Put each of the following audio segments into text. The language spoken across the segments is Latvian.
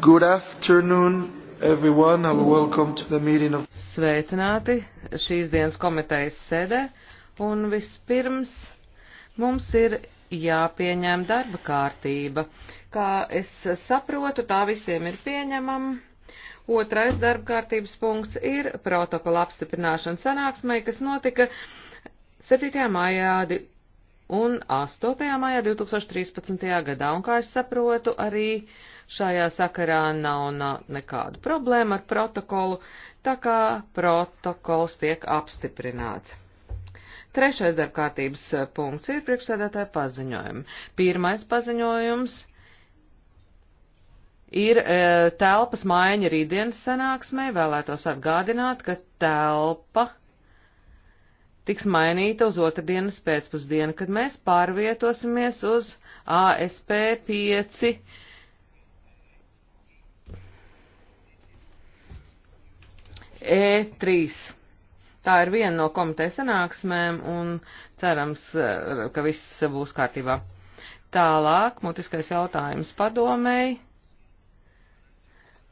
Good afternoon, everyone, and welcome to the meeting of. Sveicināti šīs dienas komitejas sēdē, un vispirms mums ir jāpieņem darba kārtība. Kā es saprotu, tā visiem ir pieņemama. Otrais darba kārtības punkts ir protokola apstiprināšana sanāksmai, kas notika 7. maijā un 8. maijā 2013. gadā, un kā es saprotu, arī šajā sakarā nav, nav nekādu problēmu ar protokolu, tā kā protokols tiek apstiprināts. Trešais darbkārtības eh, punkts ir priekšsēdētāja paziņojumi. Pirmais paziņojums ir e, telpas maiņa rītdienas sanāksmē. Vēlētos atgādināt, ka telpa tiks mainīta uz otrdienas pēcpusdienu, kad mēs pārvietosimies uz ASP 5. E3. Tā ir viena no komitejas sanāksmēm un cerams, eh, ka viss būs kārtībā. Tālāk, mutiskais jautājums padomēji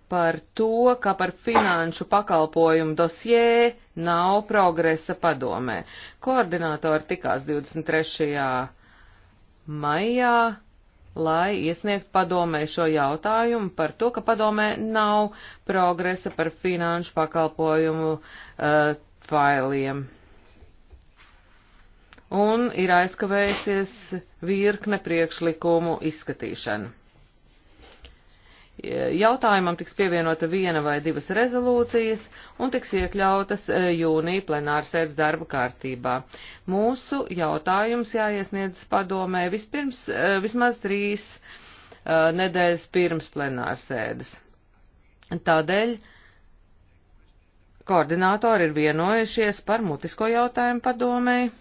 par to, ka par finanšu pakalpojumu dosjē nav progresa padomē. Koordinātori tikās 23. maijā, lai iesniegtu padomē šo jautājumu par to, ka padomē nav progresa par finanšu pakalpojumu uh, failiem. Un ir aizkavējusies virkne priekšlikumu izskatīšana. Jautājumam tiks pievienota viena vai divas rezolūcijas un tiks iekļautas e, jūnija plenārsēdes darba kārtībā. Mūsu jautājums jāiesniedz padomē vispirms, e, vismaz trīs e, nedēļas pirms plenārsēdes. Tādēļ koordinātori ir vienojušies par mutisko jautājumu padomēji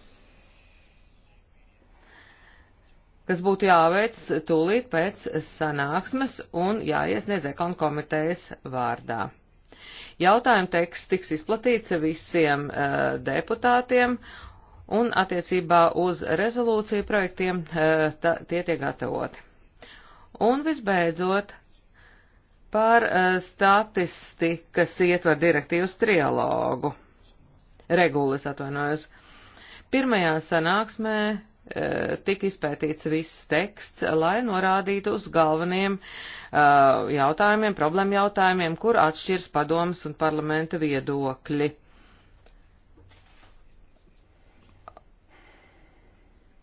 kas būtu jāveic tūlīt pēc sanāksmes un jāiesniedz ekon komitejas vārdā. Jautājuma teksts tiks izplatīts visiem e, deputātiem un attiecībā uz rezolūciju projektiem e, ta, tie tiek gatavoti. Un visbeidzot, par e, statistikas ietver direktīvas trialogu. Regulas atvainojos. Pirmajā sanāksmē E, tika izpētīts viss teksts, lai norādītu uz galveniem e, jautājumiem, problēma jautājumiem, kur atšķirs padomas un parlamenta viedokļi.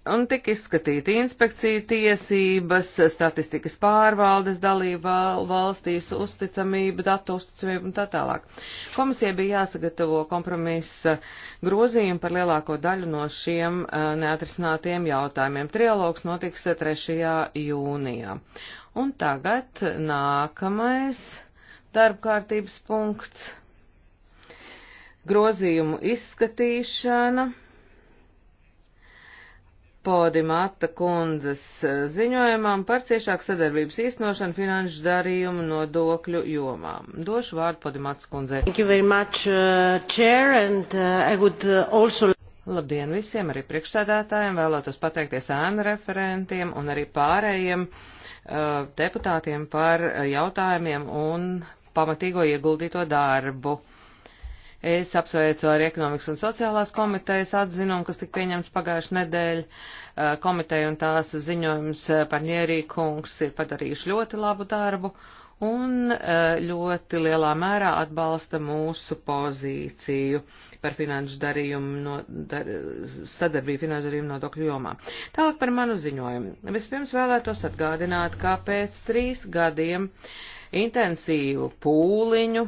Un tika izskatīti inspekciju tiesības, statistikas pārvaldes dalība valstīs, uzticamība, datu uzticamība un tā tālāk. Komisija bija jāsagatavo kompromisa grozījumi par lielāko daļu no šiem eh, neatrisinātiem jautājumiem. Trialogs notiks 3. jūnijā. Un tagad nākamais darbkārtības punkts. Grozījumu izskatīšana Podimata kundzes e, ziņojumam par ciešāku sadarbības īstenošanu finanšu darījumu nodokļu jomā. Došu vārdu Podimats kundzei. Much, uh, chair, and, uh, would, uh, also... Labdien visiem, arī priekšsēdētājiem, vēlētos pateikties ēnu referentiem un arī pārējiem uh, deputātiem par e, jautājumiem un pamatīgo ieguldīto darbu. Es apsveicu ar ekonomikas un sociālās komitejas atzinumu, kas tika pieņemts pagājušajā nedēļā. Uh, komiteja un tās ziņojums par uh, Nierī kungs ir padarījuši ļoti labu darbu un uh, ļoti lielā mērā atbalsta mūsu pozīciju par finanšu darījumu, no, dar, sadarbību finanšu darījumu nodokļu jomā. Tālāk par manu ziņojumu. Vispirms vēlētos atgādināt, kā pēc trīs gadiem intensīvu pūliņu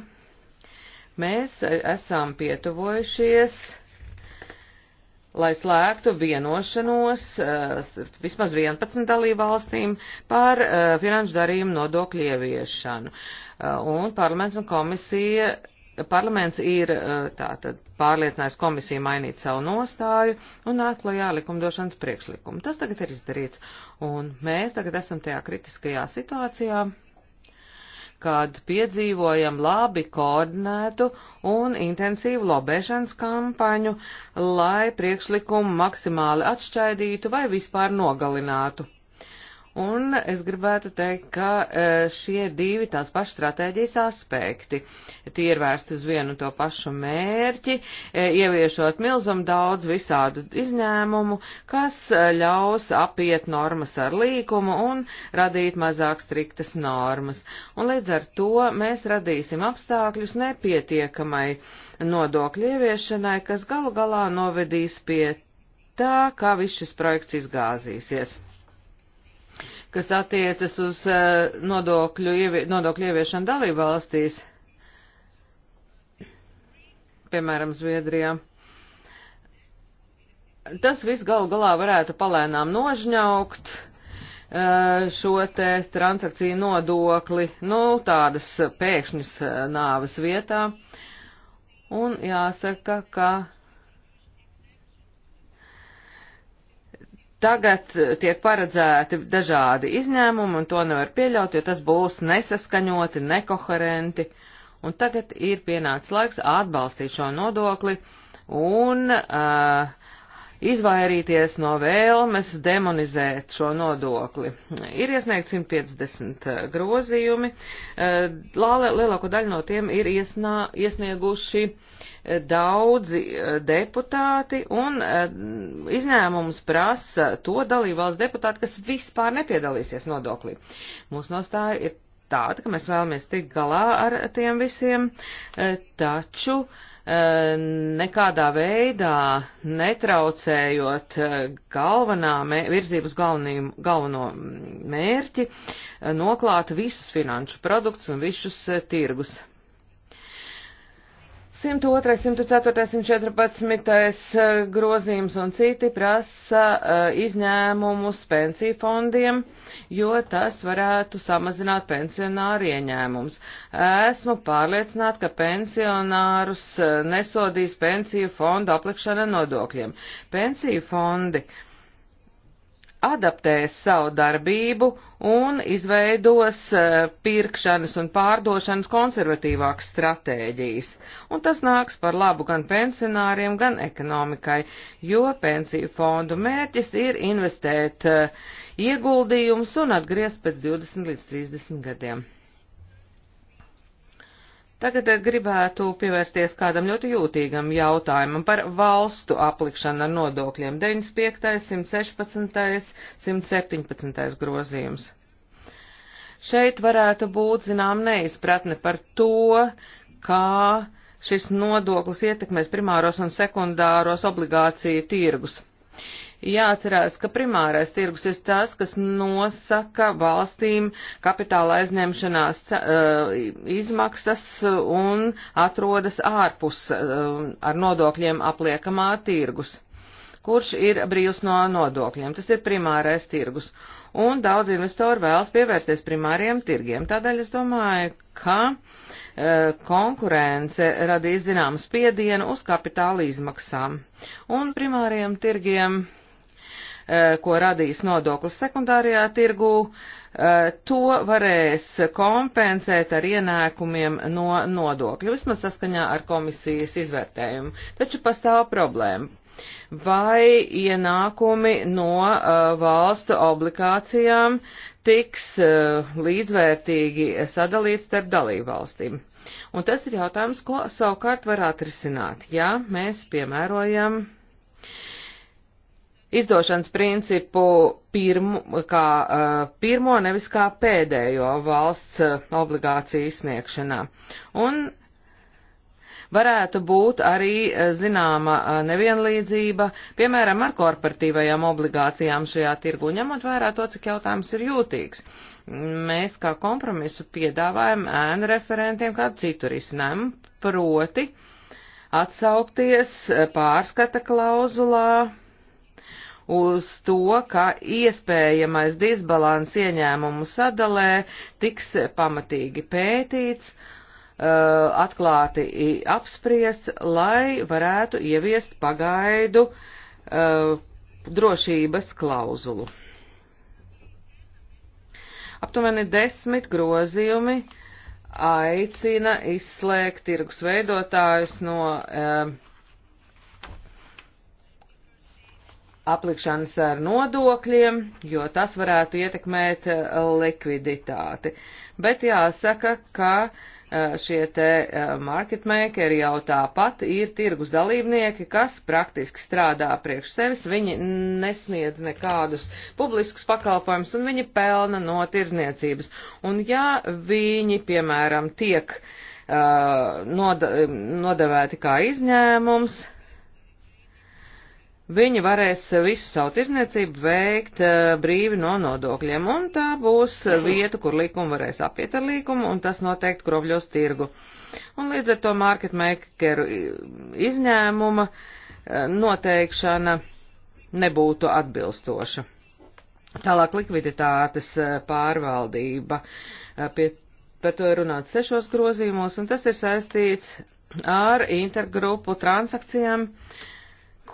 Mēs esam pietuvojušies, lai slēgtu vienošanos eh, vismaz 11 dalībvalstīm par eh, finanšu darījumu nodokļu ieviešanu. Eh, un parlaments un komisija parlaments ir tātad pārliecinājis komisiju mainīt savu nostāju un atklājā likumdošanas priekšlikumu. Tas tagad ir izdarīts, un mēs tagad esam tajā kritiskajā situācijā, kad piedzīvojam labi koordinētu un intensīvu lobēšanas kampaņu, lai priekšlikumu maksimāli atšķaidītu vai vispār nogalinātu. Un es gribētu teikt, ka e, šie divi tās pašas stratēģijas aspekti, tie ir vērsti uz vienu to pašu mērķi, e, ieviešot milzumu daudz visādu izņēmumu, kas e, ļaus apiet normas ar līkumu un radīt mazāk striktas normas. Un līdz ar to mēs radīsim apstākļus nepietiekamai nodokļu ieviešanai, kas galu galā novedīs pie tā, kā viss šis projekts izgāzīsies kas attiecas uz eh, nodokļu, ievi, nodokļu ieviešanu dalību valstīs, piemēram, Zviedrijā. Tas viss gal galā varētu palēnām nožņaukt eh, šo te transakciju nodokli, nu, tādas pēkšņas eh, nāves vietā. Un jāsaka, ka Tagad eh, tiek paredzēti dažādi izņēmumi, un to nevar pieļaut, jo tas būs nesaskaņoti, nekoherenti. Un tagad ir pienācis laiks atbalstīt šo nodokli un uh, izvairīties no vēlmes demonizēt šo nodokli. Ir iesniegt 150 eh, grozījumi, uh, lielāko daļu no tiem ir iesnā, iesnieguši uh, daudzi eh, deputāti un eh, izņēmums prasa to dalībvalsts deputāti, kas vispār nepiedalīsies nodoklī. Mūsu nostāja ir tāda, ka mēs vēlamies tikt galā ar tiem visiem, eh, taču nekādā veidā netraucējot galvenā, virzības galvenī, galveno mērķi, noklāt visus finanšu produktus un visus tirgus. 102, 104, 114 grozījums un citi prasa eh, izņēmumus pensiju fondiem, jo tas varētu samazināt pensionāru ieņēmumus. Esmu pārliecināta, ka pensionārus eh, nesodīs pensiju fondu aplikšana nodokļiem. Pensiju fondi uh, adaptēs savu darbību un izveidos eh, pirkšanas un pārdošanas konservatīvākas stratēģijas. Un tas nāks par labu gan pensionāriem, gan ekonomikai, jo pensiju fondu mērķis ir investēt eh, ieguldījumus un atgriezt pēc 20 līdz 30 gadiem. Tagad eh, gribētu pievērsties kādam ļoti jūtīgam jautājumam par valstu aplikšanu ar nodokļiem 95., 116., 117. grozījums. Šeit varētu būt zinām neizpratne par to, kā šis nodoklis ietekmēs primāros un sekundāros obligāciju tirgus. Jāatcerās, ka primārais tirgus ir tas, kas nosaka valstīm kapitāla aizņemšanās eh, izmaksas un atrodas ārpus eh, ar nodokļiem apliekamā tirgus kurš ir brīvs no nodokļiem. Tas ir primārais tirgus. Un daudz investoru vēlas pievērsties primāriem tirgiem. Tādēļ es domāju, ka eh, konkurence radīs zināmu spiedienu uz kapitāla izmaksām. Un primāriem tirgiem Eh, ko radīs nodoklis sekundārajā tirgū, eh, to varēs kompensēt ar ienākumiem no nodokļu, vismaz saskaņā ar komisijas izvērtējumu. Taču pastāv problēma. Vai ienākumi no uh, valstu obligācijām tiks uh, līdzvērtīgi sadalīts starp dalībvalstīm? Un tas ir jautājums, ko savukārt var atrisināt, ja mēs piemērojam uh, izdošanas principu pirmu, kā eh, pirmo, nevis kā pēdējo valsts eh, obligāciju izsniegšanā. Un varētu būt arī eh, zināma nevienlīdzība, piemēram, ar korporatīvajām obligācijām šajā tirgu, ņemot vērā to, cik jautājums ir jūtīgs. Mēs kā kompromisu piedāvājam ēnu referentiem kādu citu risinājumu, proti atsaukties pārskata klauzulā uz to, ka iespējamais disbalans ieņēmumu sadalē tiks pamatīgi pētīts, uh, atklāti apspriests, lai varētu ieviest pagaidu uh, drošības klauzulu. Aptuveni desmit grozījumi aicina izslēgt tirgus veidotājus no uh, aplikšanas ar nodokļiem, jo tas varētu ietekmēt eh, likviditāti. Bet jāsaka, ka eh, šie te eh, marketmakeri jau tāpat ir tirgus dalībnieki, kas praktiski strādā priekš sevis, viņi nesniedz nekādus publiskus pakalpojumus un viņi pelna no tirzniecības. Un ja viņi, piemēram, tiek uh, noda, nodevēti kā izņēmums, Viņi varēs visu savu tirzniecību veikt eh, brīvi no nodokļiem, un tā būs vieta, kur likumu varēs apiet ar likumu, un tas noteikti kropļos tirgu. Un līdz ar to market makeru izņēmuma eh, noteikšana nebūtu atbilstoša. Tālāk likviditātes eh, pārvaldība. Pie, par to ir runāts sešos grozījumos, un tas ir saistīts ar intergrupu transakcijām. Uh,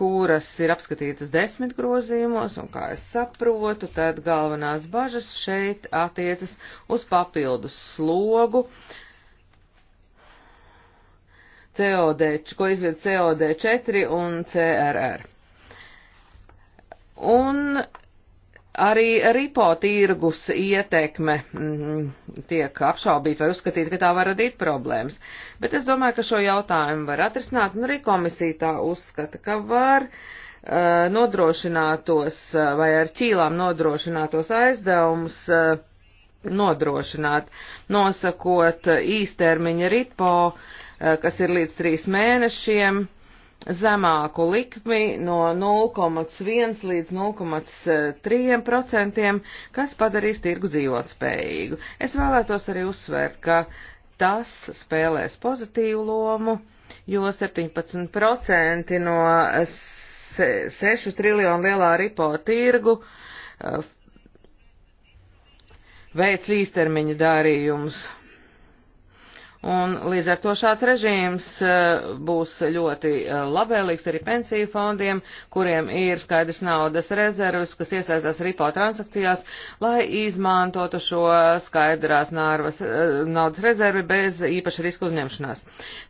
kuras ir apskatītas desmit grozījumos, un kā es saprotu, tad galvenās bažas šeit attiecas uz papildus slogu, COD, ko izvied COD4 un CRR. Un Arī ripo tirgus ietekme mm, tiek apšaubīta vai uzskatīta, ka tā var radīt problēmas. Bet es domāju, ka šo jautājumu var atrisināt, un arī komisija tā uzskata, ka var uh, nodrošinātos uh, vai ar ķīlām nodrošinātos aizdevumus uh, nodrošināt, nosakot īstermiņa ripo, kas ir līdz trīs mēnešiem zemāku likmi no 0,1 līdz 0,3%, kas padarīs tirgu dzīvotspējīgu. Es vēlētos arī uzsvērt, ka tas spēlēs pozitīvu lomu, jo 17% no 6 triljonu lielā ripo tirgu eh, veids īstermiņa darījumus Un līdz ar to šāds režīms eh, būs ļoti eh, labvēlīgs arī pensiju fondiem, kuriem ir skaidrs naudas rezervas, kas iesaistās ripo transakcijās, lai izmantotu šo skaidrās nārvas, eh, naudas rezervi bez īpaša riska uzņemšanās.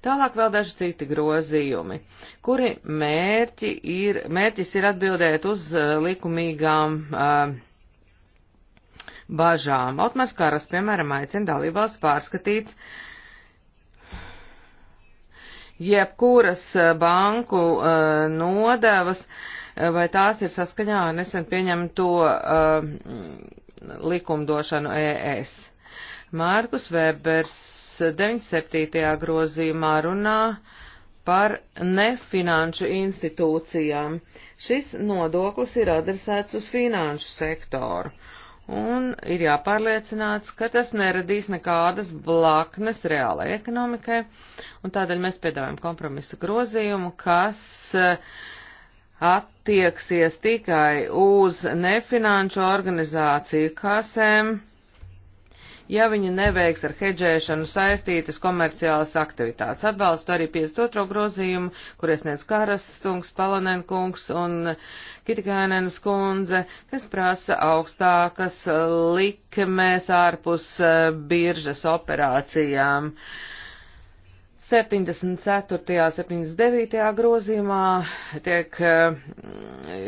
Tālāk vēl daži citi grozījumi, kuri mērķi ir, mērķis ir atbildēt uz likumīgām uh, bažām. Otmars Karas, piemēram, aicina dalībvalsts pārskatīt uh, jebkuras eh, banku eh, nodevas, eh, vai tās ir saskaņā ar nesen pieņemto likumdošanu ES. Mārkus Vēbers 97. grozījumā runā par nefinanšu institūcijām. Šis nodoklis ir adresēts uz finanšu sektoru un ir jāpārliecināts, ka tas neradīs nekādas blaknes reālai ekonomikai, un tādēļ mēs piedāvājam kompromisu grozījumu, kas eh, attieksies tikai uz nefinanšu organizāciju kasēm ja viņi neveiks ar hedžēšanu saistītas komerciālas aktivitātes. Atbalstu arī 52. grozījumu, kur iesniedz Karastungs, Palanenkungs un Kitikainenes kundze, kas prasa augstākas likmes ārpus eh, biržas operācijām. Uh, 74. un 79. grozījumā tiek mm,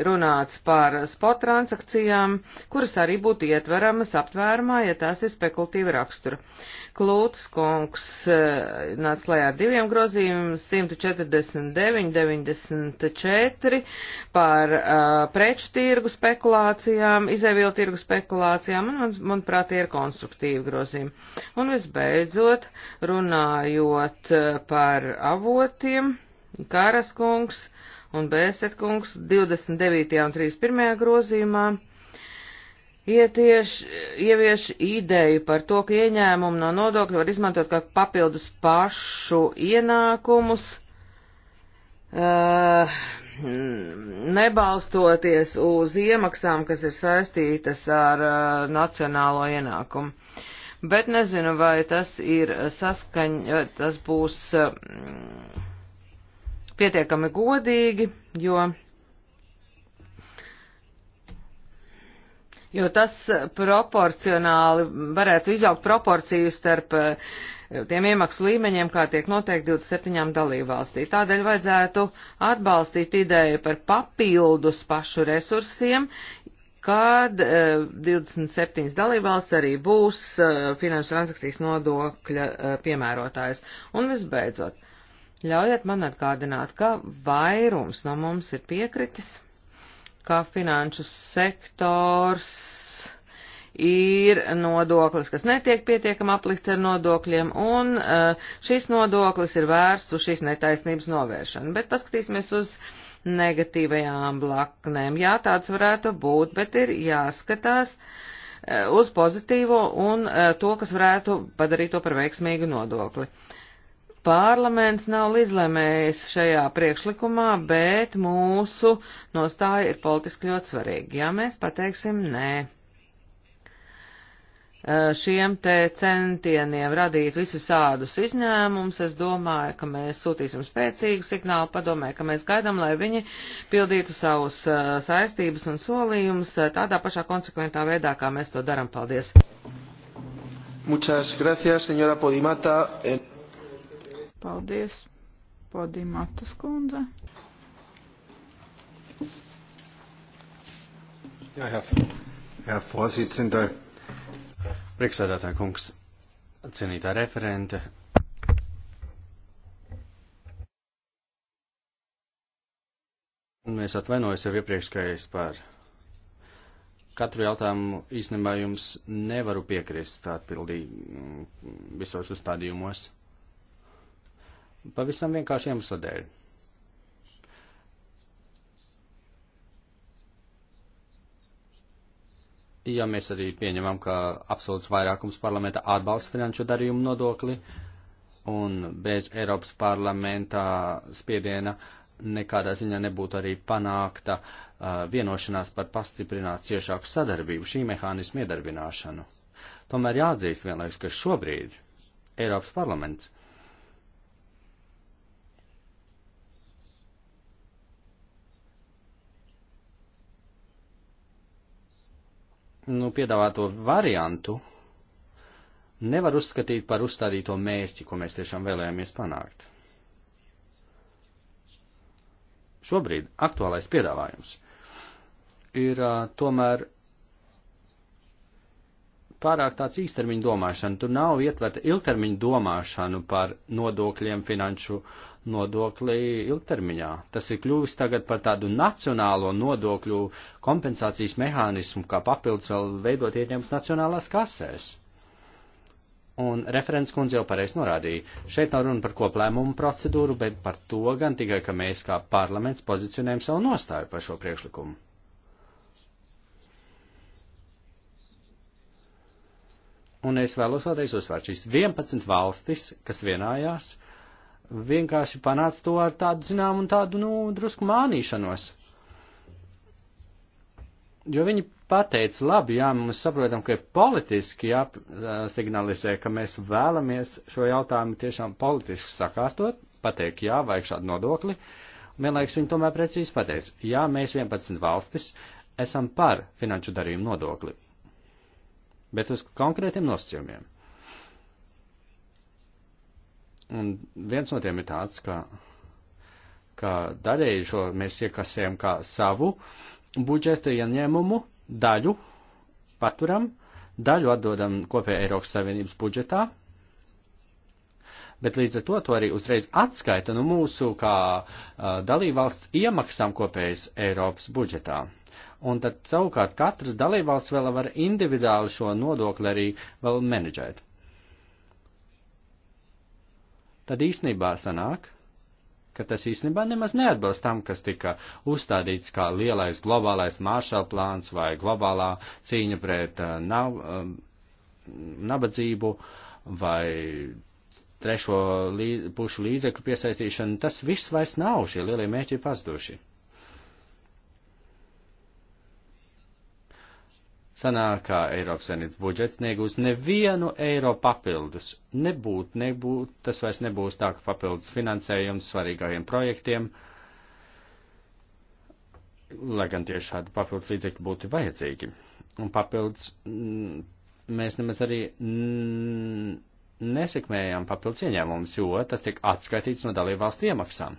runāts par spot transakcijām, kuras arī būtu ietveramas aptvērumā, ja tās ir spekulatīva rakstura. Uh, Klūts kungs eh, nāca klajā ar diviem grozījumiem 149, 94 par uh, eh, preču tirgu spekulācijām, izēvielu tirgu spekulācijām, un, man, manuprāt, tie ir konstruktīvi grozījumi. Un visbeidzot, runājot eh, par avotiem, Kāras kungs un Bēset kungs 29. un 31. grozījumā ietieš, ievieš ideju par to, ka ieņēmumu no nodokļu var izmantot kā papildus pašu ienākumus, uh, nebalstoties uz iemaksām, kas ir saistītas ar uh, nacionālo ienākumu. Bet nezinu, vai tas ir saskaņ, tas būs uh, pietiekami godīgi, jo jo tas proporcionāli varētu izaugt proporciju starp eh, tiem iemaksu līmeņiem, kā tiek noteikti 27 dalībvalstī. Tādēļ vajadzētu atbalstīt ideju par papildus pašu resursiem, kad 27 eh, dalībvalsts arī būs eh, finanšu transakcijas nodokļa piemērotājs. Un visbeidzot, ļaujiet man atgādināt, ka vairums no mums ir piekritis kā finanšu sektors ir nodoklis, kas netiek pietiekam aplikts ar nodokļiem, un eh, šis nodoklis ir vērsts uz šīs netaisnības novēršanu. Bet paskatīsimies uz negatīvajām blaknēm. Jā, tāds varētu būt, bet ir jāskatās eh, uz pozitīvo un eh, to, kas varētu padarīt to par veiksmīgu nodokli. Parlaments nav izlemējis šajā priekšlikumā, bet mūsu nostāja ir politiski ļoti svarīga. Ja mēs pateiksim nē šiem te centieniem radīt visus tādus izņēmumus, es domāju, ka mēs sūtīsim spēcīgu signālu padomē, ka mēs gaidām, lai viņi pildītu savus saistības un solījumus tādā pašā konsekventā veidā, kā mēs to darām. Paldies! Muchas gracias, señora Podimata. Paldies, Podimatas kundze. Jā, jā, jā Fosicintē. Priekšsēdētāja kungs, cienītā referente. Mēs atvainojos jau iepriekšējais par katru jautājumu īstenībā jums nevaru piekrist atbildīgi mm, visos uzstādījumos. Pavisam vienkārši iemesla dēļ. Ja mēs arī pieņemam, ka absolūts vairākums parlamenta atbalsta finanšu darījumu nodokli un bez Eiropas parlamentā spiediena nekādā ziņā nebūtu arī panākta uh, vienošanās par pastiprināt ciešāku sadarbību šī mehānismu iedarbināšanu. Tomēr jāatzīst vienlaiks, ka šobrīd Eiropas parlaments nu, piedāvāto variantu nevar uzskatīt par uzstādīto mērķi, ko mēs tiešām vēlējāmies panākt. Šobrīd aktuālais piedāvājums ir uh, tomēr pārāk tāds īstermiņa domāšana. Tur nav ietverta ilgtermiņa domāšanu par nodokļiem, finanšu nodokli ilgtermiņā. Tas ir kļuvis tagad par tādu nacionālo nodokļu kompensācijas mehānismu, kā papildus vēl veidot ieņēmums nacionālās kasēs. Un referents kundze jau pareizi norādīja, šeit nav runa par koplēmumu procedūru, bet par to gan tikai, ka mēs kā parlaments pozicionējam savu nostāju par šo priekšlikumu. Un es vēlos vēlreiz uzsvērt šīs 11 valstis, kas vienājās, vienkārši panāca to ar tādu, zinām, un tādu, nu, drusku mānīšanos. Jo viņi pateica, labi, jā, mēs saprotam, ka ir politiski jāsignalizē, ka mēs vēlamies šo jautājumu tiešām politiski sakārtot, pateikt, jā, vajag šādu nodokli. Vienlaiks viņi tomēr precīzi pateica, jā, mēs 11 valstis esam par finanšu darījumu nodokli bet uz konkrētiem nosacījumiem. Un viens no tiem ir tāds, ka, ka daļēji šo mēs iekasējam kā savu budžeta ieņēmumu, daļu paturam, daļu atdodam kopējā Eiropas Savienības budžetā, bet līdz ar to to arī uzreiz atskaita no nu, mūsu kā uh, dalībvalsts iemaksām kopējas Eiropas budžetā un tad savukārt katras dalībvalsts vēl var individuāli šo nodokli arī vēl menedžēt. Tad īsnībā sanāk, ka tas īsnībā nemaz neatbilst tam, kas tika uzstādīts kā lielais globālais māršala plāns vai globālā cīņa pret uh, nav, um, nabadzību vai trešo lī, pušu līdzekļu piesaistīšanu. Tas viss vairs nav, šie lielie mēķi ir pazuduši. Sanāk, ka Eiropas Savienības budžets negūs nevienu eiro papildus. Nebūt, nebūt, tas vairs nebūs tā, ka papildus finansējums svarīgajiem projektiem, lai gan tieši šādi papildus līdzekļi būtu vajadzīgi. Un papildus m, mm, mēs nemaz arī m, nesekmējām papildus ieņēmumus, jo tas tiek atskaitīts no dalībvalstu iemaksām.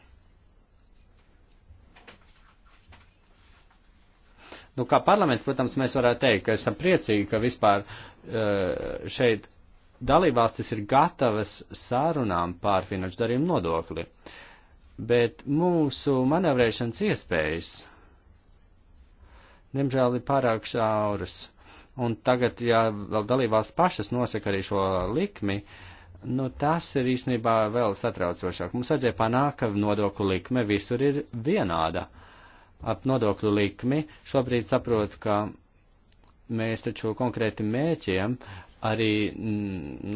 Nu, kā parlaments, protams, mēs varētu teikt, ka esam priecīgi, ka vispār e, šeit dalībvalstis ir gatavas sārunām pār finanšu darījumu nodokli. Bet mūsu manevrēšanas iespējas, diemžēl, ir pārāk šauras. Un tagad, ja vēl dalībvalsts pašas nosaka arī šo likmi, nu tas ir īstenībā vēl satraucošāk. Mums vajadzēja panākt, ka nodokļu likme visur ir vienāda. Uh, ap nodokļu likmi, šobrīd saprot, ka mēs taču konkrēti mēķiem arī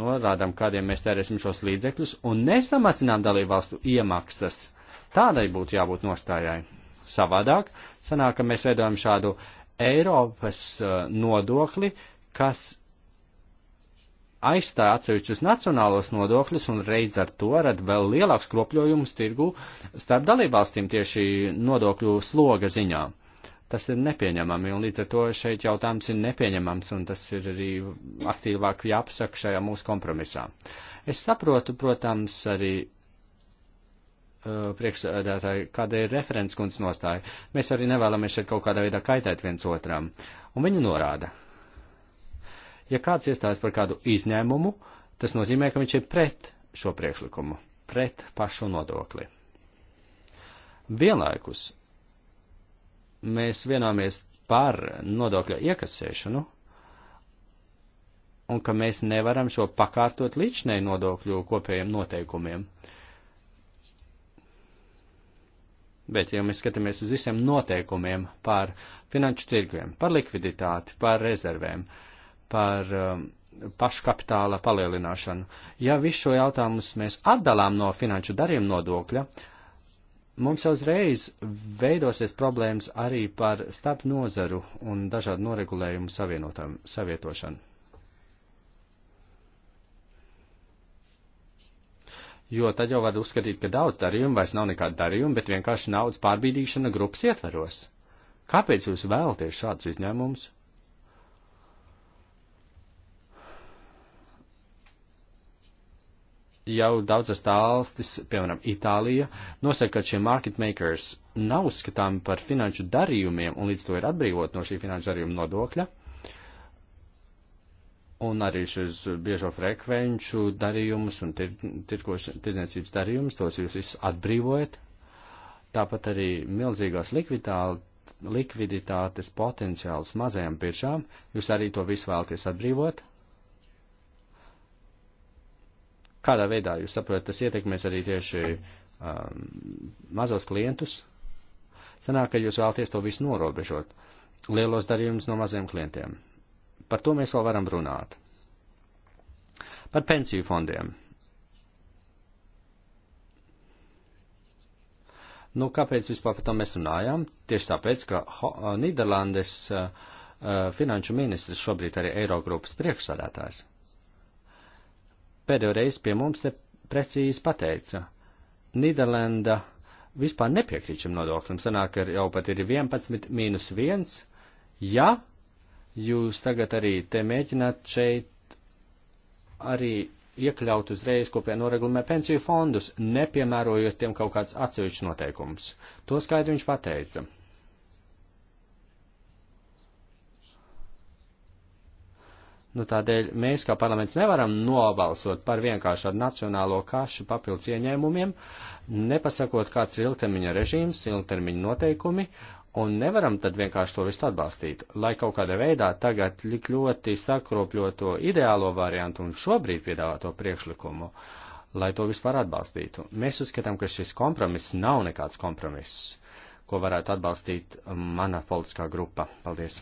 norādām, kādiem mēs tērēsim šos līdzekļus un nesamacinām dalībvalstu iemaksas. Tādai būtu jābūt nostājai. Savādāk sanāk, ka mēs veidojam šādu Eiropas uh, nodokli, kas aizstāja atsevišķus nacionālos nodokļus un reiz ar to rada vēl lielāks kropļojums tirgu starp dalībvalstīm tieši nodokļu sloga ziņā. Tas ir nepieņemami, un līdz ar to šeit jautājums ir nepieņemams, un tas ir arī aktīvāk jāpasaka šajā mūsu kompromisā. Es saprotu, protams, arī uh, priekšsēdētāji, kāda ir referents kundz nostāja. Mēs arī nevēlamies šeit kaut kādā veidā kaitēt viens otram, un viņi norāda, Ja kāds iestājas par kādu izņēmumu, tas nozīmē, ka viņš ir pret šo priekšlikumu, pret pašu nodokli. Vienlaikus mēs vienāmies par nodokļa iekasēšanu, un ka mēs nevaram šo pakārtot līdšanai nodokļu kopējiem noteikumiem. Bet, ja mēs skatāmies uz visiem noteikumiem par finanšu tirgiem, par likviditāti, par rezervēm, uh, par um, pašu kapitāla palielināšanu. Ja visu šo jautājumus mēs atdalām no finanšu darījuma nodokļa, mums uzreiz veidosies problēmas arī par starp nozaru un dažādu noregulējumu savietošanu. Jo tad jau var uzskatīt, ka daudz darījumu vairs nav nekāda darījuma, bet vienkārši naudas pārbīdīšana grupas ietveros. Kāpēc jūs vēlaties šādus izņēmumus? jau daudzas tālstis, piemēram, Itālija, nosaka, ka šie market makers nav uzskatāmi par finanšu darījumiem un līdz to ir atbrīvot no šī finanšu darījuma nodokļa. Un arī šis biežo frekvenču darījumus un tir, tirdzniecības darījumus, tos jūs visus atbrīvojat. Tāpat arī milzīgās likviditātes likviditātes potenciāls mazajām biržām, jūs arī to visu vēlaties atbrīvot, Kādā veidā jūs saprotat, tas ietekmēs arī tieši um, mazos klientus? Sanāk, ka jūs vēlaties to visu norobežot. Lielos darījumus no maziem klientiem. Par to mēs vēl varam runāt. Par pensiju fondiem. Nu, kāpēc vispār par to mēs runājām? Tieši tāpēc, ka Ho Nīderlandes uh, uh, finanšu ministrs šobrīd arī Eirogrupas priekšsādātājs pēdējo reizi pie mums te precīzi pateica. Nīderlanda vispār nepiekrīt šim nodoklim. Sanāk, ka jau pat ir 11 mīnus 1. Ja jūs tagad arī te mēģināt šeit arī iekļaut uzreiz kopējā noregulumē pensiju fondus, nepiemērojot tiem kaut kāds atsevišķs noteikums. To skaidri viņš pateica. Nu, tādēļ mēs kā parlaments nevaram nobalsot par vienkāršu nacionālo kašu papildus ieņēmumiem, nepasakot, kāds ir ilgtermiņa režīms, ilgtermiņa noteikumi, un nevaram tad vienkārši to visu atbalstīt, lai kaut kādā veidā tagad lik ļoti sakropļoto ideālo variantu un šobrīd piedāvāto priekšlikumu, lai to vispār atbalstītu. Mēs uzskatām, ka šis kompromiss nav nekāds kompromiss, ko varētu atbalstīt mana politiskā grupa. Paldies!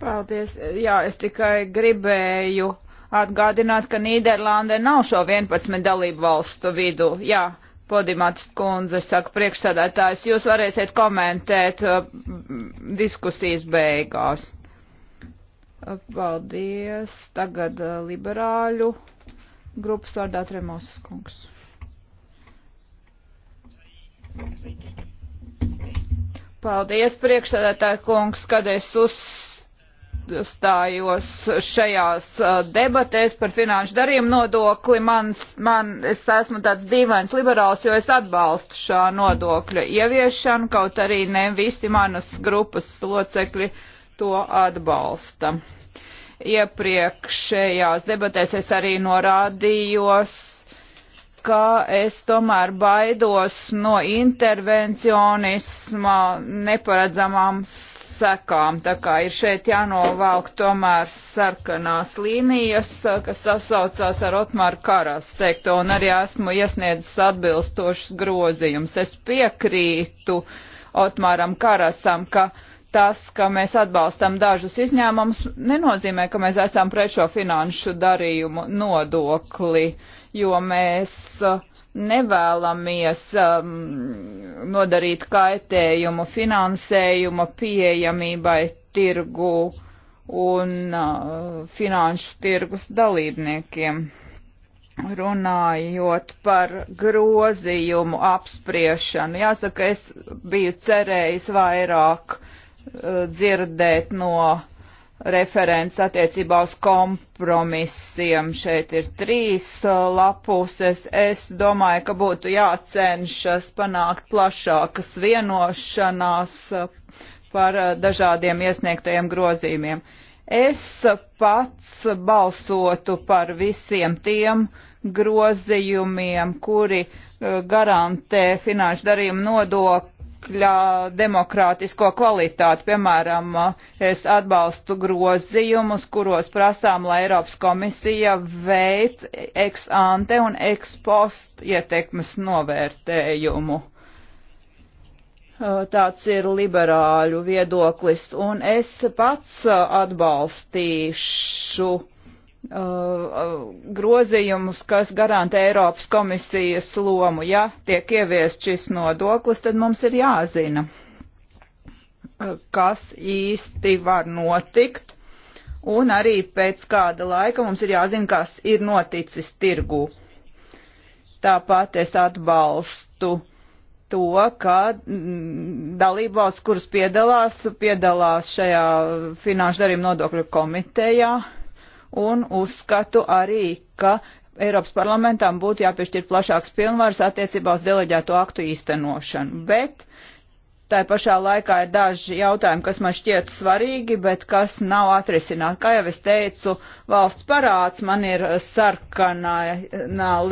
Paldies. Jā, es tikai gribēju atgādināt, ka Nīderlande nav šo 11 dalību valstu vidu. Jā, Podimats kundze saka priekšsādātājs, jūs varēsiet komentēt uh, diskusijas beigās. Uh, paldies. Tagad uh, liberāļu grupas vārdā Tremosas kungs. Thank you. Paldies, priekšsēdētāji kungs, kad es uzstājos šajās debatēs par finanšu darījumu nodokli. Mans, man, es esmu tāds dīvains liberāls, jo es atbalstu šā nodokļa ieviešanu, kaut arī ne visi manas grupas locekļi to atbalsta. Iepriekšējās debatēs es arī norādījos ka es tomēr baidos no intervencionisma neparedzamām sekām. Tā kā ir šeit jānovelk tomēr sarkanās līnijas, kas sasaucās ar Otmāru Karas teikto, un arī esmu iesniedzis atbilstošus grozījumus. Es piekrītu Otmāram Karasam, ka tas, ka mēs atbalstam dažus izņēmumus, nenozīmē, ka mēs esam pret šo finanšu darījumu nodokli. Uh, jo mēs uh, nevēlamies um, nodarīt kaitējumu finansējuma pieejamībai tirgu un uh, finanšu tirgus dalībniekiem. Runājot par grozījumu apspriešanu, jāsaka, es biju cerējis vairāk uh, dzirdēt no uh, referents attiecībā uz kompromisiem. Šeit ir trīs uh, lapuses. Es domāju, ka būtu jācenšas panākt plašākas vienošanās uh, par uh, dažādiem iesniegtajiem grozījumiem. Es pats balsotu par visiem tiem grozījumiem, kuri garantē finanšu darījumu nodokli līdzekļa demokrātisko kvalitāti. Piemēram, es atbalstu grozījumus, kuros prasām, lai Eiropas komisija veic ex ante un ex post ietekmes novērtējumu. Tāds ir liberāļu viedoklis, un es pats atbalstīšu uh, Uh, grozījumus, kas garantē Eiropas komisijas lomu. Ja tiek ieviest šis nodoklis, tad mums ir jāzina, uh, kas īsti var notikt, un arī pēc kāda laika mums ir jāzina, kas ir noticis tirgū. Tāpat es atbalstu to, ka mm, dalībvalsts, kuras piedalās, piedalās šajā finanšu darījuma nodokļu komitejā, un uzskatu arī, ka Eiropas parlamentam būtu jāpiešķir plašāks pilnvars attiecībā uz deleģēto aktu īstenošanu. Bet Tā pašā laikā ir daži jautājumi, kas man šķiet svarīgi, bet kas nav atrisināti. Kā jau es teicu, valsts parāds man ir sarkanā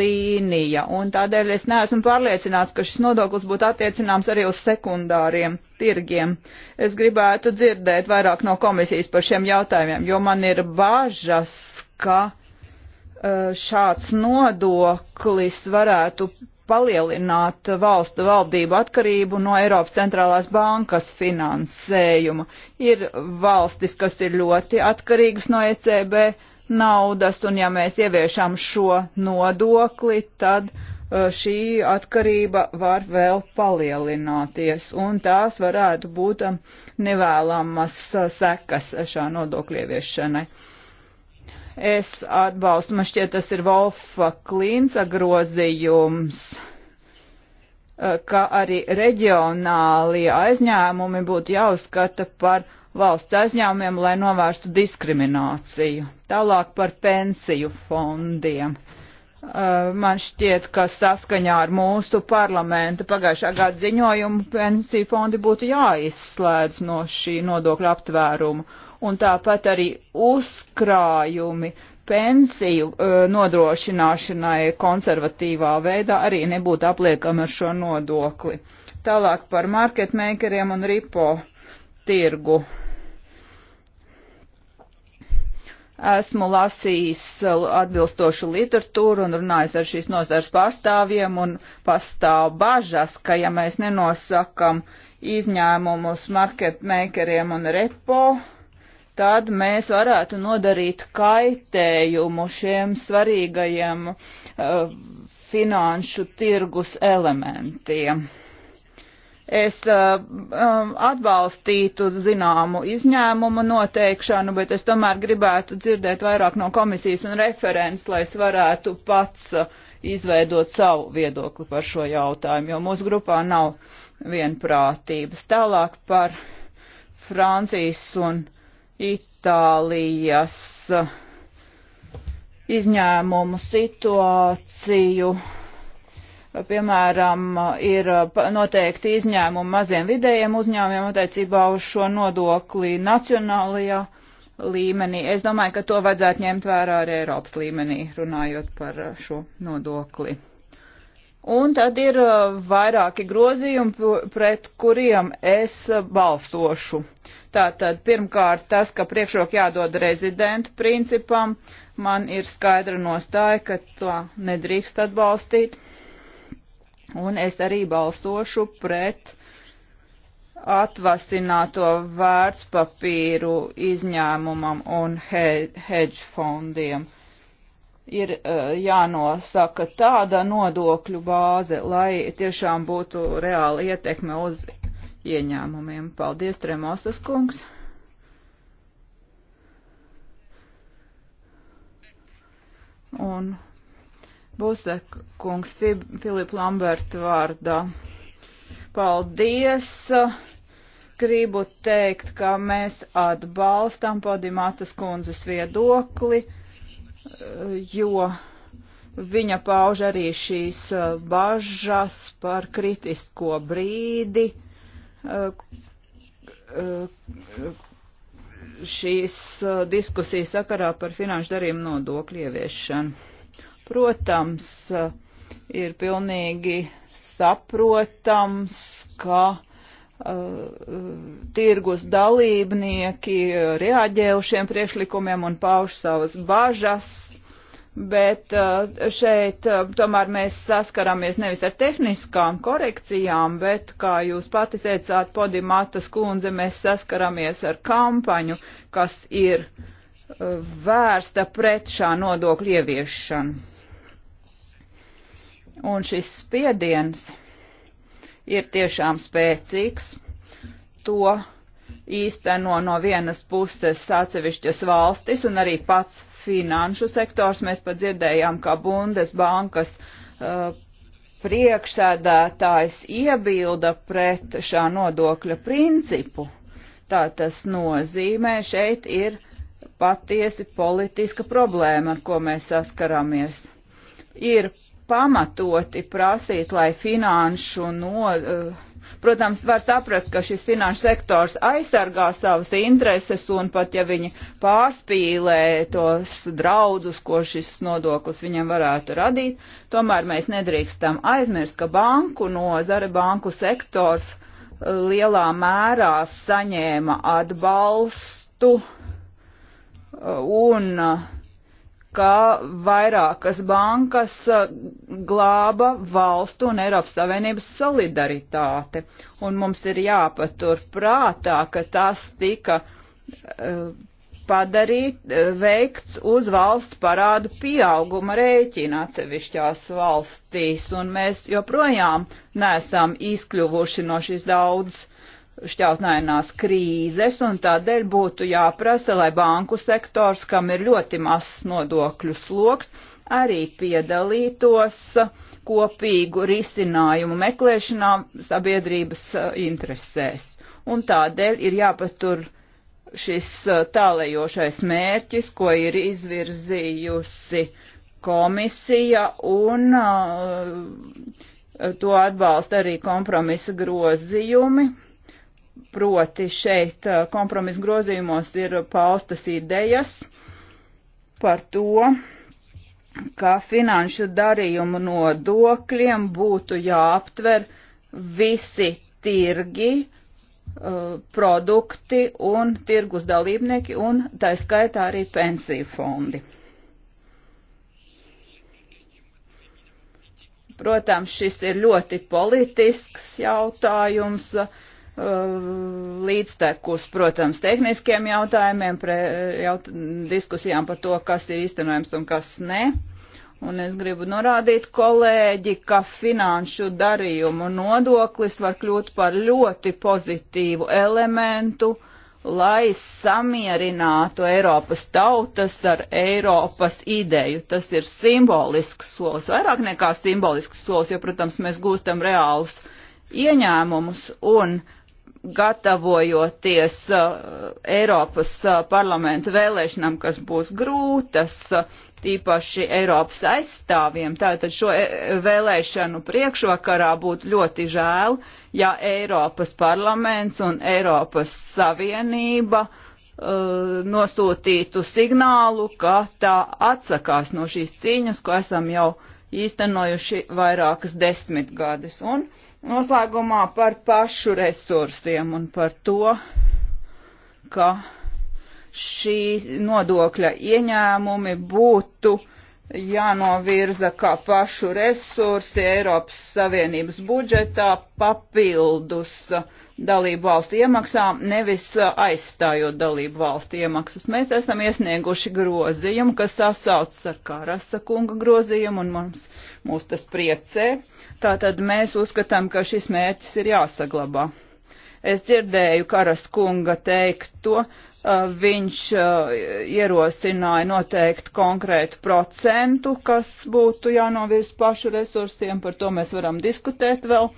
līnija, un tādēļ es neesmu pārliecināts, ka šis nodoklis būtu attiecināms arī uz sekundāriem tirgiem. Es gribētu dzirdēt vairāk no komisijas par šiem jautājumiem, jo man ir bažas, ka šāds nodoklis varētu palielināt valstu valdību atkarību no Eiropas centrālās bankas finansējuma. Ir valstis, kas ir ļoti atkarīgas no ECB naudas, un ja mēs ieviešam šo nodokli, tad uh, šī atkarība var vēl palielināties, un tās varētu būt um, nevēlamas uh, sekas šā nodokļu ieviešanai. Es atbalstu, man šķiet, tas ir Volfa Klīnca grozījums eh, ka arī reģionālie aizņēmumi būtu jāuzskata par valsts aizņēmumiem, lai novērstu diskrimināciju. Tālāk par pensiju fondiem. Eh, man šķiet, ka saskaņā ar mūsu parlamenta pagājušā gada ziņojumu pensiju fondi būtu jāizslēdz no šī nodokļa aptvēruma un tāpat arī uzkrājumi pensiju e, nodrošināšanai konservatīvā veidā arī nebūtu apliekami ar šo nodokli. Tālāk par marketmakeriem un ripo tirgu. Esmu lasījis atbilstošu literatūru un runājis ar šīs nozars pārstāvjiem un pastāv bažas, ka ja mēs nenosakam izņēmumus marketmakeriem un repo tad mēs varētu nodarīt kaitējumu šiem svarīgajiem uh, finanšu tirgus elementiem. Es uh, atbalstītu zināmu izņēmumu noteikšanu, bet es tomēr gribētu dzirdēt vairāk no komisijas un referents, lai es varētu pats uh, izveidot savu viedokli par šo jautājumu, jo mūsu grupā nav vienprātības. Tālāk par Francijas un uh, Itālijas izņēmumu situāciju. Piemēram, ir noteikti izņēmumi maziem vidējiem uzņēmumiem attiecībā uz šo nodokli nacionālajā līmenī. Es domāju, ka to vajadzētu ņemt vērā arī Eiropas līmenī, runājot par šo nodokli. Un tad ir uh, vairāki grozījumi, pret kuriem es balsošu. Tātad pirmkārt tas, ka priekšroka jādod rezidentu principam, man ir skaidra nostāja, ka to nedrīkst atbalstīt. Un es arī balsošu pret atvasināto vērtspapīru izņēmumam un hedge fondiem. Ir uh, jānosaka tāda nodokļu bāze, lai tiešām būtu reāla ietekme uz ieņēmumiem. Paldies, Tremosas kungs! Un Busek kungs Filipa Lamberta vārdā. Paldies! Gribu teikt, ka mēs atbalstam Podimatas kundzes viedokli, jo viņa pauž arī šīs bažas par kritisko brīdi Eh, eh, šīs eh, diskusijas sakarā par finanšu darījumu nodokļu ieviešanu. Protams, ir pilnīgi saprotams, ka tirgus dalībnieki reaģē uz šiem priekšlikumiem un pauž savas bažas bet eh, šeit eh, tomēr mēs saskaramies nevis ar tehniskām korekcijām, bet, kā jūs pati teicāt, Podimatas kundze, mēs saskaramies ar kampaņu, kas ir eh, vērsta pret šā nodokļa ieviešanu. Un šis spiediens ir tiešām spēcīgs. To īsteno no vienas puses atsevišķas valstis un arī pats finanšu sektors. Mēs pat dzirdējām, ka Bundesbankas uh, priekšsēdētājs iebilda pret šā nodokļa principu. Tā tas nozīmē, šeit ir patiesi politiska problēma, ar ko mēs saskaramies. Ir pamatoti prasīt, lai finanšu no, uh, Protams, var saprast, ka šis finanšu sektors aizsargā savas intereses un pat ja viņi pārspīlē tos draudus, ko šis nodoklis viņam varētu radīt, tomēr mēs nedrīkstam aizmirst, ka banku nozare, banku sektors uh, lielā mērā saņēma atbalstu uh, un uh, ka vairākas bankas uh, glāba valstu un Eiropas Savienības solidaritāte. Un mums ir jāpatur prātā, ka tas tika uh, padarīt, uh, veikts uz valsts parādu pieauguma rēķina atsevišķās valstīs, un mēs joprojām neesam izkļuvuši no šīs daudz šķautnainās krīzes, un tādēļ būtu jāprasa, lai banku sektors, kam ir ļoti mazs nodokļu sloks, arī piedalītos kopīgu risinājumu meklēšanā sabiedrības e, interesēs. Un tādēļ ir jāpatur šis e, tālējošais mērķis, ko ir izvirzījusi komisija un uh, to atbalsta arī kompromisa grozījumi, proti šeit uh, kompromisa grozījumos ir paustas idejas par to, ka finanšu darījumu nodokļiem būtu jāaptver visi tirgi, uh, produkti un tirgus dalībnieki un tā skaitā arī pensiju fondi. Protams, šis ir ļoti politisks jautājums. Uh, Uh, līdztekus, protams, tehniskiem jautājumiem, pre, uh, jaut, diskusijām par to, kas ir īstenojams un kas ne. Un es gribu norādīt kolēģi, ka finanšu darījumu nodoklis var kļūt par ļoti pozitīvu elementu, lai samierinātu Eiropas tautas ar Eiropas ideju. Tas ir simbolisks solis, vairāk nekā simbolisks solis, jo, protams, mēs gūstam reālus ieņēmumus un gatavojoties uh, Eiropas uh, parlamenta vēlēšanām, kas būs grūtas, uh, tīpaši Eiropas aizstāvjiem. Tātad šo e, vēlēšanu priekšvakarā būtu ļoti žēl, ja Eiropas parlaments un Eiropas Savienība uh, nosūtītu signālu, ka tā atsakās no šīs cīņas, ko esam jau īstenojuši vairākas desmitgades. Un uh, Noslēgumā par pašu resursiem un par to, ka šī nodokļa ieņēmumi būtu uh, jānovirza kā pašu resursi Eiropas Savienības budžetā papildus dalību valstu iemaksām, nevis aizstājot dalību valstu iemaksas. Mēs esam iesnieguši grozījumu, kas sasaucas ar Karasa kunga grozījumu, un mums, mūs tas priecē. Tātad mēs uzskatām, ka šis mērķis ir jāsaglabā. Es dzirdēju Karas kunga teikto, viņš ierosināja noteikti konkrētu procentu, kas būtu jānovirz pašu resursiem, par to mēs varam diskutēt vēl.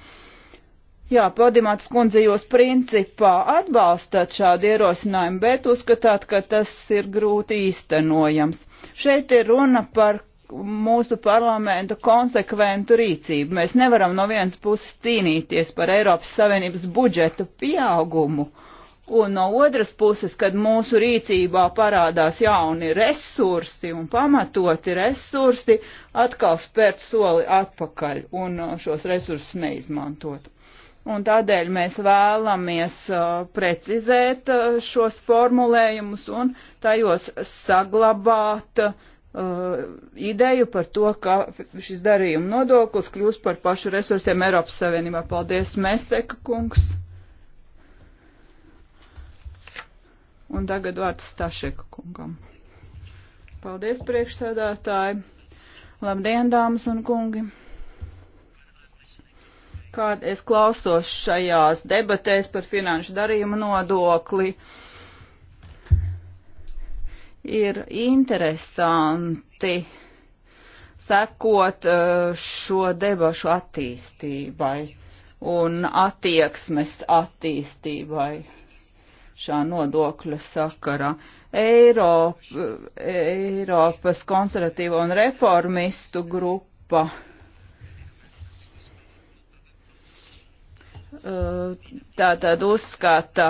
Jā, Padimāts kundze, jūs principā atbalstat šādu ierosinājumu, bet uzskatāt, ka tas ir grūti īstenojams. Šeit ir runa par mūsu parlamenta konsekventu rīcību. Mēs nevaram no vienas puses cīnīties par Eiropas Savienības budžetu pieaugumu, un no otras puses, kad mūsu rīcībā parādās jauni resursi un pamatoti resursi, atkal spērt soli atpakaļ un uh, šos resursus neizmantot. Un tādēļ mēs vēlamies uh, precizēt uh, šos formulējumus un tajos saglabāt uh, uh, ideju par to, ka šis darījuma nodoklis kļūst par pašu resursiem Eiropas Savienībā. Paldies, Meseka kungs. Un tagad vārds Stašeka kungam. Paldies, priekšsēdētāji. Labdien, dāmas un kungi kad es klausos šajās debatēs par finanšu darījumu nodokli, uh, ir interesanti sekot eh, šo debašu attīstībai un attieksmes attīstībai šā nodokļa sakarā. Eiropa, Eiropas konservatīvo un reformistu grupa eh, tātad uzskata,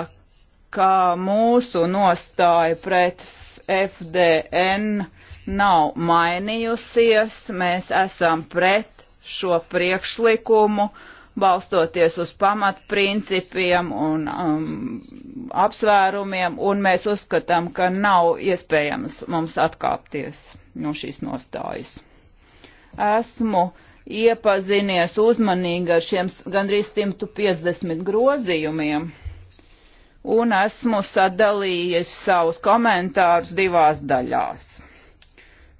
ka mūsu nostāja pret FDN nav mainījusies, mēs esam pret šo priekšlikumu, balstoties uz pamatprincipiem un um, apsvērumiem, un mēs uzskatām, ka nav iespējams mums atkāpties no šīs nostājas. Esmu iepazinies uzmanīgi ar šiem gandrīz 150 grozījumiem un esmu sadalījis savus komentārus divās daļās.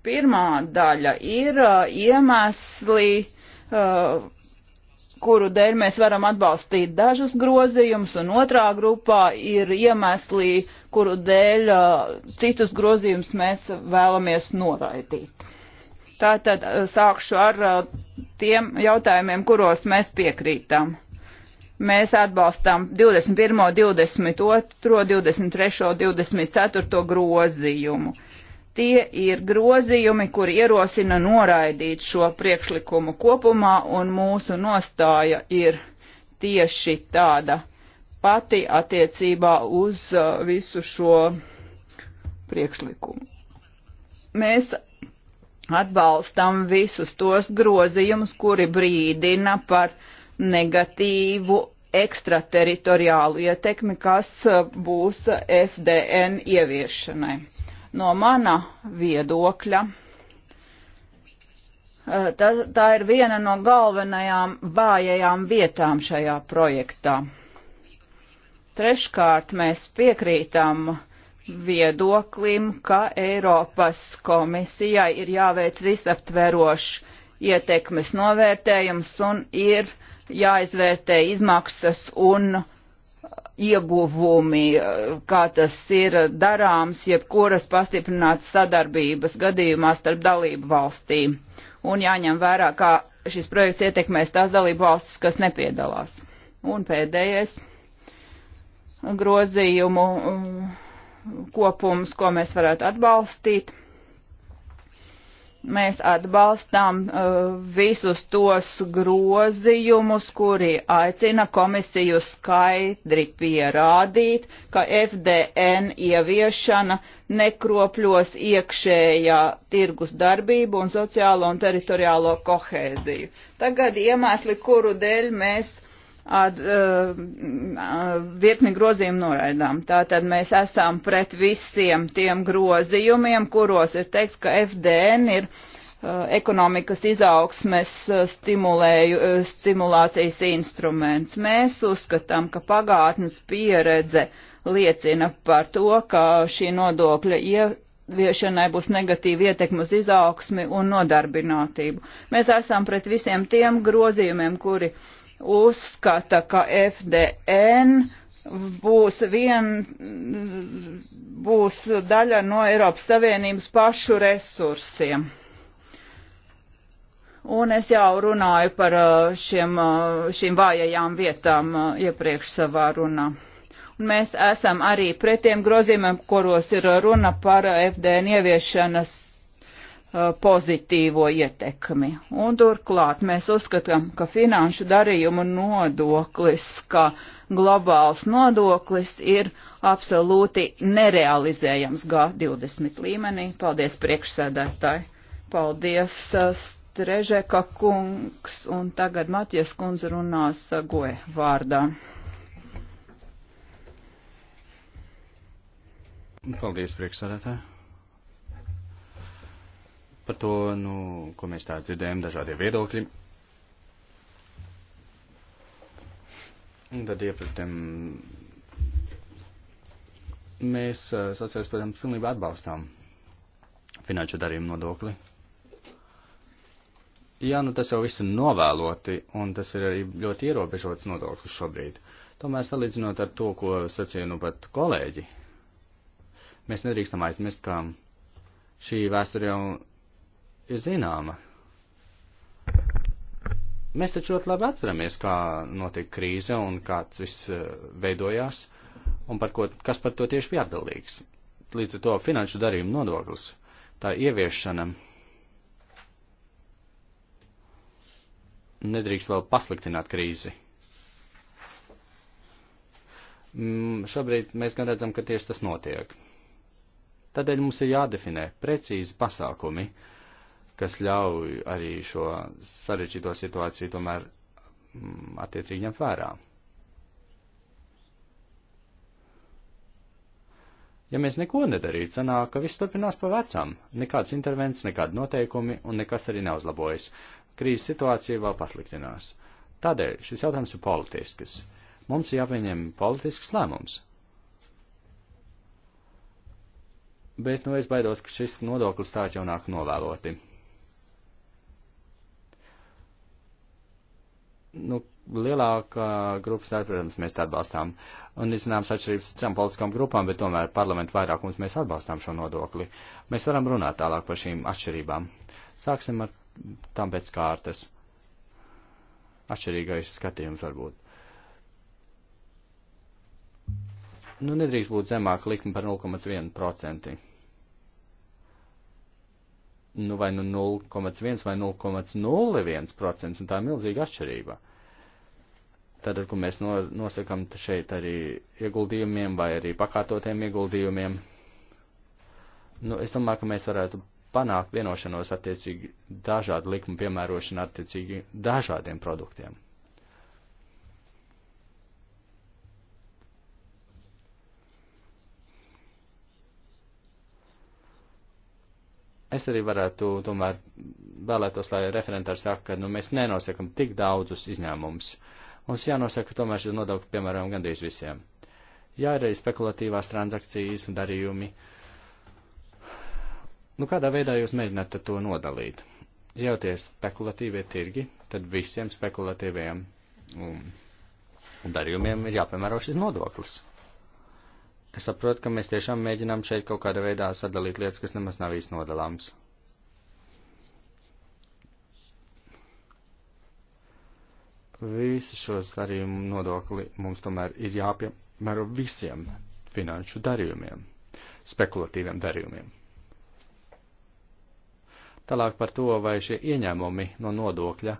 Pirmā daļa ir uh, iemesli, uh, kuru dēļ mēs varam atbalstīt dažus grozījumus, un otrā grupā ir iemesli, kuru dēļ uh, citus grozījumus mēs vēlamies noraidīt. Tātad sākšu ar tiem jautājumiem, kuros mēs piekrītam mēs atbalstām 21., 22., 23., 24. grozījumu. Tie ir grozījumi, kuri ierosina noraidīt šo priekšlikumu kopumā, un mūsu nostāja ir tieši tāda pati attiecībā uz uh, visu šo priekšlikumu. Mēs atbalstam visus tos grozījumus, kuri brīdina par uh, negatīvu ekstrateritoriālu ietekmi, kas uh, būs FDN ieviešanai. No mana viedokļa uh, tā, tā ir viena no galvenajām vājajām vietām šajā projektā. Treškārt mēs piekrītam viedoklim, ka Eiropas komisijai ir jāveic visaptverošs ietekmes novērtējums un ir uh, jāizvērtē izmaksas un ieguvumi, kā tas ir darāms, jebkuras pastiprinātas sadarbības gadījumā starp dalību valstīm. Un jāņem vērā, kā šis projekts ietekmēs tās dalību valstis, kas nepiedalās. Un pēdējais grozījumu mm, kopums, ko mēs varētu atbalstīt mēs atbalstām uh, visus tos grozījumus, kuri aicina komisiju skaidri pierādīt, ka FDN ieviešana nekropļos iekšējā tirgus darbību un sociālo un teritoriālo kohēziju. Tagad iemesli, kuru dēļ mēs ad, eh, eh, virkni grozījumu noraidām. Tātad mēs esam pret visiem tiem grozījumiem, kuros ir teikts, ka FDN ir eh, ekonomikas izaugsmes stimulēju, stimulācijas instruments. Mēs uzskatām, ka pagātnes pieredze liecina par to, ka šī nodokļa ieviešanai būs negatīva ietekme uz izaugsmi un nodarbinātību. Mēs esam pret visiem tiem grozījumiem, kuri uh, uzskata, ka FDN būs, vien, būs daļa no Eiropas Savienības pašu resursiem. Un es jau runāju par uh, šiem, uh, šīm vājajām vietām uh, iepriekš savā runā. Un mēs esam arī pret tiem grozījumiem, kuros ir runa par FDN ieviešanas Uh, pozitīvo ietekmi. Un turklāt mēs uzskatām, ka finanšu darījumu nodoklis, kā globāls nodoklis, ir absolūti nerealizējams G20 līmenī. Paldies priekšsēdētāji. Paldies uh, Strežeka kungs un tagad Matijas kundze runās uh, Goe vārdā. Paldies priekšsēdētāji. Par to, nu, ko mēs tā dzirdējam, dažādie viedokļi. Un tad iepratiem mēs eh, sociālais, protams, pilnībā atbalstām finanšu darījumu nodokli. Jā, nu tas jau viss ir novēloti, un tas ir arī ļoti ierobežots nodoklis šobrīd. Tomēr salīdzinot ar to, ko sacīja nu pat kolēģi, mēs nedrīkstam aizmirst, ka šī vēsture jau ir zināma. Mēs taču ļoti labi atceramies, kā notika krīze un kāds viss eh, veidojās un par ko, kas par to tieši bija atbildīgs. Līdz ar to finanšu darījumu nodoklis, tā ieviešana nedrīkst vēl pasliktināt krīzi. Mm, šobrīd mēs gan redzam, ka tieši tas notiek. Tādēļ mums ir jādefinē precīzi pasākumi, uh, kas ļauj arī šo sarežģīto situāciju tomēr mm, attiecīgi ņemt vērā. Ja mēs neko nedarītu, sanāk, ka viss turpinās pa vecam, nekāds intervents, nekādi noteikumi un nekas arī neuzlabojas. Krīzes situācija vēl pasliktinās. Tādēļ šis jautājums ir politisks. Mums ir jāpieņem politisks lēmums. Bet, nu, es baidos, ka šis nodoklis tā jau nāk novēloti. nu, lielākā grupas daļa, protams, mēs tā atbalstām. Un ir zināms atšķirības citām politiskām grupām, bet tomēr parlamentu vairākums mēs atbalstām šo nodokli. Mēs varam runāt tālāk par šīm atšķirībām. Sāksim ar tām pēc kārtas. Atšķirīgais skatījums varbūt. Nu, nedrīkst būt zemāka likme par 0,1% nu vai nu 0,1 vai 0,01%, un tā ir milzīga atšķirība. Tad, kur mēs no, nosakam šeit arī ieguldījumiem vai arī pakārtotiem ieguldījumiem, nu, es domāju, ka mēs varētu panākt vienošanos attiecīgi dažādu likumu piemērošanu attiecīgi dažādiem produktiem. es arī varētu, tomēr, vēlētos, lai referentārs saka, ka nu, mēs nenosakam tik daudzus izņēmumus. Mums jānosaka tomēr šis nodoklis, piemēram, gandrīz visiem. Jā, ir arī spekulatīvās transakcijas un darījumi. Nu, kādā veidā jūs mēģināt to nodalīt? Ja jau tie spekulatīvie tirgi, tad visiem spekulatīviem un, un darījumiem ir jāpiemēro šis nodoklis. Es saprotu, ka mēs tiešām mēģinām šeit kaut kādā veidā sadalīt lietas, kas nemaz nav īsti nodalāms. Visu šos darījumu nodokli mums tomēr ir jāpiemēro visiem finanšu darījumiem, spekulatīviem darījumiem. Tālāk par to, vai šie ieņēmumi no nodokļa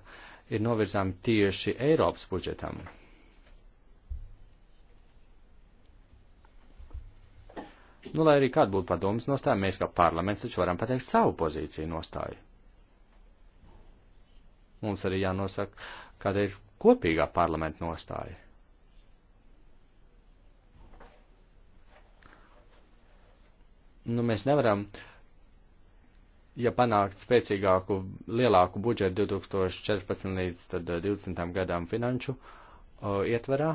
ir novirzām tieši Eiropas budžetam Nu, lai arī kāda būtu padomas nostāja, mēs kā parlaments taču varam pateikt savu pozīciju nostāju. Mums arī jānosaka, kāda ir kopīgā parlamenta nostāja. Nu, mēs nevaram, ja panākt spēcīgāku, lielāku budžetu 2014 līdz 2020 eh, gadām finanšu o, eh, ietvarā,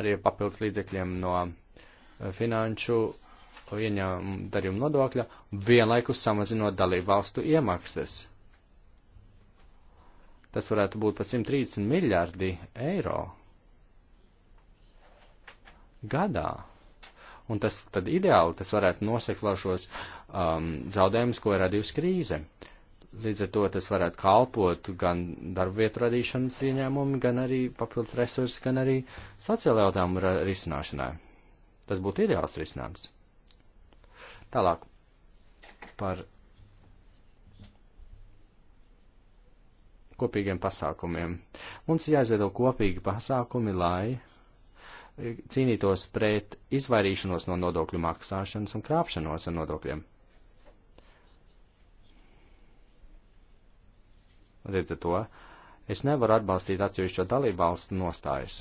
arī papildus līdzekļiem no finanšu ieņēmumu darījumu nodokļa, vienlaikus samazinot dalību valstu iemaksas. Tas varētu būt pat 130 miljardi eiro gadā. Un tas tad ideāli, tas varētu nosekt vēl šos um, zaudējumus, ko ir radījusi krīze. Līdz ar to tas varētu kalpot gan darba vietu radīšanas ieņēmumi, gan arī papildus resursi, gan arī sociālajā jautājumu risināšanai. Tas būtu ideāls risinājums. Tālāk par kopīgiem pasākumiem. Mums ir jāizveido kopīgi pasākumi, lai cīnītos pret izvairīšanos no nodokļu maksāšanas un krāpšanos ar nodokļiem. Līdz ar to es nevaru atbalstīt atsevišķo dalībvalstu nostājas,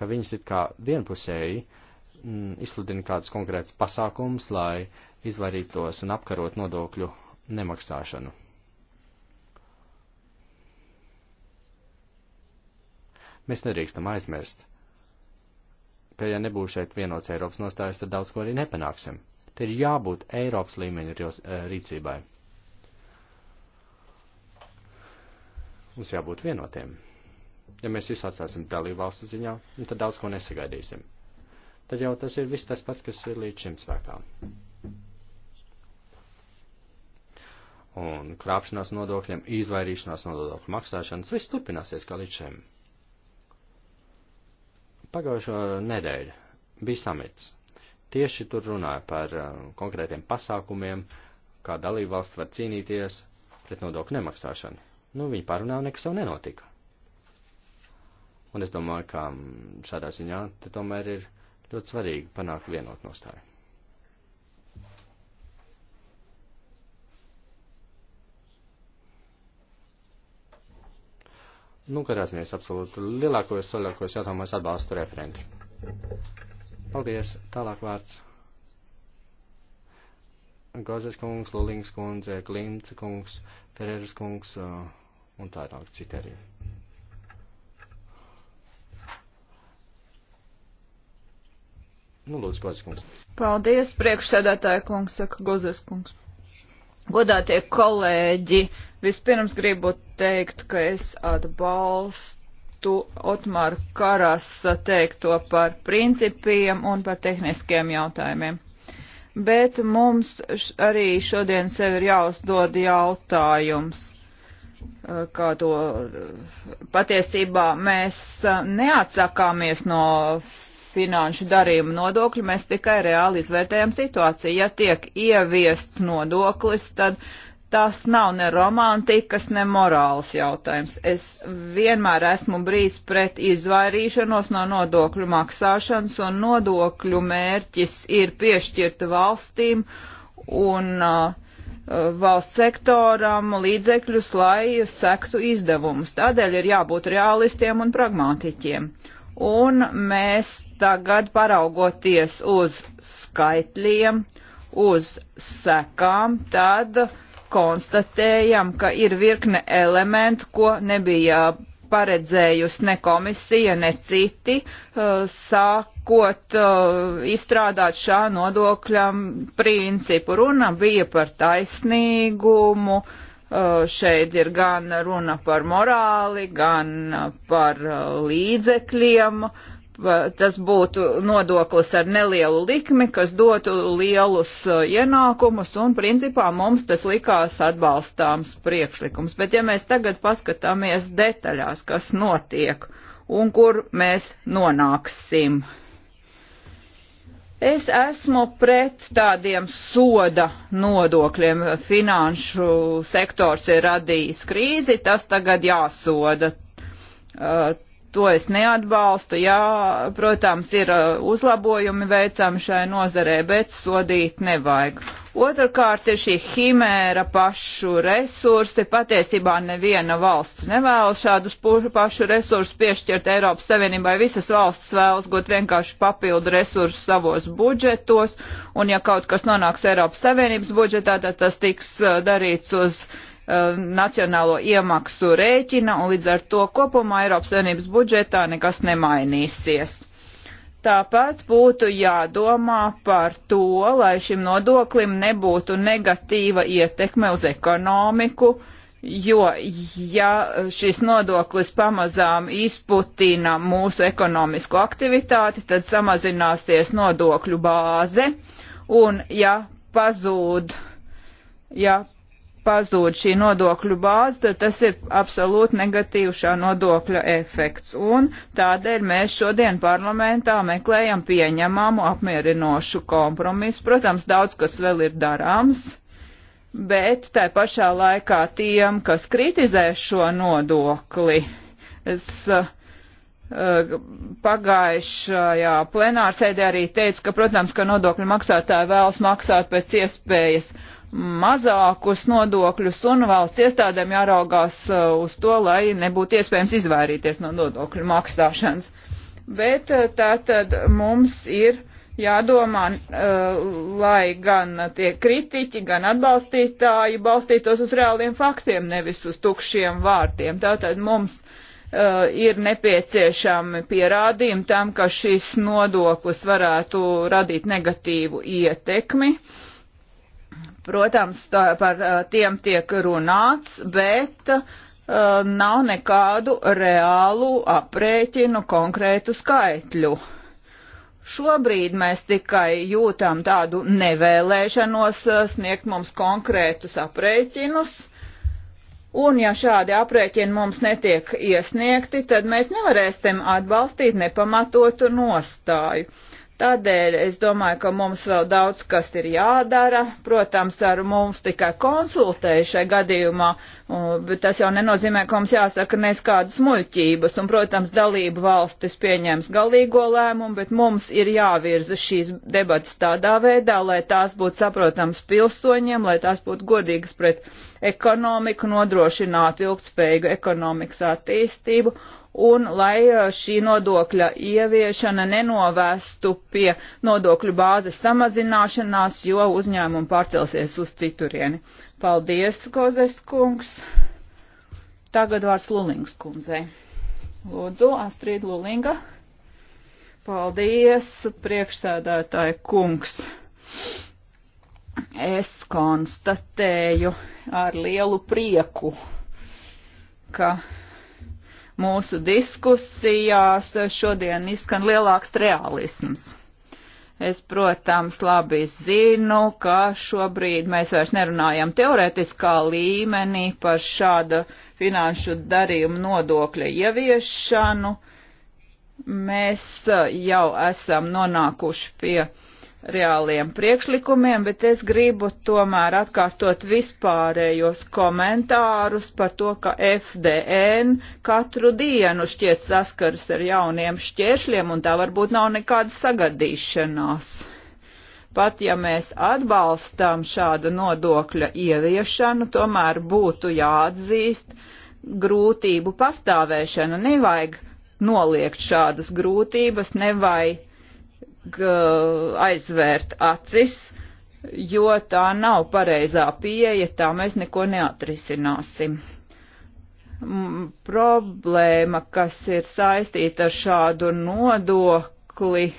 ka viņas it kā vienpusēji uh, mm, izsludina kādus konkrētus pasākumus, lai izvairītos un apkarot nodokļu nemaksāšanu. Mēs nedrīkstam aizmirst, ka ja nebūs šeit vienots Eiropas nostājas, tad daudz ko arī nepanāksim. Te ir jābūt Eiropas līmeņa e, rīcībai. Mums jābūt vienotiem. Ja mēs visu atstāsim dalību valstu ziņā, nu, tad daudz ko nesagaidīsim tad jau tas ir viss tas pats, kas ir līdz šim spēkā. Un krāpšanās nodokļiem, izvairīšanās nodokļu maksāšanas, viss turpināsies kā līdz šim. Pagājušo nedēļu bija samits. Tieši tur runāja par uh, konkrētiem pasākumiem, kā dalībvalsts var cīnīties pret nodokļu nemaksāšanu. Nu, viņi pārunāja, nekas jau nenotika. Un es domāju, ka mm, šādā ziņā te tomēr ir ļoti svarīgi panākt vienot nostāju. Nu, katrā ziņā es absolūti lielākos, lielākos jautājumos atbalstu referenti. Paldies, tālāk vārds. Gozes kungs, Lulings kundze, Klimts kungs, Ferēras kungs uh, un tālāk citi arī. Nu, lūdzu, klāts kungs. Paldies, priekšsēdētāja kungs, saka Gozes kungs. Godātie kolēģi, vispirms gribu teikt, ka es atbalstu Otmāra Karas teikto par principiem un par tehniskiem jautājumiem. Bet mums arī šodien sev ir jāuzdod jautājums eh, kā to eh, patiesībā mēs eh, neatsakāmies no finanšu darījumu nodokļu, mēs tikai reāli izvērtējam situāciju. Ja tiek ieviests nodoklis, tad tas nav ne romantikas, ne morāls jautājums. Es vienmēr esmu brīz pret izvairīšanos no nodokļu maksāšanas, un nodokļu mērķis ir piešķirt valstīm un uh, uh valsts sektoram līdzekļus, lai sektu izdevumus. Tādēļ ir jābūt realistiem un pragmātiķiem un mēs tagad paraugoties uz skaitļiem, uz sekām, tad konstatējam, ka ir virkne elementu, ko nebija paredzējusi ne komisija, ne citi, eh, sākot eh, izstrādāt šā nodokļa principu. Runa bija par taisnīgumu, Eh, šeit ir gan runa par morāli, gan par eh, līdzekļiem. Tas būtu nodoklis ar nelielu likmi, kas dotu lielus eh, ienākumus, un principā mums tas likās atbalstāms priekšlikums. Bet ja mēs tagad paskatāmies detaļās, kas notiek un kur mēs nonāksim, uh, Es esmu pret tādiem soda nodokļiem. Finanšu sektors ir radījis krīzi, tas tagad jāsoda. Uh, to es neatbalstu. Jā, protams, ir uh, uzlabojumi veicami šai nozarē, bet sodīt nevajag. Otrakārt ir šī himēra pašu resursi. Patiesībā neviena valsts nevēlas šādus pašu resursus piešķirt Eiropas Savienībai. Visas valsts vēlas gūt vienkārši papildu resursus savos budžetos, un ja kaut kas nonāks Eiropas Savienības budžetā, tad tas tiks uh, darīts uz Uh, nacionālo iemaksu rēķina, un līdz ar to kopumā Eiropas Savienības budžetā nekas nemainīsies. Tāpēc būtu jādomā par to, lai šim nodoklim nebūtu negatīva ietekme uz ekonomiku, jo ja šis nodoklis pamazām izputina mūsu ekonomisko aktivitāti, tad samazināsies nodokļu bāze, un ja pazūd, ja pazūd šī nodokļu bāze, tad tas ir absolūti negatīvs šā nodokļa efekts. Un tādēļ mēs šodien parlamentā meklējam pieņemamu apmierinošu kompromisu. Protams, daudz kas vēl ir darāms, bet tai pašā laikā tiem, kas kritizē šo nodokli, es uh, pagājušajā plenārsēdē arī teica, ka, protams, ka nodokļu maksātāji vēlas maksāt pēc iespējas mazākus nodokļus un valsts iestādēm jāraugās uh, uz to, lai nebūtu iespējams izvairīties no nodokļu maksāšanas. Bet uh, tā tad mums ir jādomā, uh, lai gan tie kritiķi, gan atbalstītāji balstītos uz reāliem faktiem, nevis uz tukšiem vārtiem. Tātad mums ir nepieciešami pierādījumi tam, ka šis nodoklis varētu radīt negatīvu ietekmi. Uh, Protams, tā, par tiem tiek runāts, bet uh, nav nekādu reālu aprēķinu konkrētu skaitļu. Šobrīd mēs tikai jūtam tādu nevēlēšanos sniegt mums konkrētus aprēķinus, un ja šādi aprēķini mums netiek iesniegti, tad mēs nevarēsim atbalstīt nepamatotu nostāju. Tādēļ es domāju, ka mums vēl daudz kas ir jādara. Protams, ar mums tikai konsultēja šajā gadījumā, bet tas jau nenozīmē, ka mums jāsaka neskādas muļķības. Un, protams, dalību valstis pieņems galīgo lēmumu, bet mums ir jāvirza šīs debatas tādā veidā, lai tās būtu saprotams pilsoņiem, lai tās būtu godīgas pret ekonomiku, nodrošinātu ilgspējīgu ekonomikas attīstību un lai uh, šī nodokļa ieviešana nenovestu pie nodokļu bāzes samazināšanās, jo uzņēmumi pārcelsies uz citurieni. Paldies, Gozes kungs! Tagad vārds Lulings kundzei. Lūdzu, Astrid Lulinga. Paldies, priekšsēdētāji kungs. Es konstatēju ar lielu prieku, ka mūsu diskusijās šodien izskan lielāks realisms. Es, protams, labi zinu, ka šobrīd mēs vairs nerunājam teoretiskā līmenī par šāda finanšu darījuma nodokļa ieviešanu. Mēs jau esam nonākuši pie reāliem priekšlikumiem, bet es gribu tomēr atkārtot vispārējos komentārus par to, ka FDN katru dienu šķiet saskaras ar jauniem šķēršļiem un tā varbūt nav nekāda sagadīšanās. Pat ja mēs atbalstām šādu nodokļa ieviešanu, tomēr būtu jāatzīst grūtību pastāvēšanu. Nevajag noliegt šādas grūtības, nevajag aizvērt acis, jo tā nav pareizā pieeja, tā mēs neko neatrisināsim. Problēma, kas ir saistīta ar šādu nodokli,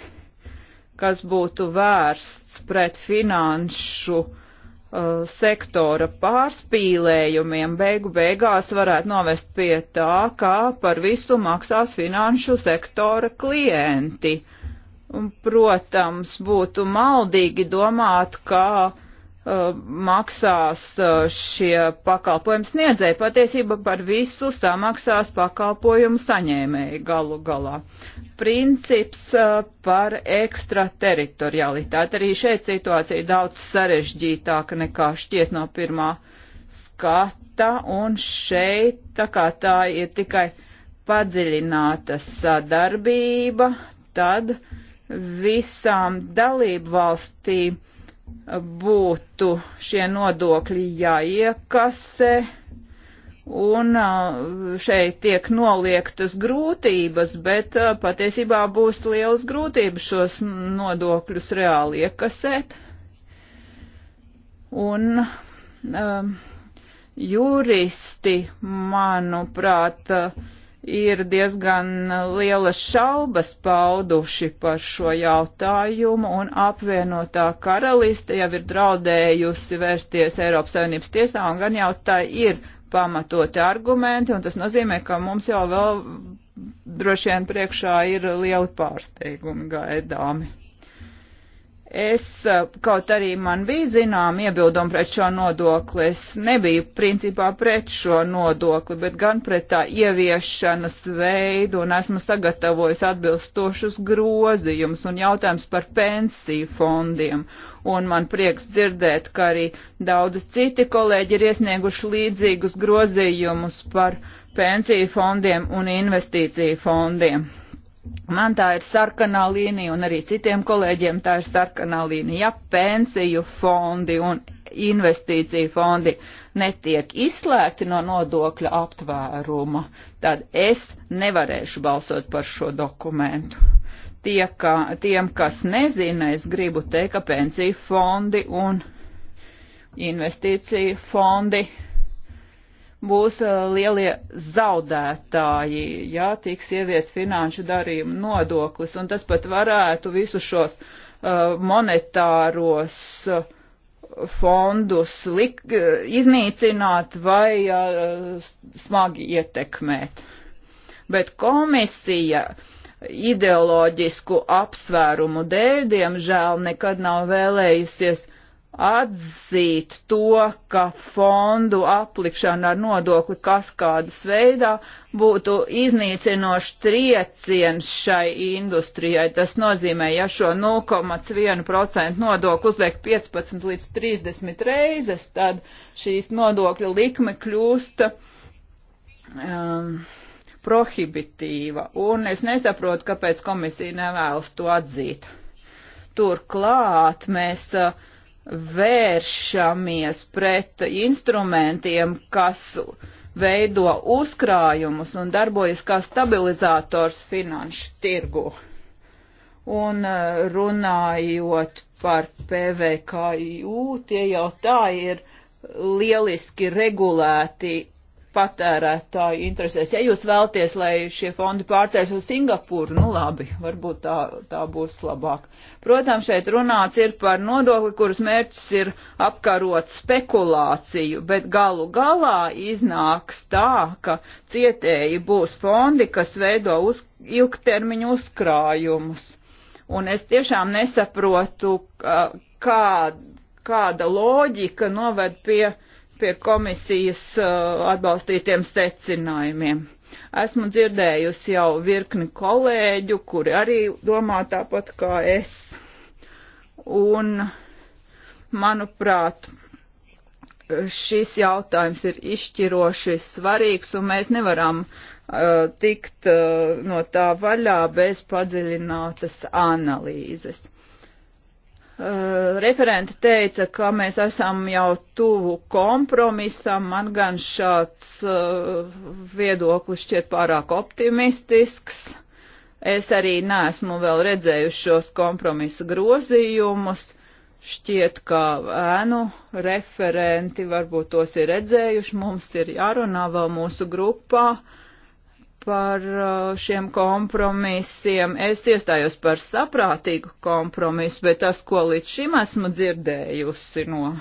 kas būtu vērsts pret finanšu uh, sektora pārspīlējumiem, beigu beigās varētu novest pie tā, kā par visu maksās finanšu sektora klienti. Un, protams, būtu maldīgi domāt, ka uh, maksās uh, šie pakalpojums sniedzēji. Patiesība par visu samaksās pakalpojumu saņēmēji galu galā. Princips uh, par ekstrateritorialitāti. Arī šeit situācija daudz sarežģītāka nekā šķiet no pirmā skata. Un šeit tā kā tā ir tikai padziļināta sadarbība, tad uh, visām dalību valstīm būtu šie nodokļi jāiekasē, un šeit tiek noliektas grūtības, bet patiesībā būs liels grūtības šos nodokļus reāli iekasēt. Un um, juristi, manuprāt, uh, ir diezgan lielas šaubas pauduši par šo jautājumu, un apvienotā karaliste jau ir draudējusi vērsties Eiropas Savienības tiesā, un gan jau tā ir pamatoti argumenti, un tas nozīmē, ka mums jau vēl droši vien priekšā ir lieli pārsteigumi gaidāmi. Es, eh, kaut arī man bija zinām iebildumi pret šo nodokli, es nebiju principā pret šo nodokli, bet gan pret tā ieviešanas veidu, un esmu sagatavojis atbilstošus grozījumus un jautājums par pensiju fondiem. Un man prieks dzirdēt, ka arī daudzi citi kolēģi ir iesnieguši līdzīgus grozījumus par pensiju fondiem un investīciju fondiem Man tā ir sarkanā līnija, un arī citiem kolēģiem tā ir sarkanā līnija. Ja pensiju fondi un investīciju fondi netiek izslēgti no nodokļa aptvēruma, tad es nevarēšu balsot par šo dokumentu. Tie, ka, tiem, kas nezina, es gribu teikt, ka pensiju fondi un investīciju fondi būs eh, lielie zaudētāji, ja tiks ievies finanšu darījumu nodoklis, un tas pat varētu visus šos eh, monetāros eh, fondus lik, iznīcināt vai smagi ietekmēt. Bet komisija ideoloģisku apsvērumu dēļ, diemžēl, nekad nav vēlējusies uh, atzīt to, ka fondu aplikšana ar nodokli kaskādas veidā būtu iznīcinošs trieciens šai industrijai. Tas nozīmē, ja šo 0,1% nodokli uzliek 15 līdz 30 reizes, tad šīs nodokļa likme kļūst. Um, prohibitīva, un es nesaprotu, kāpēc komisija nevēlas to atzīt. Turklāt mēs uh, vēršamies pret instrumentiem, kas veido uzkrājumus un darbojas kā stabilizators finanšu tirgu. Un eh, runājot par PVKU, tie jau tā ir lieliski regulēti patērētāju interesēs. Ja jūs vēlties, lai šie fondi pārceļas uz Singapūru, nu labi, varbūt tā, tā būs labāk. Protams, šeit runāts ir par nodokli, kuras mērķis ir apkarot spekulāciju, bet galu galā iznāks tā, ka cietēji būs fondi, kas veido uz, ilgtermiņu uzkrājumus. Un es tiešām nesaprotu, kā, kāda loģika noved pie uh, pie komisijas uh, atbalstītiem secinājumiem. Esmu dzirdējusi jau virkni kolēģu, kuri arī domā tāpat kā es. Un, manuprāt, šis jautājums ir izšķiroši svarīgs, un mēs nevaram uh, tikt uh, no tā vaļā bez padziļinātas analīzes. Eh, referenti teica, ka mēs esam jau tuvu kompromisam. Man gan šāds uh, viedoklis šķiet pārāk optimistisks. Es arī neesmu vēl redzējuši šos kompromisu grozījumus. Šķiet, ka ēnu referenti varbūt tos ir redzējuši. Mums ir jārunā vēl mūsu grupā. Uh, par uh, šiem kompromisiem. Es iestājos par saprātīgu kompromisu, bet tas, ko līdz šim esmu dzirdējusi no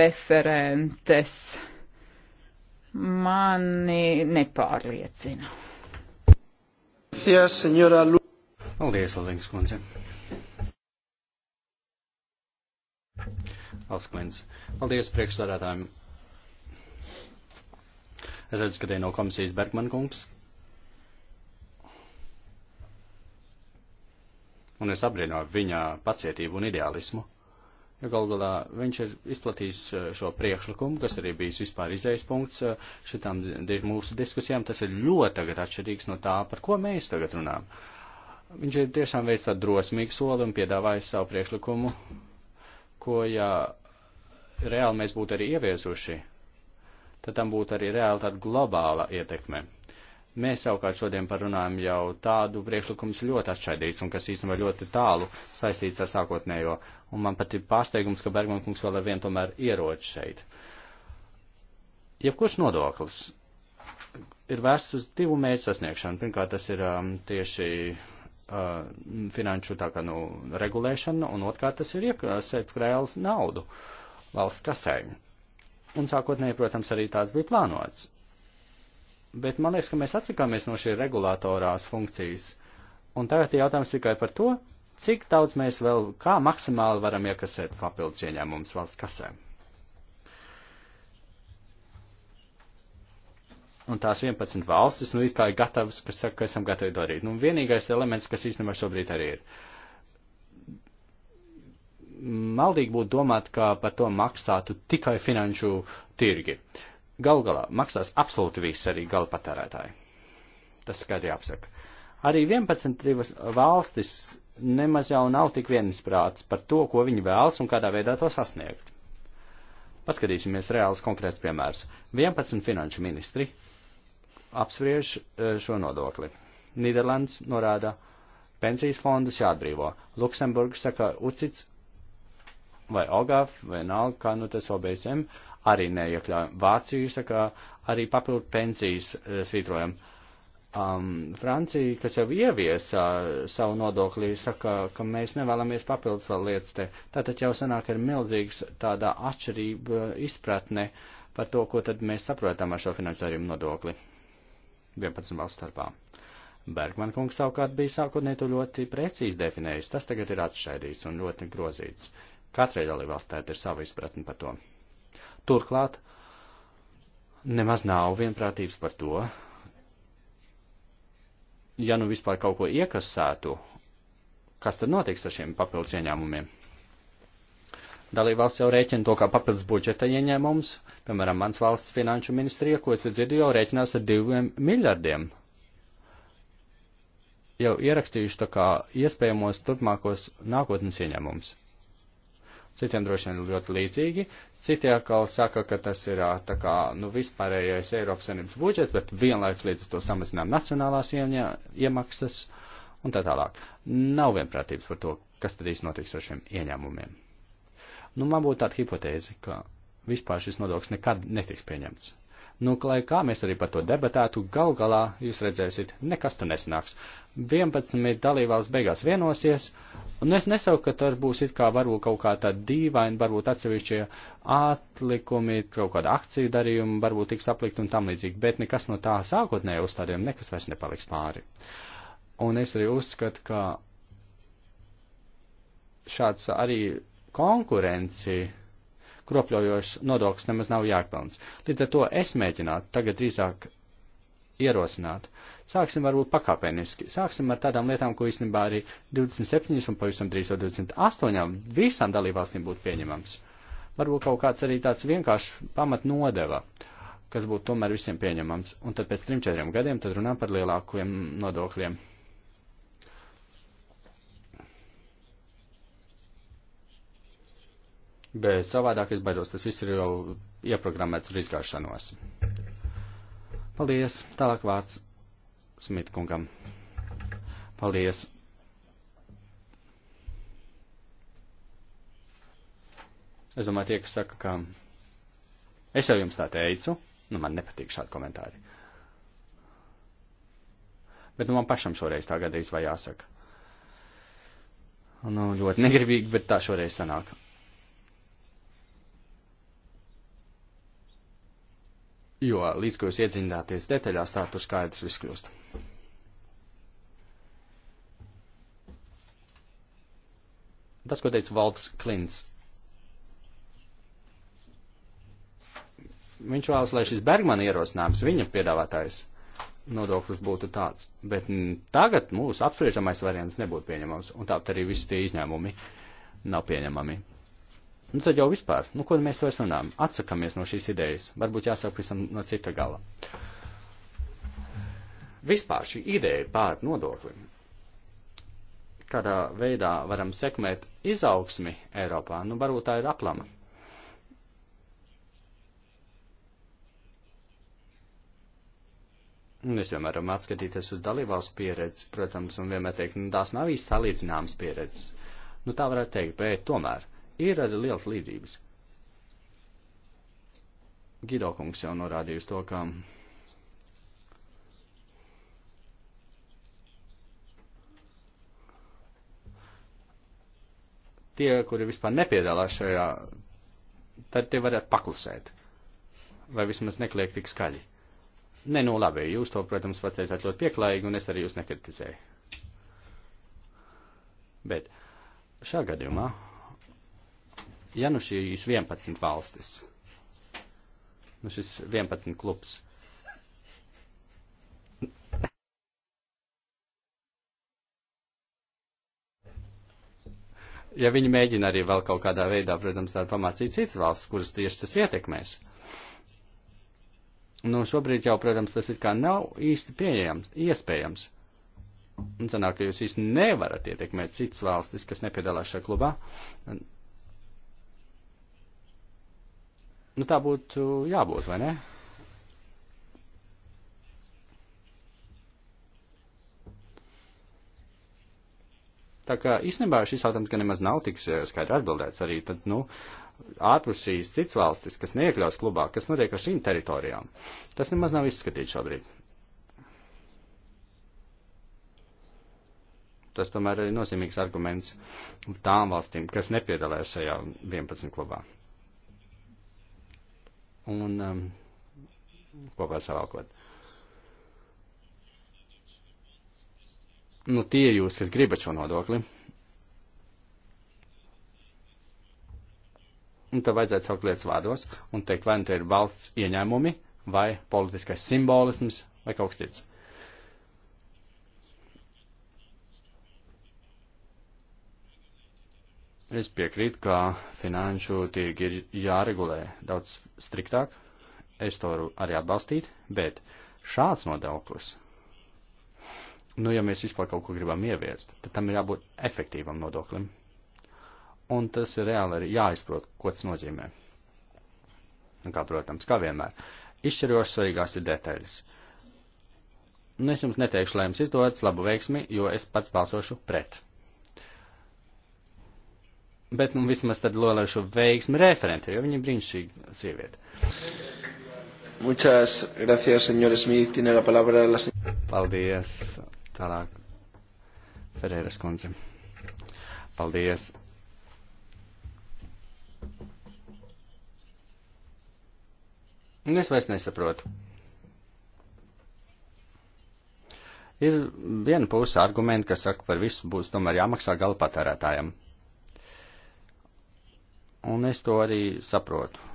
referentes, mani nepārliecina. Paldies, Lalīgas kundze. Alskundze. Paldies priekšstādātājiem. Es redzu, ka te no komisijas Bergman kungs. Un es apbrīnoju viņa pacietību un ideālismu, jo gal galā viņš ir izplatījis eh, šo priekšlikumu, kas arī bijis vispār izējas punkts eh, šitām mūsu diskusijām. Tas ir ļoti tagad atšķirīgs no tā, par ko mēs tagad runājam. Viņš ir tiešām veids tādu drosmīgu soli un piedāvājis savu priekšlikumu, ko, ja reāli mēs būtu arī ieviesuši, tad tam būtu arī reāli tāda globāla ietekme. Mēs savukārt šodien parunājam jau tādu priekšlikumu ļoti atšķaidīts un kas īstenībā ļoti tālu saistīts ar sākotnējo. Un man pat ir pārsteigums, ka Bergman kungs vēl ar vienu tomēr ieroč šeit. Jebkurš nodoklis ir vērsts uz divu mērķu sasniegšanu. Pirmkārt, tas ir um, tieši uh, finanšu tā kā nu regulēšana, un otrkārt, tas ir iekasēt krēls naudu valsts kasēm Un sākotnēji, protams, arī tāds bija plānots. Bet man liekas, ka mēs atsakāmies no šī regulātorās funkcijas. Un tagad ir jautājums tikai par to, cik daudz mēs vēl, kā maksimāli varam iekasēt papildus ieņēmumus valsts kasē. Un tās 11 valstis, nu, it kā ir gatavas, kas saka, ka esam gatavi darīt. Nu, vienīgais elements, kas īstenībā šobrīd arī ir. Uh, maldīgi būtu domāt, ka par to maksātu tikai finanšu tirgi. Galu galā maksās absolūti viss arī gala patērētāji. Tas skaidri jāapsaka. Arī 11 valstis nemaz jau nav tik viensprāts par to, ko viņi vēlas un kādā veidā to sasniegt. Paskatīsimies reāls konkrēts piemērs. 11 finanšu ministri apspriež e, šo nodokli. Nīderlands norāda, pensijas fondus jāatbrīvo. Luksemburga saka, ucits vai OGAF, vai nalga, kā nu tas OBSM, arī neiekļaujam. Vāciju, saka, arī papildu pensijas e, svītrojam. Um, Francija, kas jau ieviesa uh, savu nodoklī, saka, ka mēs nevēlamies papildus vēl lietas te. Tātad jau sanāk ir milzīgs tādā atšķirība e, izpratne par to, ko tad mēs saprotam ar šo finansējumu nodokli 11 valsts starpā. Bergman kungs savukārt bija sākotnēji to ļoti precīzi definējis, tas tagad ir atšķaidīts un ļoti grozīts. Katrai dalībvalstē ir sava izpratne par to. Turklāt, nemaz nav vienprātības par to, ja nu vispār kaut ko iekasētu, kas tad notiks ar šiem papildus ieņēmumiem? Dalībvalsts jau rēķina to kā papildus budžeta ieņēmums, piemēram, mans valsts finanšu ministrija, ko es dzirdu, jau rēķinās ar diviem miljardiem. Jau ierakstījuši tā kā iespējamos turpmākos nākotnes ieņēmumus. Citiem droši vien ļoti līdzīgi. Citi atkal saka, ka tas ir tā kā nu, vispārējais Eiropas Savienības budžets, bet vienlaikus līdz ar to samazinām nacionālās ieņa, iemaksas un tā tālāk. Nav vienprātības par to, kas tad īsti notiks ar šiem ieņēmumiem. Nu, man būtu tāda hipotēze, ka vispār šis nodoklis nekad netiks pieņemts. Nu, lai kā mēs arī par to debatētu, gal galā jūs redzēsiet, nekas tur nesanāks. 11 dalībvalsts beigās vienosies, un es nesauku, ka tas būs it kā varbūt kaut kā tā dīvaini, varbūt atsevišķie atlikumi, kaut kāda akciju darījuma, varbūt tiks aplikt un tam līdzīgi, bet nekas no tā sākotnēja uzstādījuma nekas vairs nepaliks pāri. Un es arī uzskatu, ka šāds arī konkurenci kropļojošs nodoklis nemaz nav jākpelns. Līdz ar to es mēģinātu tagad drīzāk ierosināt. Sāksim varbūt pakāpeniski. Sāksim ar tādām lietām, ko īstenībā arī 27 un pavisam drīz jau 28 visām dalībvalstīm būtu pieņemams. Varbūt kaut kāds arī tāds vienkāršs pamat nodeva, kas būtu tomēr visiem pieņemams. Un tad pēc 3-4 gadiem tad runā par lielākiem nodokļiem. bet savādāk es baidos, tas viss ir jau ieprogrammēts uz izgāšanos. Paldies, tālāk vārds Smitkungam. Paldies. Es domāju, tie, kas saka, ka es jau jums tā teicu, nu man nepatīk šādi komentāri. Bet nu, man pašam šoreiz tā gandrīz vai jāsaka. Nu, ļoti negribīgi, bet tā šoreiz sanāk. Jo līdz, ko jūs iedziļināties detaļās, tā tur skaidrs viss kļūst. Tas, ko teica Valts Klints. Viņš vēlas, lai šis Bergmana ierosinājums, viņa piedāvātais nodoklis būtu tāds, bet tagad mūsu apspriežamais variants nebūtu pieņemams, un tāpat arī visi tie izņēmumi nav pieņemami. Nu, tad jau vispār, nu, ko mēs to runājam? Atsakamies no šīs idejas. Varbūt jāsāk visam no cita gala. Vispār šī ideja pār nodoklim, kādā veidā varam sekmēt izaugsmi Eiropā, nu, varbūt tā ir aplama. Un es vienmēr varu atskatīties uz dalībvalsts pieredzi, protams, un vienmēr teikt, nu, tās nav īsti salīdzināmas pieredzes. Nu, tā varētu teikt, bet tomēr Ir arī liels līdzības. Gido kungs jau norādījusi to, ka tie, kuri vispār nepiedalās šajā, tad tie varētu paklusēt. Vai vismaz nekliek tik skaļi. Nē, nu labi, jūs to, protams, pateicāt ļoti pieklājīgi, un es arī jūs nekritizēju. Bet šā gadījumā ja nu šīs 11 valstis, nu šis 11 klubs, ja viņi mēģina arī vēl kaut kādā veidā, protams, tādu pamācīt citas valsts, kuras tieši tas ietekmēs. Nu, šobrīd jau, protams, tas it kā nav īsti pieejams, iespējams. Un sanāk, ka jūs īsti nevarat ietekmēt citas valstis, kas nepiedalās šajā klubā. Un, Nu, tā būtu jābūt, vai ne? Tā kā īstenībā šis jautājums gan nemaz nav tik skaidri atbildēts arī, tad, nu, ārpus šīs cits valstis, kas neiekļaus klubā, kas notiek ar šīm teritorijām, tas nemaz nav izskatīts šobrīd. Tas tomēr ir nozīmīgs arguments tām valstīm, kas nepiedalās šajā 11 klubā un um, kopā savākot. Nu, tie jūs, kas gribat šo nodokli. Un tad vajadzētu saukt lietas vārdos un teikt, vai nu tie ir valsts ieņēmumi, vai politiskais simbolisms, vai kaut kas cits. Es piekrītu, ka finanšu tirgi ir jāregulē daudz striktāk. Es to varu arī atbalstīt, bet šāds nodoklis, nu, ja mēs vispār kaut ko gribam ieviest, tad tam ir jābūt efektīvam nodoklim. Un tas ir reāli arī jāizprot, ko tas nozīmē. Un nu, kā, protams, kā vienmēr, izšķiroši svarīgās ir detaļas. Un nu, es jums neteikšu, lai jums izdodas labu veiksmi, jo es pats balsošu pret. Bet, nu, vismaz tad lolēšu veiksmi referenti, jo viņa brīnišķīga sieviete. Muchas gracias, señor Smith. Tiene la palabra la señora. Paldies. Tālāk. Ferēras kundze. Paldies. Un nu, es vairs nesaprotu. Ir viena puse argumenti, kas saka, par visu būs tomēr jāmaksā gala patērētājiem. Un es to arī saprotu.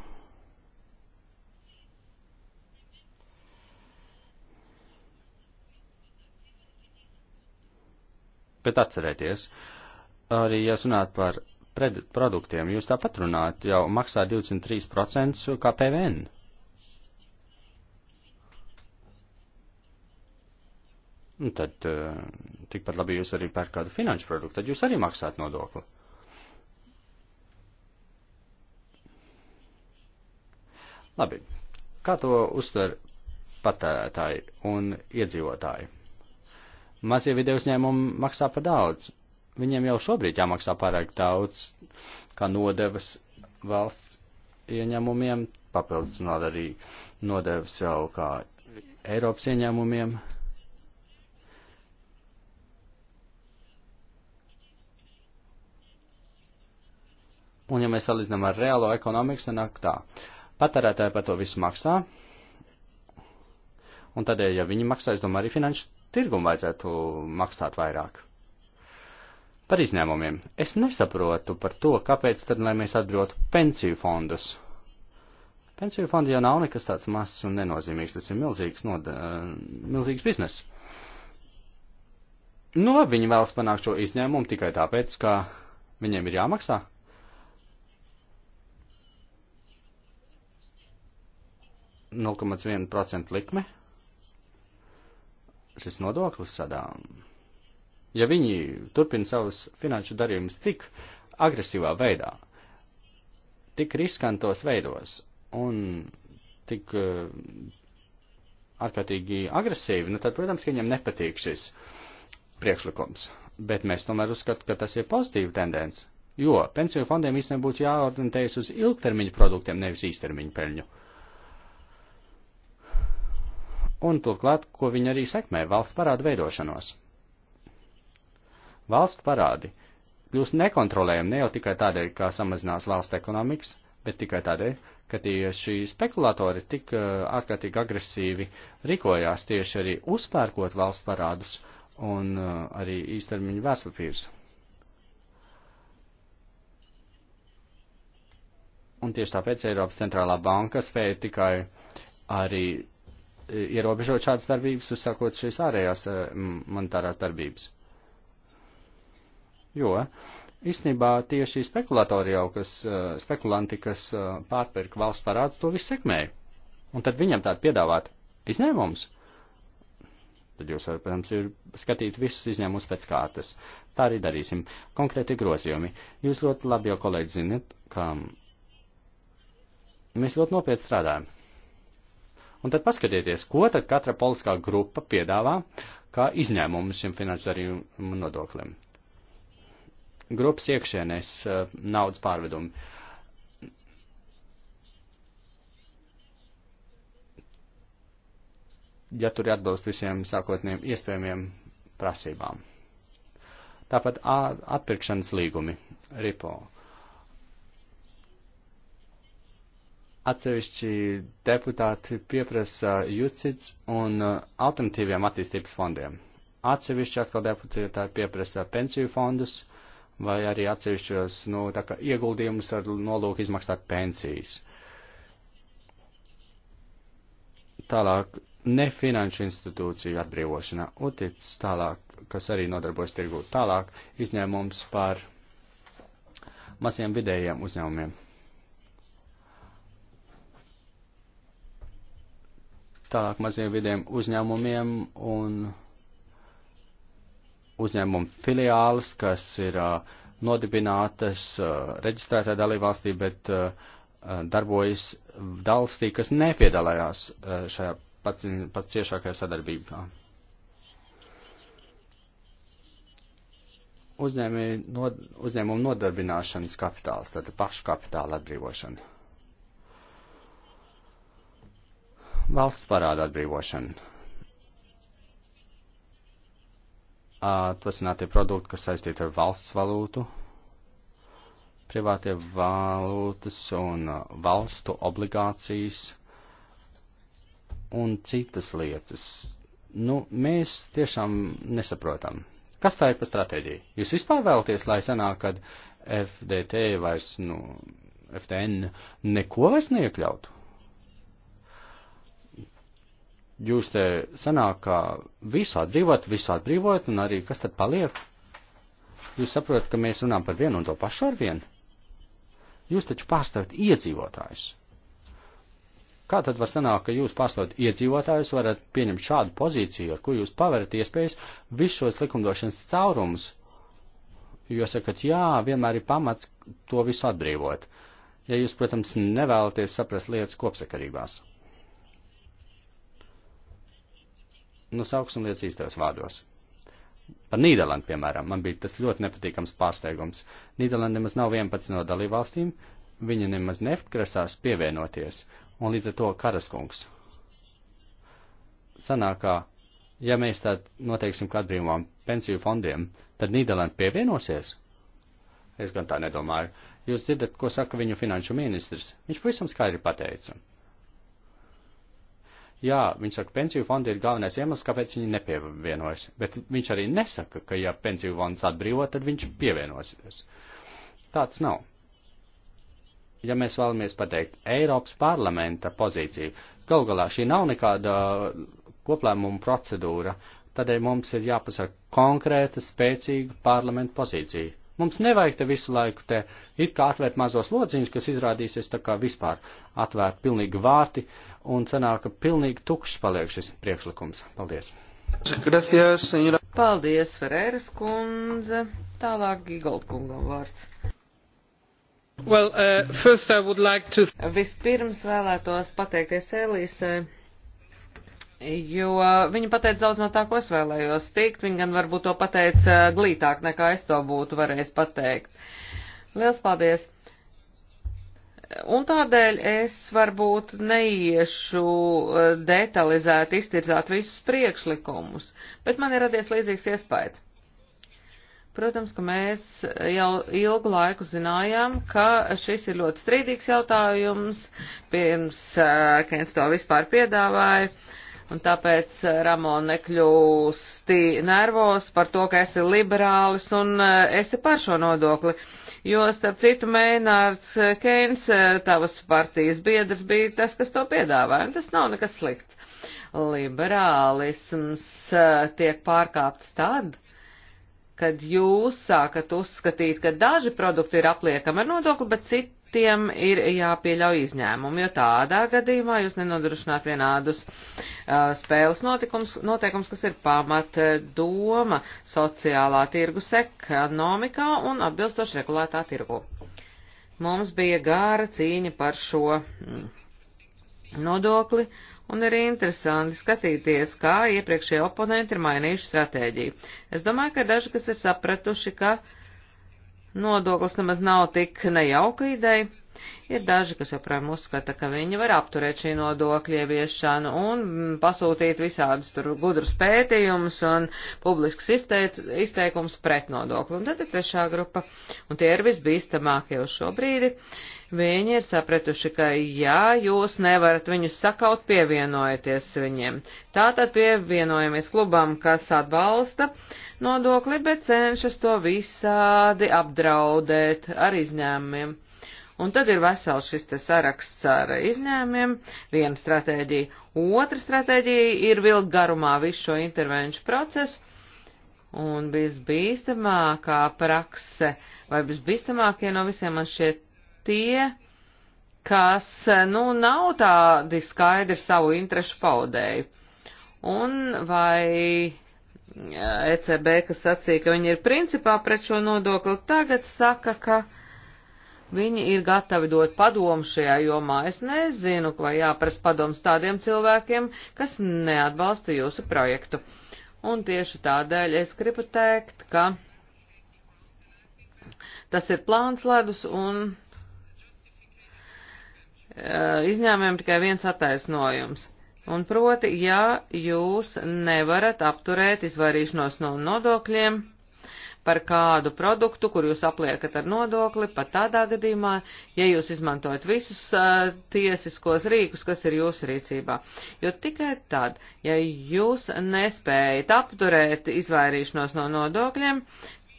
Bet atcerieties, arī, ja runāt par produktiem, jūs tāpat runājat, jau maksā 23% kā PVN. Un tad eh, tikpat labi jūs arī pērkat kādu finanšu produktu, tad jūs arī maksāt nodokli. Labi, kā to uztver patērētāji un iedzīvotāji? Mazie video uzņēmumi maksā par daudz. Viņiem jau šobrīd jāmaksā pārāk daudz, kā nodevas valsts ieņēmumiem, papildināt arī nodevas jau kā Eiropas ieņēmumiem. Un ja mēs salīdzinām ar reālo ekonomiku, sanāk tā. Uh, Patērētāji par to visu maksā. Un tādēļ, ja viņi maksā, es domāju, arī finanšu tirgumu vajadzētu maksāt vairāk. Par izņēmumiem. Es nesaprotu par to, kāpēc tad, lai mēs atbrīvotu pensiju fondus. Pensiju fondi jau nav nekas tāds mazs un nenozīmīgs, tas ir milzīgs, noda, milzīgs bizness. Nu labi, viņi vēlas panākt šo izņēmumu tikai tāpēc, ka viņiem ir jāmaksā. 0,1% likme šis nodoklis sadām. Ja viņi turpina savus finanšu darījumus tik agresīvā veidā, tik riskantos veidos un tik uh, ārkārtīgi agresīvi, nu tad, protams, ka viņam nepatīk šis priekšlikums. Bet mēs tomēr uzskatām, ka tas ir pozitīva tendence, jo pensiju fondiem īstenībā būtu jāorientējas uz ilgtermiņu produktiem, nevis īstermiņu peļņu. Uh, un turklāt, ko viņi arī sekmē - valsts parāda veidošanos. Valsts parādi kļūst nekontrolējami ne jau tikai tādēļ, ka samazinās valsts ekonomikas, bet tikai tādēļ, ka tieši spekulātori tik eh, ārkārtīgi agresīvi rīkojās tieši arī uzpērkot valsts parādus un eh, arī īstermiņu vērtspapīrus. Un tieši tāpēc Eiropas centrālā banka spēja tikai arī ierobežot šādas darbības, uzsākot šīs ārējās eh, monetārās darbības. Jo īstenībā tieši spekulatori jau, kas, eh, spekulanti, kas eh, pārpērk valsts parāds, to visu sekmēja. Un tad viņam tādu piedāvāt izņēmumus. Tad jūs varat, protams, ir skatīt visus izņēmumus pēc kārtas. Tā arī darīsim. Konkrēti grozījumi. Jūs ļoti labi jau, kolēģi, zinat, ka mēs ļoti nopietni strādājam Un tad paskatieties, ko tad katra politiskā grupa piedāvā kā izņēmumu šim finansējumu nodoklim. Grupas iekšēnēs eh, naudas pārvedumi. Ja tur atbilst visiem sākotniem iespējamiem prasībām. Tāpat atpirkšanas līgumi, RIPO. Atsevišķi deputāti pieprasa jucits un uh, alternatīviem attīstības fondiem. Atsevišķi atkal deputāti pieprasa pensiju fondus vai arī atsevišķos nu, ieguldījumus ar nolūku izmaksāt pensijas. Tālāk nefinanšu institūciju atbrīvošana, UTIC tālāk, kas arī nodarbojas tirgū tālāk, izņēmums par maziem vidējiem uzņēmumiem. tālāk maziem vidiem uzņēmumiem un uzņēmumu filiāles, kas ir nodibinātas, reģistrētā dalībvalstī, bet darbojas valstī, kas nepiedalējās šajā pats, pats ciešākajā sadarbībā. Uzņēmumi, no, uzņēmumu nodarbināšanas kapitāls, tātad pašu kapitāla atbrīvošana. valsts parāda atbrīvošana. Atvasinātie produkti, kas saistīti ar valsts valūtu, privātie valūtas un valstu obligācijas un citas lietas. Nu, mēs tiešām nesaprotam. Kas tā ir par stratēģiju? Jūs vispār vēlaties, lai sanāk, kad FDT vairs, nu, FTN neko vairs neiekļautu? jūs te sanāk, ka visu atbrīvot, visu atbrīvot, un arī kas tad paliek? Jūs saprotat, ka mēs runājam par vienu un to pašu ar vienu? Jūs taču pārstāvat iedzīvotājus. Kā tad var sanākt, ka jūs pārstāvat iedzīvotājus, varat pieņemt šādu pozīciju, ar ko jūs paverat iespējas visos likumdošanas caurumus? Jo sakat, jā, vienmēr ir pamats to visu atbrīvot. Ja jūs, protams, nevēlaties saprast lietas kopsakarībās. nosauksim nu, lietas īstajos vārdos. Par Nīderlandi, piemēram, man bija tas ļoti nepatīkams pārsteigums. Nīderlanda nemaz nav 11 no dalībvalstīm, viņa nemaz neftgrasās pievienoties, un līdz ar to karaskungs. Sanākā, ja mēs tā noteiksim kā atbrīvām pensiju fondiem, tad Nīderlanda pievienosies? Es gan tā nedomāju. Jūs dzirdat, ko saka viņu finanšu ministrs. Viņš pavisam skaidri pateica jā, viņš saka, pensiju fondi ir galvenais iemesls, kāpēc viņi nepievienojas, bet viņš arī nesaka, ka ja pensiju fonds atbrīvo, tad viņš pievienosies. Tāds nav. Ja mēs vēlamies pateikt Eiropas parlamenta pozīciju, gal galā šī nav nekāda koplēmuma procedūra, tādēļ mums ir jāpasaka konkrēta, spēcīga parlamenta pozīcija. Mums nevajag te visu laiku te it kā atvērt mazos lodziņus, kas izrādīsies tā kā vispār atvērt pilnīgi vārti un sanāk, ka pilnīgi tukšs paliek šis priekšlikums. Paldies! Gracias, señora. Paldies, Ferēras kundze. Tālāk Gigalkungam vārds. Well, uh, first I would like to... Vispirms vēlētos pateikties Elīsai, jo viņa pateica daudz no tā, ko es vēlējos teikt. Viņa gan varbūt to pateica glītāk, nekā es to būtu varējis pateikt. Liels paldies! Un tādēļ es varbūt neiešu e, detalizēti iztirzāt visus priekšlikumus, bet man ir radies līdzīgs iespējas. Protams, ka mēs jau ilgu laiku zinājām, ka šis ir ļoti strīdīgs jautājums, pirms uh, e, Kens to vispār piedāvāja, un tāpēc e, Ramon nekļūsti nervos par to, ka esi liberālis un uh, esi par šo nodokli. Uh, jo, starp citu, Mēnārds Keins, tavas partijas biedrs, bija tas, kas to piedāvāja, un tas nav nekas slikts. Liberālisms e, tiek pārkāpts tad, kad jūs sākat uzskatīt, ka daži produkti ir apliekami ar nodokli, bet citi tiem ir jāpieļauj izņēmumi, jo tādā gadījumā jūs nenodrošināt vienādus uh, spēles notikums, noteikums, kas ir pamat uh, doma sociālā tirgus ekonomikā un atbilstoši regulētā tirgu. Mums bija gāra cīņa par šo mm, nodokli, un ir interesanti skatīties, kā iepriekšējie oponenti ir mainījuši stratēģiju. Es domāju, ka daži, kas ir sapratuši, ka uh, Nodoklis nemaz nav tik nejauka ideja. Ir daži, kas joprojām uzskata, ka viņi var apturēt šī nodokļa ieviešanu un mm, pasūtīt visādus tur gudrus pētījumus un publisks izteic, izteikums pret nodokli. Un tad ir trešā grupa, un tie ir visbīstamākie uz šo brīdi. Viņi ir sapratuši, ka ja jūs nevarat viņus sakaut, pievienojieties viņiem. Tātad pievienojamies klubam, kas atbalsta nodokli, bet cenšas to visādi apdraudēt ar izņēmumiem. Un tad ir vesels šis te saraksts ar izņēmiem, viena stratēģija. Otra stratēģija ir vilkt garumā visu šo intervenču procesu, un visbīstamākā prakse, vai visbīstamākie no visiem man šie tie, kas, nu, nav tādi skaidri savu interešu paudēju. Un vai ECB, kas sacīja, ka viņi ir principā pret šo nodokli, tagad saka, ka Viņi ir gatavi dot padomu šajā jomā. Es nezinu, vai jāprasa padoms tādiem cilvēkiem, kas neatbalsta jūsu projektu. Un tieši tādēļ es gribu teikt, ka tas ir plāns ledus un e, izņēmumiem tikai viens attaisnojums. Un proti, ja jūs nevarat apturēt izvairīšanos no nodokļiem, par kādu produktu, kur jūs apliekat ar nodokli, pat tādā gadījumā, ja jūs izmantojat visus uh, tiesiskos rīkus, kas ir jūsu rīcībā. Jo tikai tad, ja jūs nespējat apturēt izvairīšanos no nodokļiem,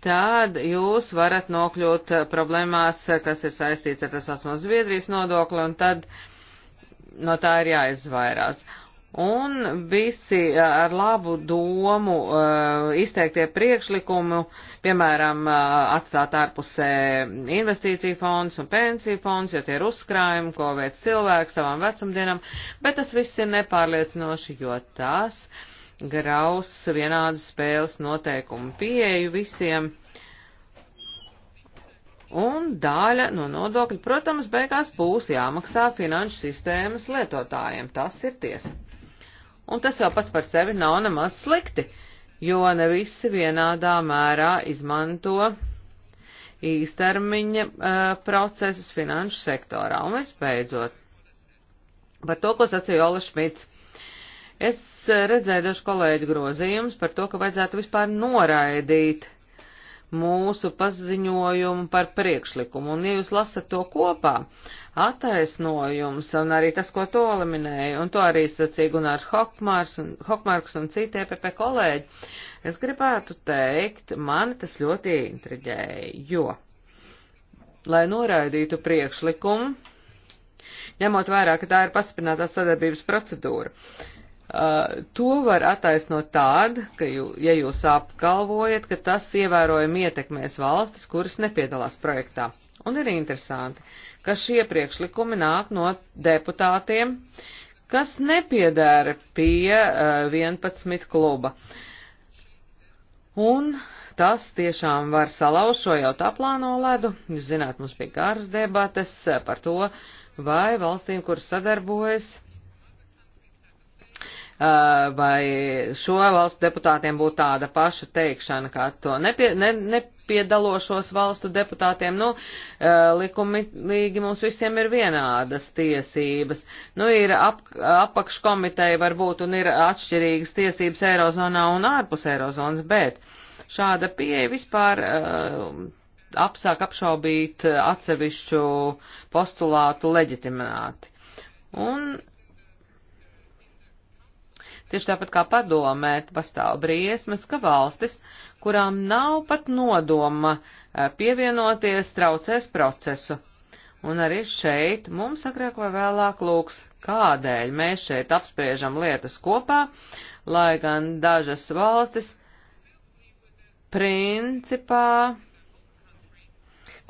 tad jūs varat nokļūt problēmās, kas ir saistīts ar tas atsmo Zviedrijas nodokli, un tad no tā ir jāizvairās. Un visi ar labu domu izteiktie priekšlikumu, piemēram, atstāt ārpusē investīciju fonds un pensiju fonds, jo tie ir uzkrājumi, ko veic cilvēks savam vecumdienam, bet tas viss ir nepārliecinoši, jo tas graus vienādu spēles noteikumu pieeju visiem. Un daļa no nodokļa, protams, beigās būs jāmaksā finanšu sistēmas lietotājiem. Tas ir tiesa un tas jau pats par sevi nav nemaz slikti, jo ne visi vienādā mērā izmanto īstermiņa uh, procesus finanšu sektorā. Un visbeidzot, par to, ko sacīja Ola Šmits. Es redzēju dažu kolēģu grozījumus par to, ka vajadzētu vispār noraidīt mūsu paziņojumu par priekšlikumu. Un, ja jūs lasat to kopā, attaisnojums un arī tas, ko to eliminēja, un to arī sacīja Gunārs Hokmārs un, Hokmārks un citi EPP kolēģi, es gribētu teikt, mani tas ļoti intriģēja, jo, lai noraidītu priekšlikumu, ņemot vērā, ka tā ir pastiprinātā sadarbības procedūra, Uh, to var attaisnot tād, ka, jū, ja jūs apgalvojat, ka tas ievērojami ietekmēs valstis, kuras nepiedalās projektā. Un ir interesanti, ka šie priekšlikumi nāk no deputātiem, kas nepiedēra pie uh, 11 kluba. Un tas tiešām var salauzt šo jau tā plāno ledu. Jūs zināt, mums bija garas debates par to, vai valstīm, kuras sadarbojas, Uh, vai šo valstu deputātiem būtu tāda paša teikšana, kā to nepie, ne, nepiedalošos valstu deputātiem. Nu, uh, likumīgi mums visiem ir vienādas tiesības. Nu, ir ap, apakškomiteja varbūt un ir atšķirīgas tiesības Eirozonā un ārpus Eirozonas, bet šāda pieeja vispār uh, apsāk apšaubīt atsevišķu postulātu leģitimitāti. Un Tieši tāpat kā padomē, pastāv briesmas, ka valstis, kurām nav pat nodoma eh, pievienoties, traucēs procesu. Un arī šeit mums agrāk vai vēlāk lūgs, kādēļ mēs šeit apspriežam lietas kopā, lai gan dažas valstis principā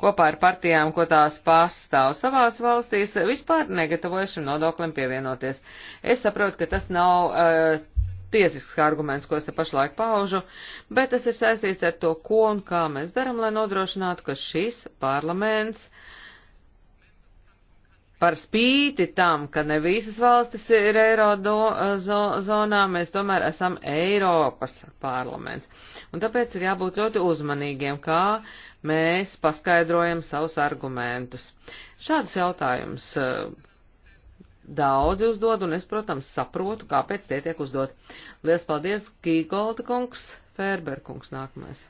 kopā ar partijām, ko tās pārstāv savās valstīs, vispār negatavojas šim nodoklim pievienoties. Es saprotu, ka tas nav uh, tiesisks arguments, ko es te pašlaik paužu, bet tas ir saistīts ar to, ko un kā mēs daram, lai nodrošinātu, ka šis parlaments uh, par spīti tam, ka ne visas valstis ir eiro do, eh, zo, zonā, mēs tomēr esam Eiropas parlaments. Un tāpēc ir jābūt ļoti uzmanīgiem, kā mēs paskaidrojam savus argumentus. Šādus jautājumus eh, daudzi uzdod, un es, protams, saprotu, kāpēc tie tiek uzdot. Lielas paldies, Gīgolda kungs, Fērberkungs nākamais.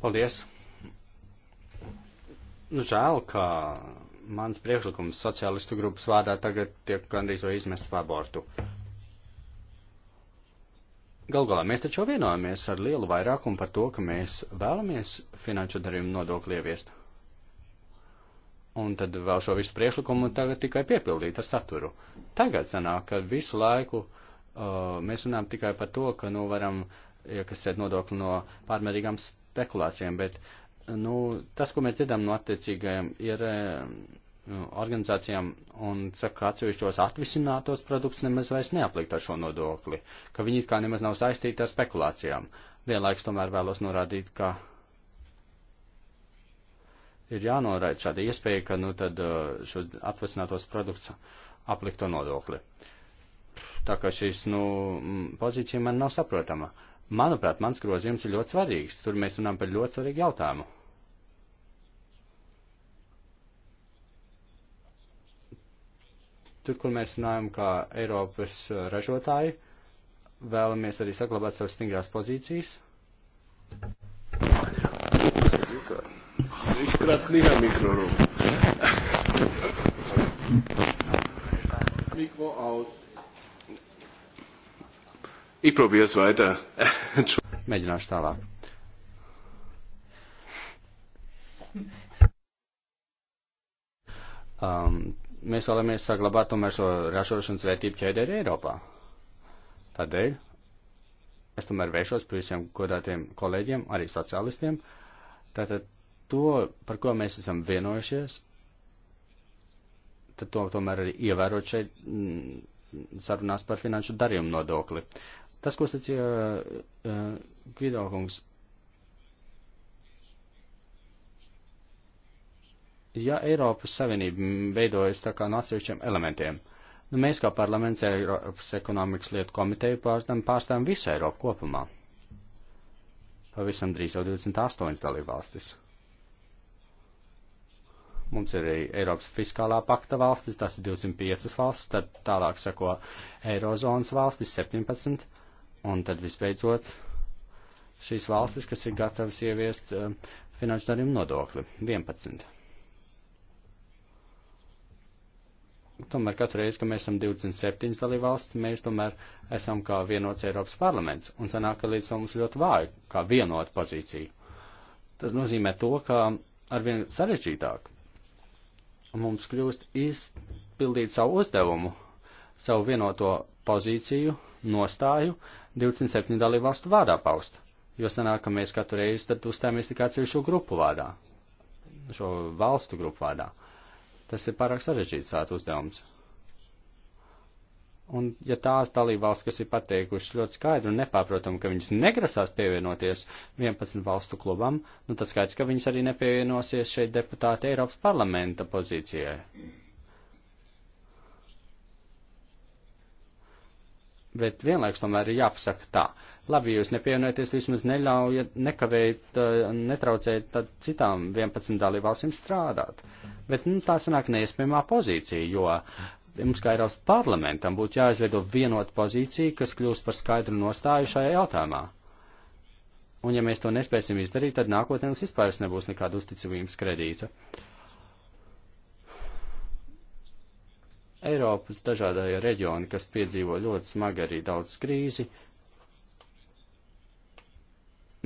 Paldies! Nu, žēl, ka mans priekšlikums sociālistu grupas vārdā tagad tiek gandrīz vai izmests par abortu. Galgolā mēs taču vienojamies ar lielu vairākumu par to, ka mēs vēlamies finanšu darījumu nodokli ieviest. Un tad vēl šo visu priešlikumu tagad tikai piepildīt ar saturu. Tagad sanāk, ka visu laiku uh, mēs runājam tikai par to, ka, nu, varam iekasēt nodokli no pārmērīgām spekulācijām, bet uh, nu, tas, ko mēs dzirdam no attiecīgajiem, ir eh, nu, organizācijām un saka, ka atsevišķos atvisinātos produktus nemaz vairs neaplikt ar šo nodokli, ka viņi it kā nemaz nav saistīti ar spekulācijām. Vienlaiks tomēr vēlos norādīt, ka ir jānoraida šāda iespēja, ka nu, tad, eh, šos atvesinātos produktus aplikto nodokli. Tā kā šīs nu, pozīcija man nav saprotama. Manuprāt, mans grozījums ir ļoti svarīgs. Tur mēs runājam par ļoti svarīgu jautājumu. Tur, kur mēs runājam kā Eiropas uh, ražotāji, vēlamies arī saglabāt savas stingrās pozīcijas. Viņš krāts mīrā mikrorūmu. Mikro out. Ich probiere es weiter. Mēģināšu tālāk. Um, mēs vēlamies saglabāt tomēr šo ražošanas vērtību ķēdē arī Eiropā. Tādēļ es tomēr vēršos pie visiem godātiem kolēģiem, arī sociālistiem. Tātad to, par ko mēs esam vienojušies, tad to tomēr arī ievērot šeit m, mm, sarunās par finanšu darījumu nodokli. Tas, ko sacīja uh, eh, Gvidokungs, ja Eiropas Savienība veidojas tā kā no atsevišķiem elementiem, nu mēs kā parlaments Eiropas ekonomikas lietu komiteju pārstāvam, pārstāvam visu Eiropu kopumā. Pavisam drīz jau 28 dalībvalstis. Mums ir arī Eiropas fiskālā pakta valstis, tas ir 205 valstis, tad tālāk sako Eirozonas valstis 17, un tad visbeidzot šīs valstis, kas ir gatavas ieviest uh, finanšu darījumu nodokli 11. tomēr katru reizi, ka mēs esam 27 dalībvalsts, mēs tomēr esam kā vienots Eiropas parlaments, un sanāk, ka līdz mums ļoti vāja, kā vienota pozīcija. Tas nozīmē to, ka arvien sarežģītāk mums kļūst izpildīt savu uzdevumu, savu vienoto pozīciju, nostāju 27 dalībvalstu vārdā paust, jo sanāk, ka mēs katru reizi tad uzstājamies tikai atsevišķu grupu vārdā, šo valstu grupu vārdā. Uh, Tas ir pārāk sarežģīts sāt uzdevums. Un ja tās dalībvalsts, kas ir pateikušas ļoti skaidru un nepārprotam, ka viņas negrasās pievienoties 11 valstu klubam, nu tas skaidrs, ka viņas arī nepievienosies šeit deputāti Eiropas parlamenta pozīcijai. Bet vienlaiks tomēr ir jāpasaka tā. Labi, jūs nepievienojaties, vismaz neļaujat, nekavējat, eh, netraucējat tad citām 11 dalībvalstīm strādāt. Bet nu, tā sanāk neiespējamā pozīcija, jo mums kā Eiropas parlamentam būtu jāizveido vienota pozīcija, kas kļūst par skaidru nostāju šajā jautājumā. Un ja mēs to nespēsim izdarīt, tad nākotnē mums vispār nebūs nekāda uzticamības kredīta. Uh, Eiropas dažādāja reģioni, kas piedzīvo ļoti smagi arī daudz krīzi,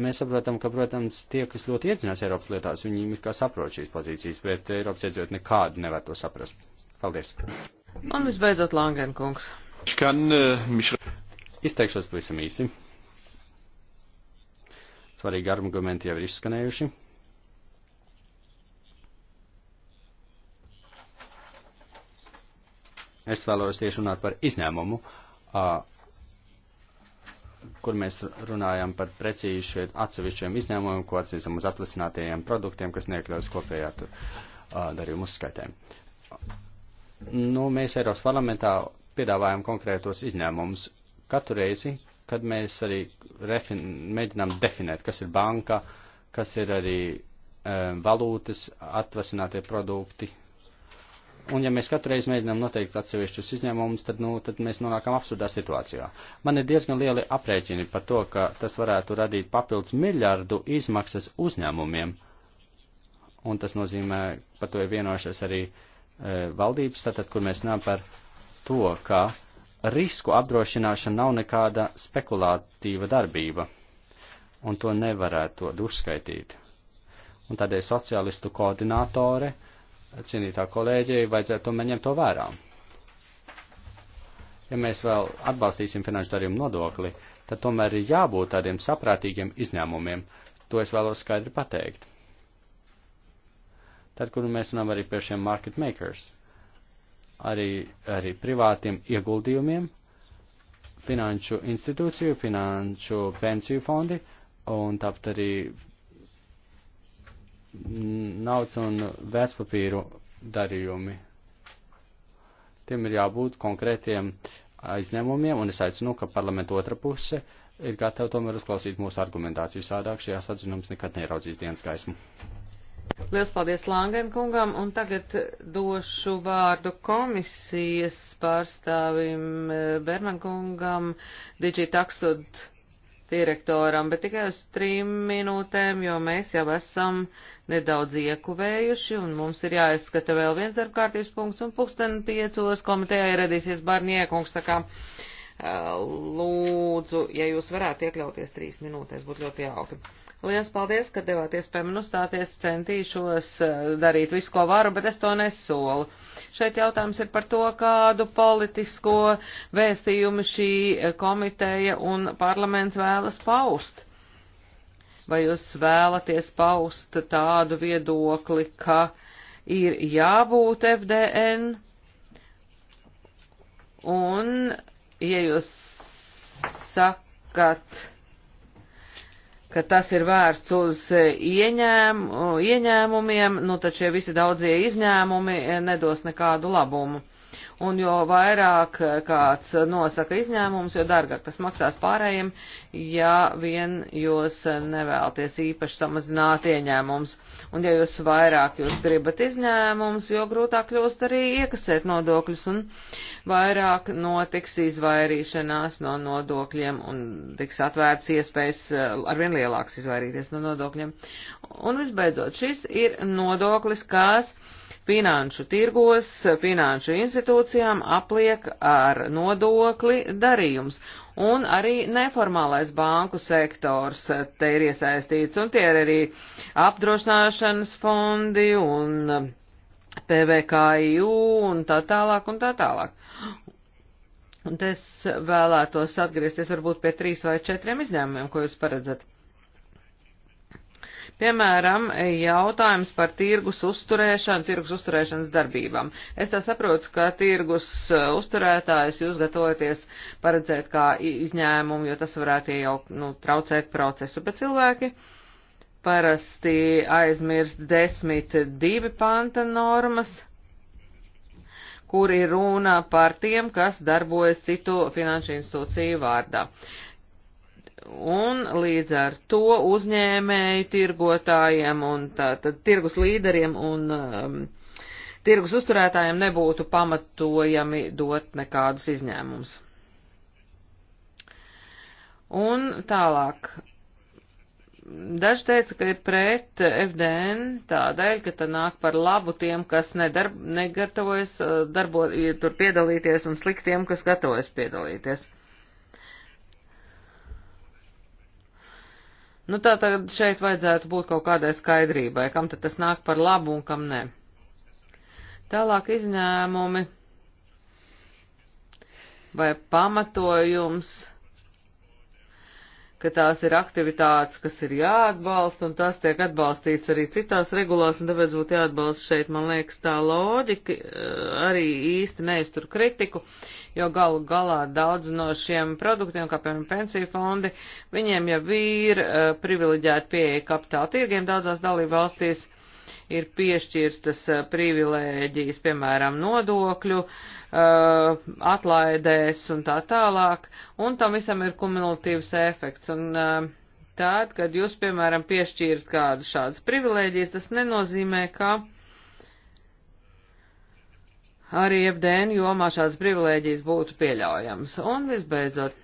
mēs saprotam, ka, protams, tie, kas ļoti iedzinās Eiropas lietās, viņi kā saprot šīs pozīcijas, bet Eiropas iedzīvot nekādu nevar to saprast. Paldies. Man visbeidzot Langenkungs. Škan, uh, Izteikšos pavisam īsi. Svarīgi argumenti jau ir izskanējuši. Es vēlos tieši runāt par izņēmumu, kur mēs runājam par precīzi šeit atsevišķiem izņēmumiem, ko atsevišķam uz atlasinātajiem produktiem, kas niekļaus kopējā darījuma uzskaitēm. Nu, mēs Eiropas parlamentā piedāvājam konkrētos izņēmumus katru reizi, kad mēs arī refin, mēģinām definēt, kas ir banka, kas ir arī e, valūtas atvasinātie produkti, Un ja mēs katru reizi mēģinām noteikt atsevišķus izņēmumus, tad, nu, tad mēs nonākam absurdā situācijā. Man ir diezgan lieli aprēķini par to, ka tas varētu radīt papildus miljardu izmaksas uzņēmumiem. Un tas nozīmē, par to ir vienojušies arī e, valdības, tātad, kur mēs runājam par to, ka risku apdrošināšana nav nekāda spekulātīva darbība, un to nevarētu uzskaitīt. Un tādēļ sociālistu koordinātore cienītā kolēģe, vajadzētu tomēr ņemt to vērā. Ja mēs vēl atbalstīsim finanšu darījumu nodokli, tad tomēr ir jābūt tādiem saprātīgiem izņēmumiem. To es vēlos skaidri pateikt. Tad, kur mēs runājam arī par šiem market makers, arī, arī privātiem ieguldījumiem, finanšu institūciju, finanšu pensiju fondi un tāpat arī naudas un vērtspapīru darījumi. Tiem ir jābūt konkrētiem aizņēmumiem, un es aicinu, ka parlamentu otra puse ir gatava tomēr uzklausīt mūsu argumentāciju. Sādāk šajās atzinums nekad neraudzīs dienas gaismu. Lielas paldies Langen kungam, un tagad došu vārdu komisijas pārstāvim eh, Bernan kungam, Digi Taksud direktoram, bet tikai uz trim minūtēm, jo mēs jau esam nedaudz iekuvējuši, un mums ir jāizskata vēl viens darbkārtības punkts, un pulksten piecos komitejā ieradīsies Barniekungs, tā kā lūdzu, ja jūs varētu iekļauties trīs minūtēs, būtu ļoti jauki. Lielas paldies, ka devāties pie man uzstāties, centīšos darīt visu, ko varu, bet es to nesolu. Šeit jautājums ir par to, kādu politisko vēstījumu šī komiteja un parlaments vēlas paust. Vai jūs vēlaties paust tādu viedokli, ka ir jābūt FDN? Un, ja jūs sakat, ka tas ir vērsts uz eh, ieņēm, ieņēmumiem, nu taču šie visi daudzie izņēmumi eh, nedos nekādu labumu un jo vairāk eh, kāds nosaka izņēmums, jo dārgāk tas maksās pārējiem, ja vien jūs nevēlaties īpaši samazināt ieņēmums. Un ja jūs vairāk jūs gribat izņēmums, jo grūtāk kļūst arī iekasēt nodokļus un vairāk notiks izvairīšanās no nodokļiem un tiks atvērts iespējas eh, arvien lielāks izvairīties no nodokļiem. Un visbeidzot, šis ir nodoklis, kas finanšu tirgos finanšu institūcijām apliek ar nodokli darījums. Un arī neformālais banku sektors te ir iesaistīts, un tie ir arī apdrošināšanas fondi un PVKIU un tā tālāk un tā tālāk. Un es vēlētos atgriezties varbūt pie trīs vai četriem izņēmumiem, ko jūs paredzat. Piemēram, jautājums par tirgus uzturēšanu, tirgus uzturēšanas darbībām. Es tā saprotu, ka tirgus uh, uzturētājs jūs gatavojaties paredzēt kā izņēmumu, jo tas varētu jau nu, traucēt procesu, bet cilvēki parasti aizmirst desmit divi panta normas kur ir runa par tiem, kas darbojas citu finanšu institūciju vārdā. Un līdz ar to uzņēmēju tirgotājiem un tātad tirgus līderiem un um, tirgus uzturētājiem nebūtu pamatojami dot nekādus izņēmumus. Un tālāk. Daži teica, ka ir pret FDN tādēļ, ka tā nāk par labu tiem, kas nedarb, negatavojas uh, darbo, tur piedalīties, un sliktiem, kas gatavojas piedalīties. Uh, Nu tā tad šeit vajadzētu būt kaut kādai skaidrībai, kam tad tas nāk par labu un kam nē. Tālāk izņēmumi vai pamatojums ka tās ir aktivitātes, kas ir jāatbalsta, un tās tiek atbalstīts arī citās regulās, un tāpēc būtu jāatbalsta šeit, man liekas, tā loģika eh, arī īsti neiztur kritiku, jo galu galā daudz no šiem produktiem, kā piemēram pensiju fondi, viņiem jau ir uh, privileģēta pieeja kapitāla tirgiem daudzās dalību valstīs, ir piešķirtas eh, privilēģijas, piemēram, nodokļu eh, atlaidēs un tā tālāk, un tam visam ir kumulatīvs efekts. Un, Tātad, eh, kad jūs, piemēram, piešķīrat kādu šādas privilēģijas, tas nenozīmē, ka arī FDN jomā šādas privilēģijas būtu pieļaujamas. Un visbeidzot,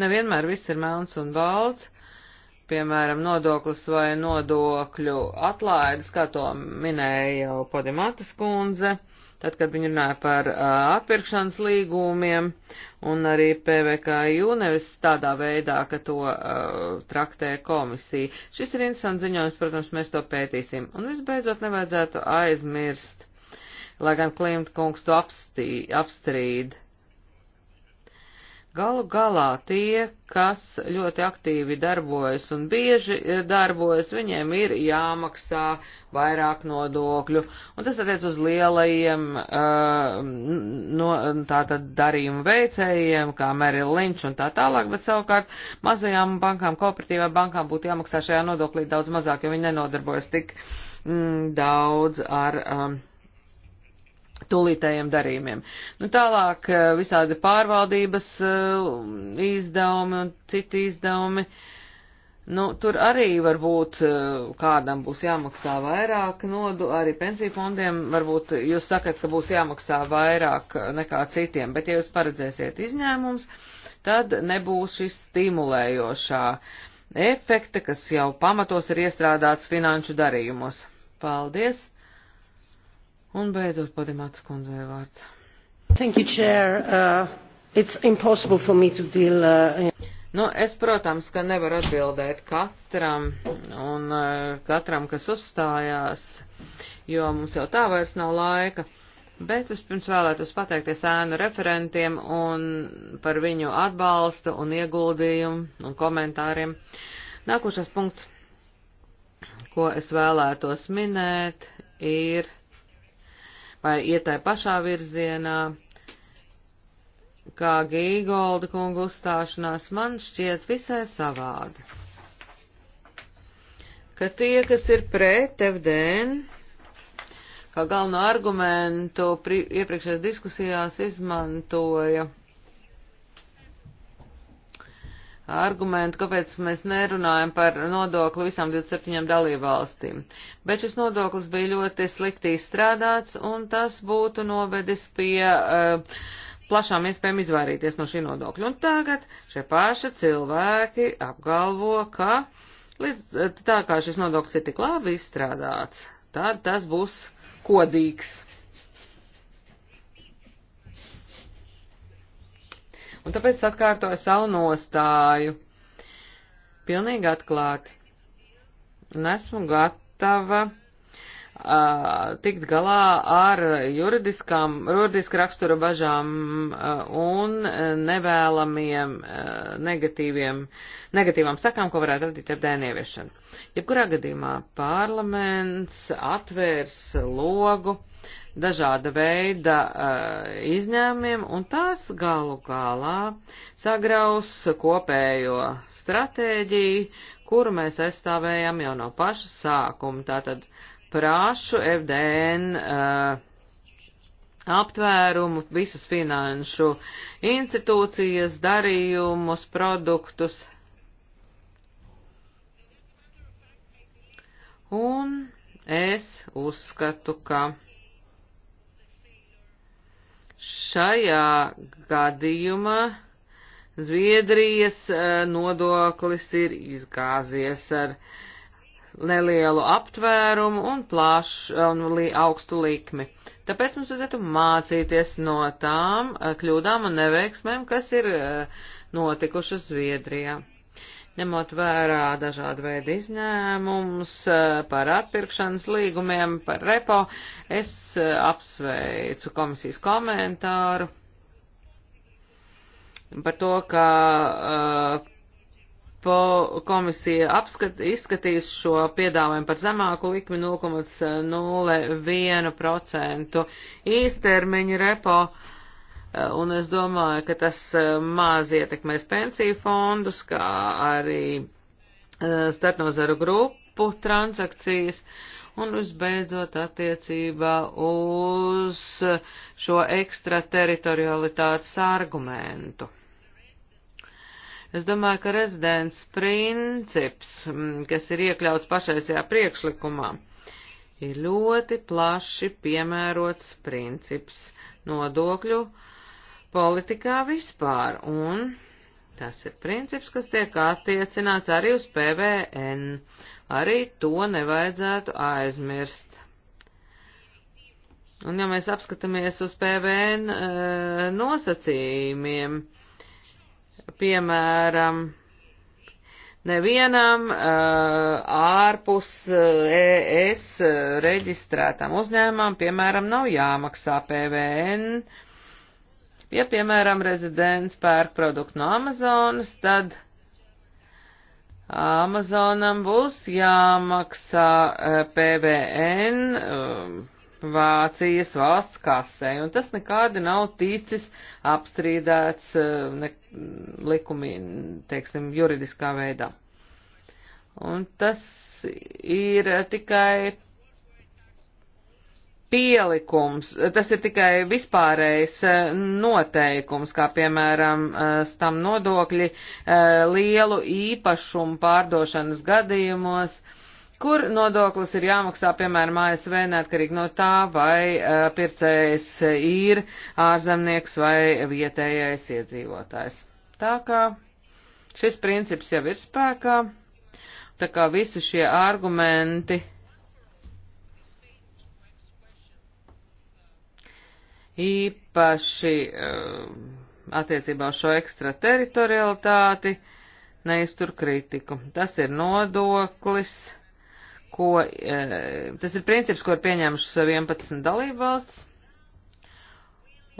nevienmēr viss ir melns un balts, piemēram, nodoklis vai nodokļu atlaides, kā to minēja jau Podimatas kundze, tad, kad viņi runāja par uh, atpirkšanas līgumiem un arī PVKU, nevis tādā veidā, ka to uh, traktē komisija. Šis ir interesants ziņojums, protams, mēs to pētīsim. Un visbeidzot, nevajadzētu aizmirst, lai gan Klimta kungs to apstī, apstrīd Galu galā tie, kas ļoti aktīvi darbojas un bieži eh, darbojas, viņiem ir jāmaksā vairāk nodokļu. Un tas attiec uz lielajiem uh, no, tātad darījumu veicējiem, kā Merrill Lynch un tā tālāk, bet savukārt mazajām bankām, kooperatīvām bankām būtu jāmaksā šajā nodoklī daudz mazāk, jo viņi nenodarbojas tik mm, daudz ar. Um, tūlītējiem darījumiem. Nu, tālāk eh, visādi pārvaldības eh, izdevumi un citi izdevumi. Nu, tur arī varbūt eh, kādam būs jāmaksā vairāk nodu, arī pensiju fondiem varbūt jūs sakat, ka būs jāmaksā vairāk nekā citiem, bet ja jūs paredzēsiet izņēmums, tad nebūs šis stimulējošā efekta, kas jau pamatos ir iestrādāts finanšu darījumos. Paldies! Un beidzot, Podimātas kundzei vārds. Thank you, Chair. Uh, it's impossible for me to deal. Uh, Nu, es, protams, ka nevaru atbildēt katram un uh, katram, kas uzstājās, jo mums jau tā vairs nav laika. Bet vispirms vēlētos pateikties ēnu referentiem un par viņu atbalstu un ieguldījumu un komentāriem. Nākošais punkts, ko es vēlētos minēt, ir vai ietai pašā virzienā, kā Gīgolda kunga uzstāšanās man šķiet visai savādi. Ka tie, kas ir pret FDN, kā galveno argumentu iepriekšējās diskusijās izmantoja argumentu, kāpēc mēs nerunājam par nodokli visām 27 dalībvalstīm. Bet šis nodoklis bija ļoti slikti izstrādāts, un tas būtu novedis pie uh, plašām iespējām izvairīties no šī nodokļa. Un tagad šie paši cilvēki apgalvo, ka līdz tā kā šis nodoklis ir tik labi izstrādāts, tad tas būs kodīgs. un tāpēc es atkārtoju savu nostāju. Pilnīgi atklāti. Un esmu gatava uh, tikt galā ar juridiskām, juridiska rakstura bažām uh, un nevēlamiem uh, negatīviem, negatīvām sakām, ko varētu radīt ar dēļ ieviešanu. Jebkurā gadījumā parlaments atvērs logu dažāda veida uh, izņēmumiem, un tās galu galā sagraus kopējo stratēģiju, kuru mēs aizstāvējam jau no paša sākuma. Tātad prāšu FDN uh, eh, aptvērumu, visas finanšu institūcijas, darījumus, produktus. Un es uzskatu, ka Šajā gadījumā Zviedrijas eh, nodoklis ir izgāzies ar nelielu aptvērumu un plašu un li, augstu likmi. Tāpēc mums vajadzētu mācīties no tām eh, kļūdām un neveiksmēm, kas ir eh, notikušas Zviedrijā ņemot vērā dažādu veidu izņēmumus eh, par atpirkšanas līgumiem, par repo, es eh, apsveicu komisijas komentāru par to, ka uh, po komisija apskat, izskatīs šo piedāvājumu par zemāku likmi 0,01% īstermiņa repo. Uh, Eh, un es domāju, ka tas eh, maz ietekmēs pensiju fondus, kā arī eh, starpnozaru grupu transakcijas, un visbeidzot attiecībā uz šo ekstrateritorialitātes argumentu. Es domāju, ka rezidents princips, mm, kas ir iekļauts pašaisajā priekšlikumā, ir ļoti plaši piemērots princips nodokļu uh, politikā vispār, un tas ir princips, kas tiek attiecināts arī uz PVN. Arī to nevajadzētu aizmirst. Un ja mēs apskatāmies uz PVN e, eh, nosacījumiem, piemēram, nevienam uh, ārpus uh, eh, ES reģistrētam uzņēmumam, piemēram, nav jāmaksā PVN uh, Ja, piemēram, rezidents pērk produktu no Amazonas, tad Amazonam būs jāmaksā e, PVN e, Vācijas valsts kasē, un tas nekādi nav ticis apstrīdēts e, ne, likumi, teiksim, juridiskā veidā. Un tas ir tikai pielikums, tas ir tikai vispārējs eh, noteikums, kā piemēram eh, stam nodokļi eh, lielu īpašumu pārdošanas gadījumos, kur nodoklis ir jāmaksā, piemēram, ASV neatkarīgi no tā, vai pircējs ir ārzemnieks vai vietējais iedzīvotājs. Tā kā šis princips jau ir spēkā, tā kā visi šie argumenti īpaši um, attiecībā uz šo ekstrateritorialitāti neiztur kritiku. Tas ir nodoklis, ko, eh, tas ir princips, ko ir pieņēmušas 11 dalībvalsts.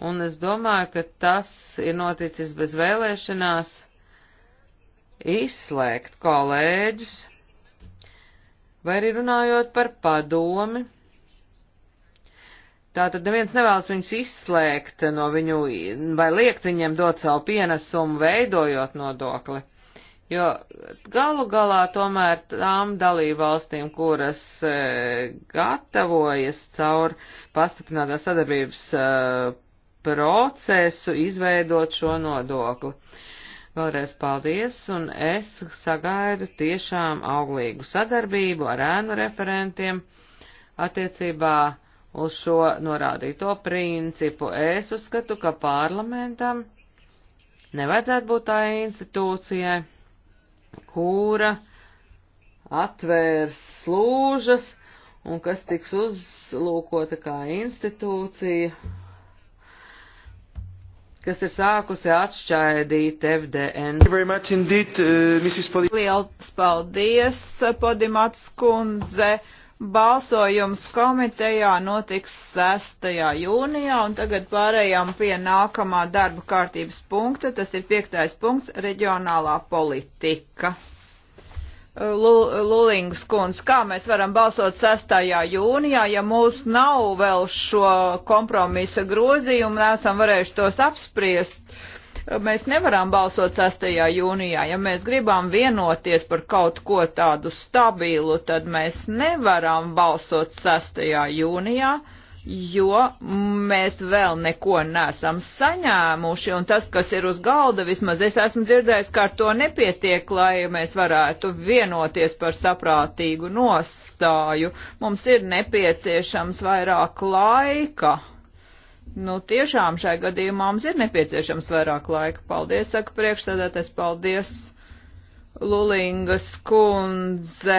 Un es domāju, ka tas ir noticis bez vēlēšanās izslēgt kolēģus, vai arī runājot par padomi, Tātad neviens nevēlas viņus izslēgt no viņu vai liekt viņiem dot savu pienesumu, veidojot nodokli. Jo galu galā tomēr tām dalībvalstīm, kuras e, gatavojas caur pastiprinātā sadarbības e, procesu izveidot šo nodokli. Vēlreiz paldies, un es sagaidu tiešām auglīgu sadarbību ar ēnu referentiem attiecībā uz šo norādīto principu. Es uzskatu, ka parlamentam nevajadzētu būt tā institūcijai, kura atvērs slūžas un kas tiks uzlūkota kā institūcija, kas ir sākusi atšķaidīt FDN. Indeed, uh, Liels paldies, Podimats kundze! Balsojums komitejā notiks 6. jūnijā, un tagad pārējām pie nākamā darba kārtības punkta. Tas ir piektais punkts - reģionālā politika. Lulings kundz, kā mēs varam balsot 6. jūnijā, ja mūs nav vēl šo kompromisa grozījumu, neesam varējuši tos apspriest? Uh, Mēs nevaram balsot 6. jūnijā. Ja mēs gribam vienoties par kaut ko tādu stabilu, tad mēs nevaram balsot 6. jūnijā jo mēs vēl neko nesam saņēmuši, un tas, kas ir uz galda, vismaz es esmu dzirdējis, ka ar to nepietiek, lai mēs varētu vienoties par saprātīgu nostāju. Mums ir nepieciešams vairāk laika. Nu, tiešām šai gadījumā mums ir nepieciešams vairāk laika. Paldies, saka priekšsēdētājs, paldies, Lulingas kundze.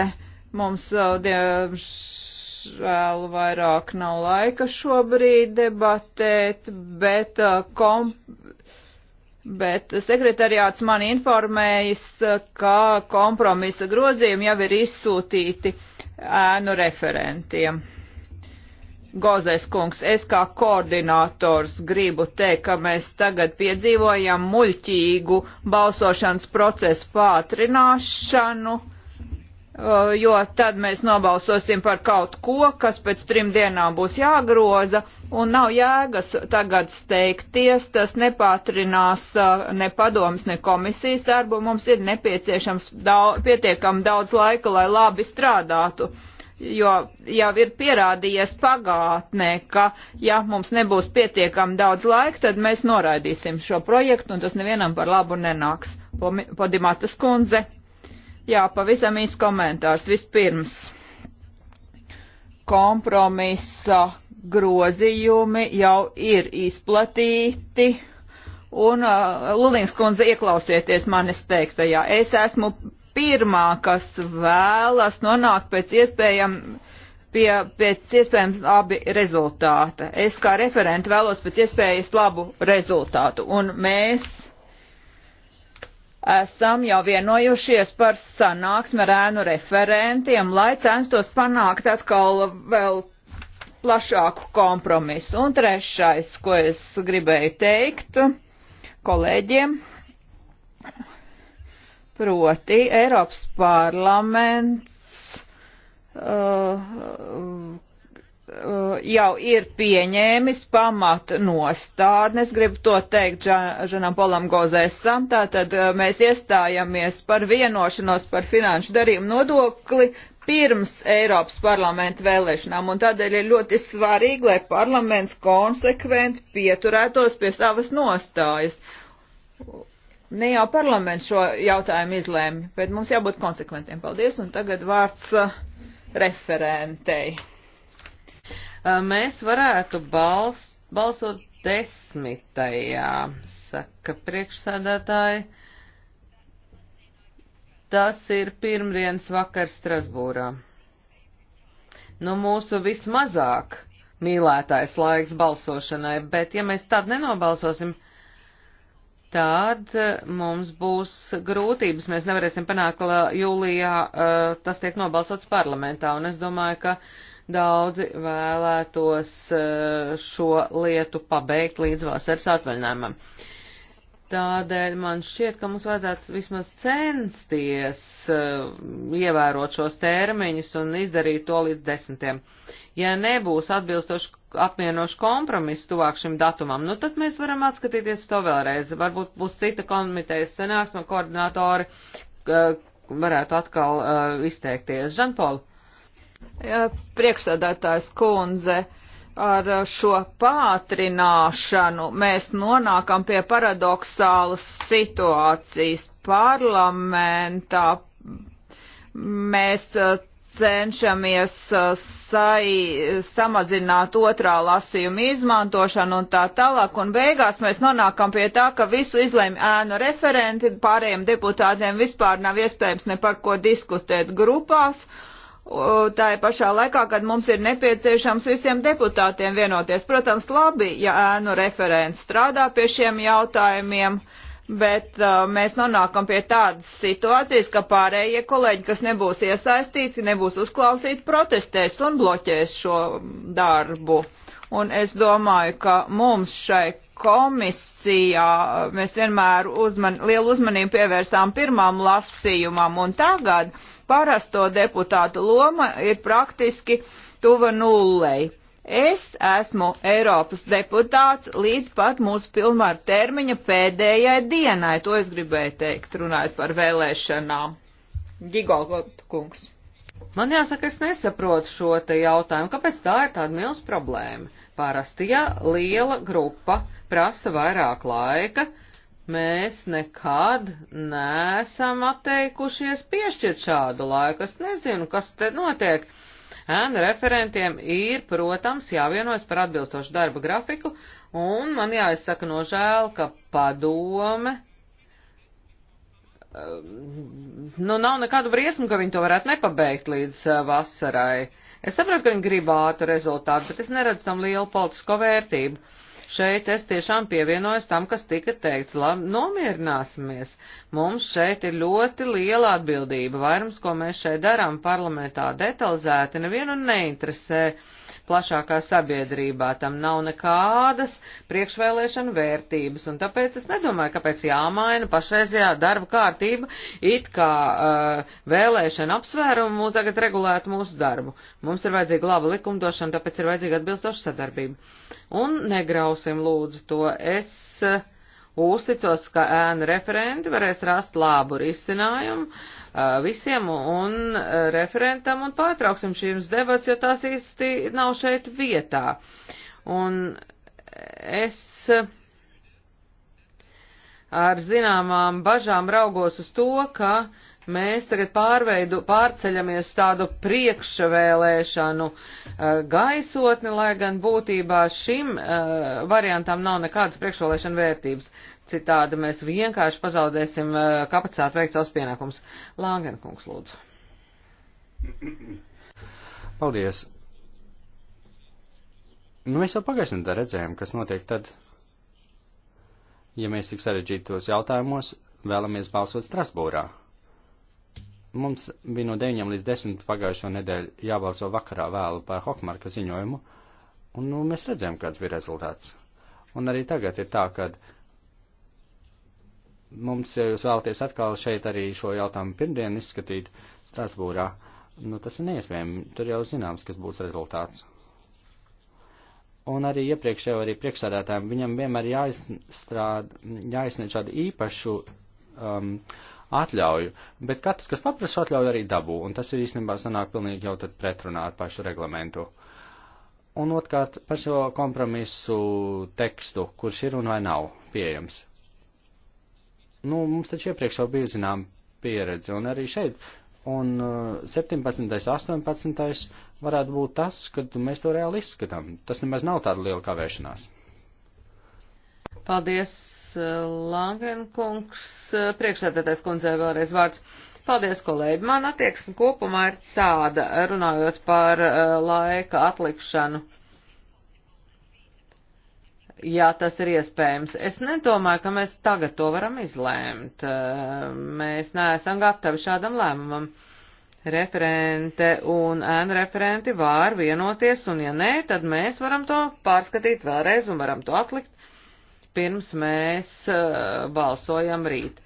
Mums, uh, diemžēl, vairāk nav laika šobrīd debatēt, bet, uh, kom, bet sekretariāts man informējis, uh, ka kompromisa grozījumi jau ir izsūtīti ēnu referentiem. Gozais kungs, es kā koordinators gribu teikt, ka mēs tagad piedzīvojam muļķīgu balsošanas procesu pātrināšanu, uh, jo tad mēs nobalsosim par kaut ko, kas pēc trim dienām būs jāgroza, un nav jēgas tagad steigties, tas nepātrinās uh, ne padomas, ne komisijas darbu, mums ir nepieciešams daudz, pietiekam daudz laika, lai labi strādātu jo jau ir pierādījies pagātnē, ka ja mums nebūs pietiekami daudz laika, tad mēs noraidīsim šo projektu un tas nevienam par labu nenāks. Podimatas kundze. Jā, pavisam īsts komentārs. Vispirms kompromisa grozījumi jau ir izplatīti. Un, uh, Lulīngs kundze, ieklausieties manis teiktajā. Es esmu pirmā, kas vēlas nonākt pēc iespējām pie pēc iespējams labi rezultāta. Es kā referenti vēlos pēc iespējas labu rezultātu. Un mēs esam jau vienojušies par sanāksmi ar ēnu referentiem, lai censtos panākt atkal vēl plašāku kompromisu. Un trešais, ko es gribēju teikt kolēģiem, Proti Eiropas parlaments uh, uh, jau ir pieņēmis pamat nostādnes, gribu to teikt Žanam Polam Gozesam, tātad uh, mēs iestājamies par vienošanos par finanšu darījumu nodokli pirms Eiropas parlamenta vēlēšanām, un tādēļ ir ļoti svarīgi, lai parlaments konsekventi pieturētos pie savas nostājas. Ne jau parlaments šo jautājumu izlēma, bet mums jābūt konsekventiem. Paldies, un tagad vārds uh, referentei. Uh, mēs varētu balst, balsot desmitajā, saka priekšsēdētāji. Tas ir pirmdienas vakar Strasbūrā. Nu, mūsu vismazāk mīlētais laiks balsošanai, bet ja mēs tad nenobalsosim, tad eh, mums būs grūtības. Mēs nevarēsim panākt, ka jūlijā uh, tas tiek nobalsots parlamentā, un es domāju, ka daudzi vēlētos uh, šo lietu pabeigt līdz vasaras atvaļinājumam. Tādēļ man šķiet, ka mums vajadzētu vismaz censties uh, ievērot šos termiņus un izdarīt to līdz desmitiem. Ja nebūs atbilstoši apmienoši kompromiss tuvāk šim datumam, nu tad mēs varam atskatīties to vēlreiz. Varbūt būs cita komitejas sanāksme, koordinātori varētu atkal uh, izteikties. Žanpol. Priekšsēdētājs kundze ar šo pātrināšanu mēs nonākam pie paradoxālas situācijas parlamentā. Mēs uh, cenšamies uh, sai, samazināt otrā lasījuma izmantošanu un tā tālāk, un beigās mēs nonākam pie tā, ka visu izlēma ēnu referenti, pārējiem deputātiem vispār nav iespējams ne par ko diskutēt grupās. Tā ir pašā laikā, kad mums ir nepieciešams visiem deputātiem vienoties. Protams, labi, ja ēnu referents strādā pie šiem jautājumiem. Uh, bet uh, mēs nonākam pie tādas situācijas, ka pārējie kolēģi, kas nebūs iesaistīti, nebūs uzklausīti, protestēs un bloķēs šo darbu. Un es domāju, ka mums šai komisijā uh, mēs vienmēr uzman, lielu uzmanību pievērsām pirmām lasījumam, un tagad parasto deputātu loma ir praktiski tuva nullei Es esmu Eiropas deputāts līdz pat mūsu pilnvaru termiņa pēdējai dienai. To es gribēju teikt, runājot par vēlēšanām. Gigolgot kungs. Man jāsaka, es nesaprotu šo te jautājumu, kāpēc tā ir tāda milz problēma. Parasti, ja liela grupa prasa vairāk laika, mēs nekad neesam atteikušies piešķirt šādu laiku. Es nezinu, kas te notiek. Uh, ēnu referentiem ir, protams, jāvienojas par atbilstošu darba grafiku, un man jāizsaka nožēl, ka padome. Eh, nu, nav nekādu briesmu, ka viņi to varētu nepabeigt līdz eh, vasarai. Es saprotu, ka viņi grib ātru rezultātu, bet es neredzu tam lielu politisko vērtību Šeit es tiešām pievienojos tam, kas tika teikts, labi, nomierināsimies. Mums šeit ir ļoti liela atbildība. Vairums, ko mēs šeit darām parlamentā detalizēti, nevienu neinteresē. Uh, plašākā sabiedrībā. Tam nav nekādas priekšvēlēšana vērtības, un tāpēc es nedomāju, kāpēc jāmaina pašreizējā darba kārtība, it kā uh, vēlēšana apsvērumu mūs tagad regulētu mūsu darbu. Mums ir vajadzīga laba likumdošana, tāpēc ir vajadzīga atbilstoša sadarbība. Un negrausim lūdzu to. Es, uh, Uzticos, ka ēnu referenti varēs rast labu risinājumu uh, visiem un uh, referentam un pārtrauksim šīs debats, jo tās īsti nav šeit vietā. Un es uh, ar zināmām bažām raugos uz to, ka uh, mēs tagad pārveidu, pārceļamies tādu priekšvēlēšanu eh, gaisotni, lai gan būtībā šim eh, variantam nav nekādas priekšvēlēšana vērtības. Citādi mēs vienkārši pazaudēsim eh, kapacitāti veikt savus pienākumus. Lāngenkungs, lūdzu. Paldies. Nu, mēs jau pagājušajā nedēļā redzējām, kas notiek tad, ja mēs tik sarežģītos jautājumos vēlamies balsot Strasbūrā. Mums bija no 9 līdz 10 pagājušo nedēļu jābalso vakarā vēlu par Hokmarka ziņojumu, un nu, mēs redzējām, kāds bija rezultāts. Un arī tagad ir tā, ka mums, ja jūs vēlaties atkal šeit arī šo jautājumu pirmdien izskatīt Strasbūrā, nu tas ir neiespējami, tur jau zināms, kas būs rezultāts. Un arī iepriekšējo arī priekšsādātājiem, viņam vienmēr jāizstrād, jāizsniedz šādu īpašu um, uh, atļauju, bet katrs, kas paprasa atļauju, arī dabū, un tas ir īstenībā sanāk pilnīgi jau tad pretrunā ar pašu reglamentu. Un otrkārt, par šo kompromisu tekstu, kurš ir un vai nav pieejams. Nu, mums taču iepriekš jau bija zinām pieredze, un arī šeit un 17. Uh, 18. varētu būt tas, kad mēs to reāli izskatām. Tas nemaz nav tāda liela kavēšanās. Paldies Langenkungs, priekšsēdētais kundzei vēlreiz vārds. Paldies, kolēģi. Man attieksme kopumā ir tāda, runājot par eh, laika atlikšanu. Jā, tas ir iespējams. Es nedomāju, ka mēs tagad to varam izlēmt. Eh, mēs neesam gatavi šādam lēmumam. Referente un ēnu referenti var vienoties, un ja nē, tad mēs varam to pārskatīt vēlreiz un varam to atlikt pirms mēs uh, balsojam rīt.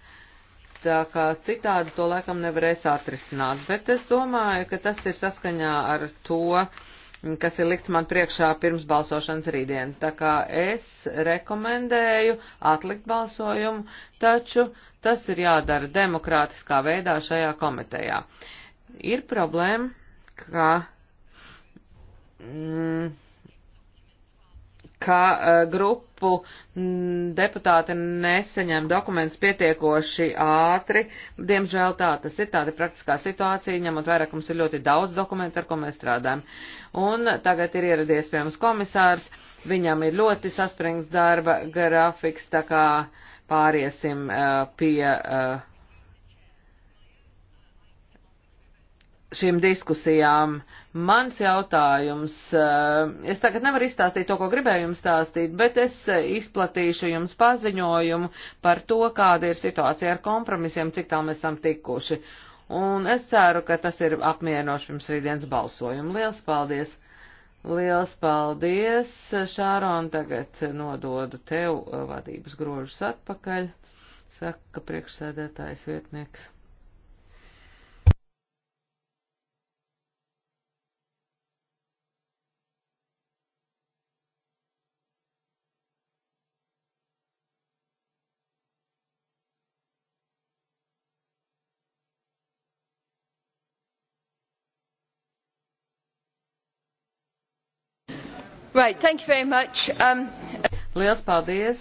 Tā kā citādi to laikam nevarēs atrisināt, bet es domāju, ka tas ir saskaņā ar to, kas ir likts man priekšā pirms balsošanas rītdien. Tā kā es rekomendēju atlikt balsojumu, taču tas ir jādara demokrātiskā veidā šajā komitejā. Ir problēma, ka. Mm, ka uh, grupu deputāti neseņem dokumentus pietiekoši ātri. Diemžēl tā tas ir tāda praktiskā situācija, ņemot vērā, ka mums ir ļoti daudz dokumentu, ar ko mēs strādājam. Un tagad ir ieradies pie mums komisārs, viņam ir ļoti saspringts darba grafiks, tā kā pāriesim uh, pie. Uh, šīm diskusijām. Mans jautājums, eh, es tagad nevaru izstāstīt to, ko gribēju jums stāstīt, bet es eh, izplatīšu jums paziņojumu par to, kāda ir situācija ar kompromisiem, cik tālu mēs esam tikuši. Un es ceru, ka tas ir apmierinoši pirms rītdienas balsojumu. Liels paldies! Liels paldies, Šāron, tagad nododu tev eh, vadības grožus atpakaļ, saka priekšsēdētājs vietnieks. Right, thank you very much. Um... Liels paldies!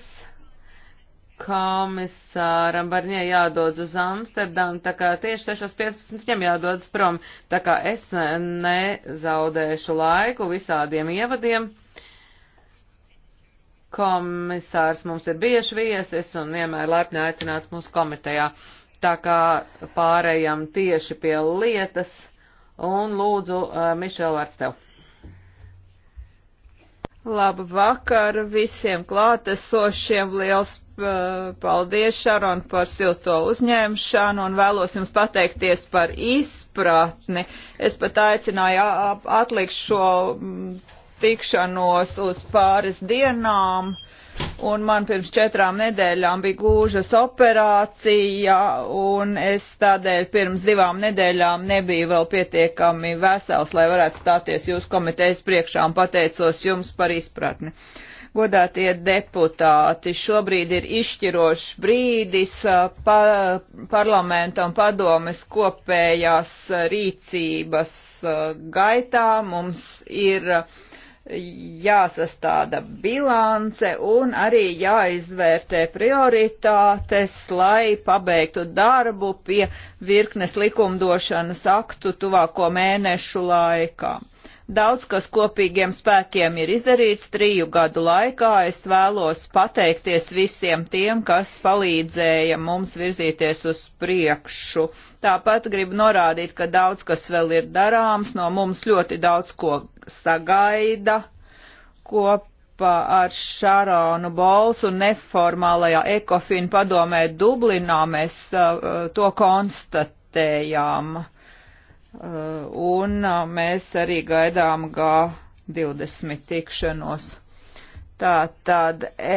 komisāram Barņē jādodas uz Amsterdamu, tā kā tieši 6.15 viņam jādodas prom, tā kā es nezaudēšu laiku visādiem ievadiem. Komisārs mums ir bieži viesis un vienmēr laipni aicināts mūsu komitejā, tā kā pārējām tieši pie lietas un lūdzu, uh, Mišel, vārds tev. Labu vakaru visiem klātesošiem. Liels eh, paldies, Šaron, par silto uzņemšanu un vēlos jums pateikties par izpratni. Es pat aicināju atlikt šo mm, tikšanos uz pāris dienām un man pirms četrām nedēļām bija gūžas operācija, un es tādēļ pirms divām nedēļām nebiju vēl pietiekami vesels, lai varētu stāties jūsu komitejas priekšā un pateicos jums par izpratni. Godātie deputāti, šobrīd ir izšķirošs brīdis uh, pa, parlamenta un padomes kopējās rīcības uh, gaitā. Mums ir uh, jāsastāda bilance un arī jāizvērtē prioritātes, lai pabeigtu darbu pie virknes likumdošanas aktu tuvāko mēnešu laikā. Daudz, kas kopīgiem spēkiem ir izdarīts triju gadu laikā, es vēlos pateikties visiem tiem, kas palīdzēja mums virzīties uz priekšu. Tāpat gribu norādīt, ka daudz, kas vēl ir darāms, no mums ļoti daudz ko sagaida kopā kopā ar Šaronu Bolsu neformālajā ekofinu padomē Dublinā mēs uh, uh to konstatējām. Uh, un uh, mēs arī gaidām G20 tikšanos. Tā tad e,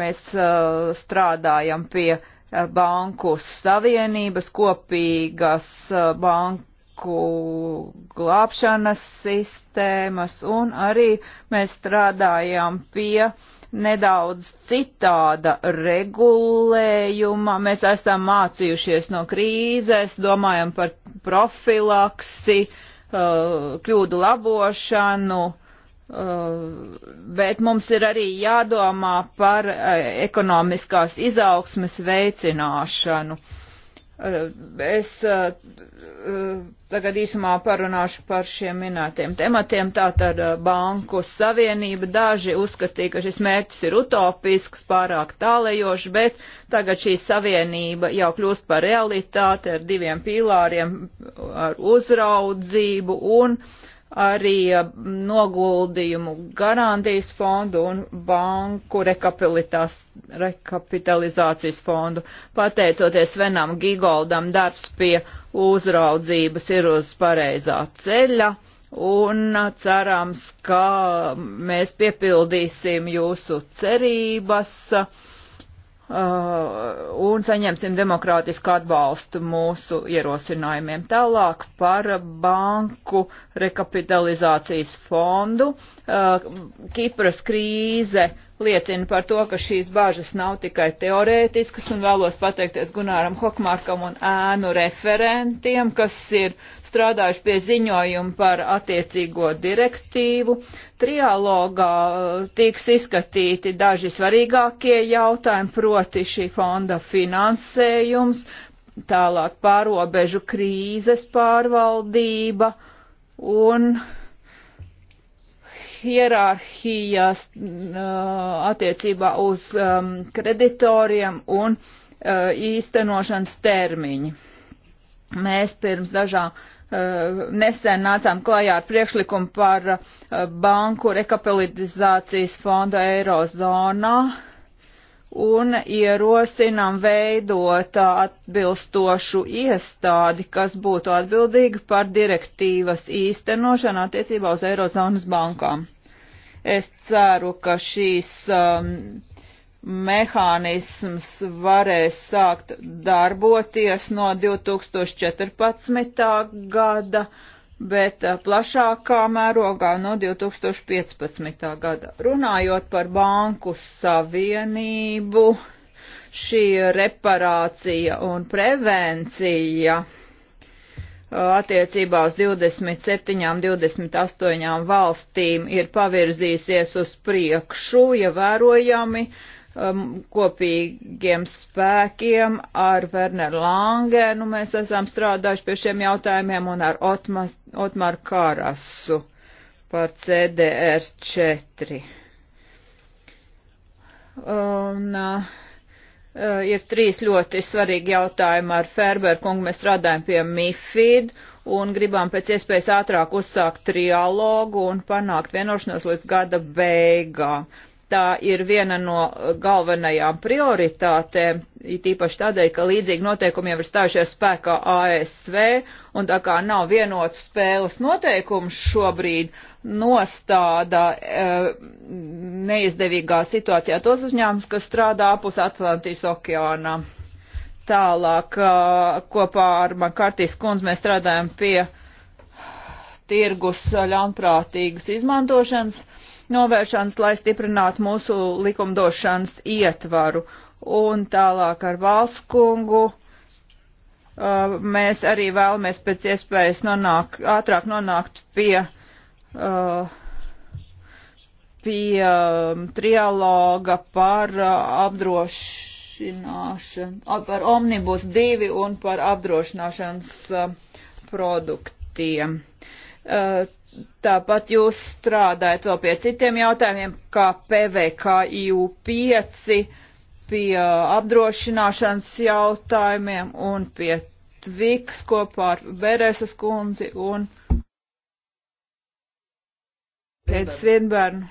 mēs uh, strādājam pie uh, banku savienības, kopīgas banku glābšanas sistēmas un arī mēs strādājam pie uh, nedaudz citāda regulējuma. Mēs esam mācījušies no krīzes, domājam par profilaksi, uh, kļūdu labošanu, uh, bet mums ir arī jādomā par uh, ekonomiskās izaugsmes veicināšanu Es eh, tagad īsumā parunāšu par šiem minētiem tematiem. Tātad eh, Banku Savienība daži uzskatīja, ka šis mērķis ir utopisks, pārāk tālējošs, bet tagad šī savienība jau kļūst par realitāti ar diviem pīlāriem, ar uzraudzību un uh, arī eh, noguldījumu garantijas fondu un banku rekapitalizācijas fondu. Pateicoties Venam Gigoldam, darbs pie uzraudzības ir uz pareizā ceļa un cerams, ka mēs piepildīsim jūsu cerības. Uh, Uh, un saņemsim demokrātisku atbalstu mūsu ierosinājumiem. Tālāk par banku rekapitalizācijas fondu. Uh, Kipras krīze liecina par to, ka šīs bāžas nav tikai teorētiskas, un vēlos pateikties Gunāram Hokmārkam un ēnu referentiem, kas ir strādājuši pie ziņojuma par attiecīgo direktīvu. Trialogā uh, tiks izskatīti daži svarīgākie jautājumi, proti šī fonda finansējums, tālāk pārobežu krīzes pārvaldība un hierarhijas uh, attiecībā uz um, kreditoriem un uh, īstenošanas termiņi. Mēs pirms dažām Eh, nesen nācām klajā ar priekšlikumu par eh, banku rekapitalizācijas fondu Eirozonā un ierosinām veidot eh, atbilstošu iestādi, kas būtu atbildīga par direktīvas īstenošanu attiecībā uz Eirozonas bankām. Es ceru, ka šīs um, mehānisms varēs sākt darboties no 2014. gada, bet eh, plašākā mērogā no 2015. gada. Runājot par banku savienību, šī reparācija un prevencija eh, attiecībā uz 27, 28 valstīm ir pavirzīsies uz priekšu, ievērojami. Ja um, kopīgiem spēkiem ar Werner Langenu. Mēs esam strādājuši pie šiem jautājumiem un ar Otmas, Otmar Kārasu par CDR 4. Un, uh, uh, ir trīs ļoti svarīgi jautājumi ar Ferberkungu. Mēs strādājam pie MIFID un gribam pēc iespējas ātrāk uzsākt trialogu un panākt vienošanos līdz gada beigām tā ir viena no galvenajām prioritātēm, it īpaši tādēļ, ka līdzīgi noteikumiem ir stājušies spēkā ASV, un tā kā nav vienotu spēles noteikumu šobrīd, nostāda e, neizdevīgā situācijā tos uzņēmums, kas strādā apus Atlantijas okeāna. Tālāk eh, kopā ar Makartīs kundzi mēs strādājam pie tirgus ļaunprātīgas izmantošanas novēršanas, lai stiprinātu mūsu likumdošanas ietvaru. Un tālāk ar valsts kungu uh, mēs arī vēlamies pēc iespējas nonāk, ātrāk nonākt pie, uh, pie um, trialoga par uh, apdrošināšanu, par omnibus divi un par apdrošināšanas produktiem. Eh, tāpat jūs strādājat vēl pie citiem jautājumiem, kā PVKIU 5, pie apdrošināšanas jautājumiem un pie Tviks kopā ar Bereses kundzi un Pēc Svinbērnu.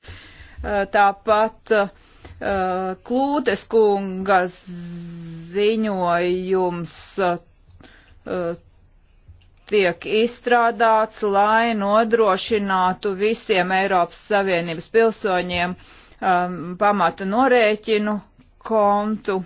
Eh, tāpat uh, Klūtes kunga ziņojums uh, tiek izstrādāts, lai nodrošinātu visiem Eiropas Savienības pilsoņiem um, pamatu norēķinu kontu.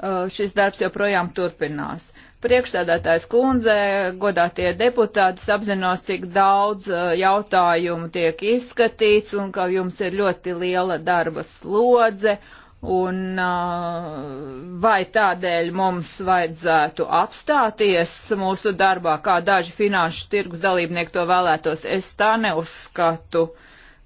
Uh, šis darbs joprojām turpinās. Priekšsēdētājs kundze, godātie deputāti, apzinos, cik daudz uh, jautājumu tiek izskatīts un ka jums ir ļoti liela darba slodze. Uh, Un uh, vai tādēļ mums vajadzētu apstāties mūsu darbā, kā daži finanšu tirgus dalībnieki to vēlētos, es tā neuzskatu.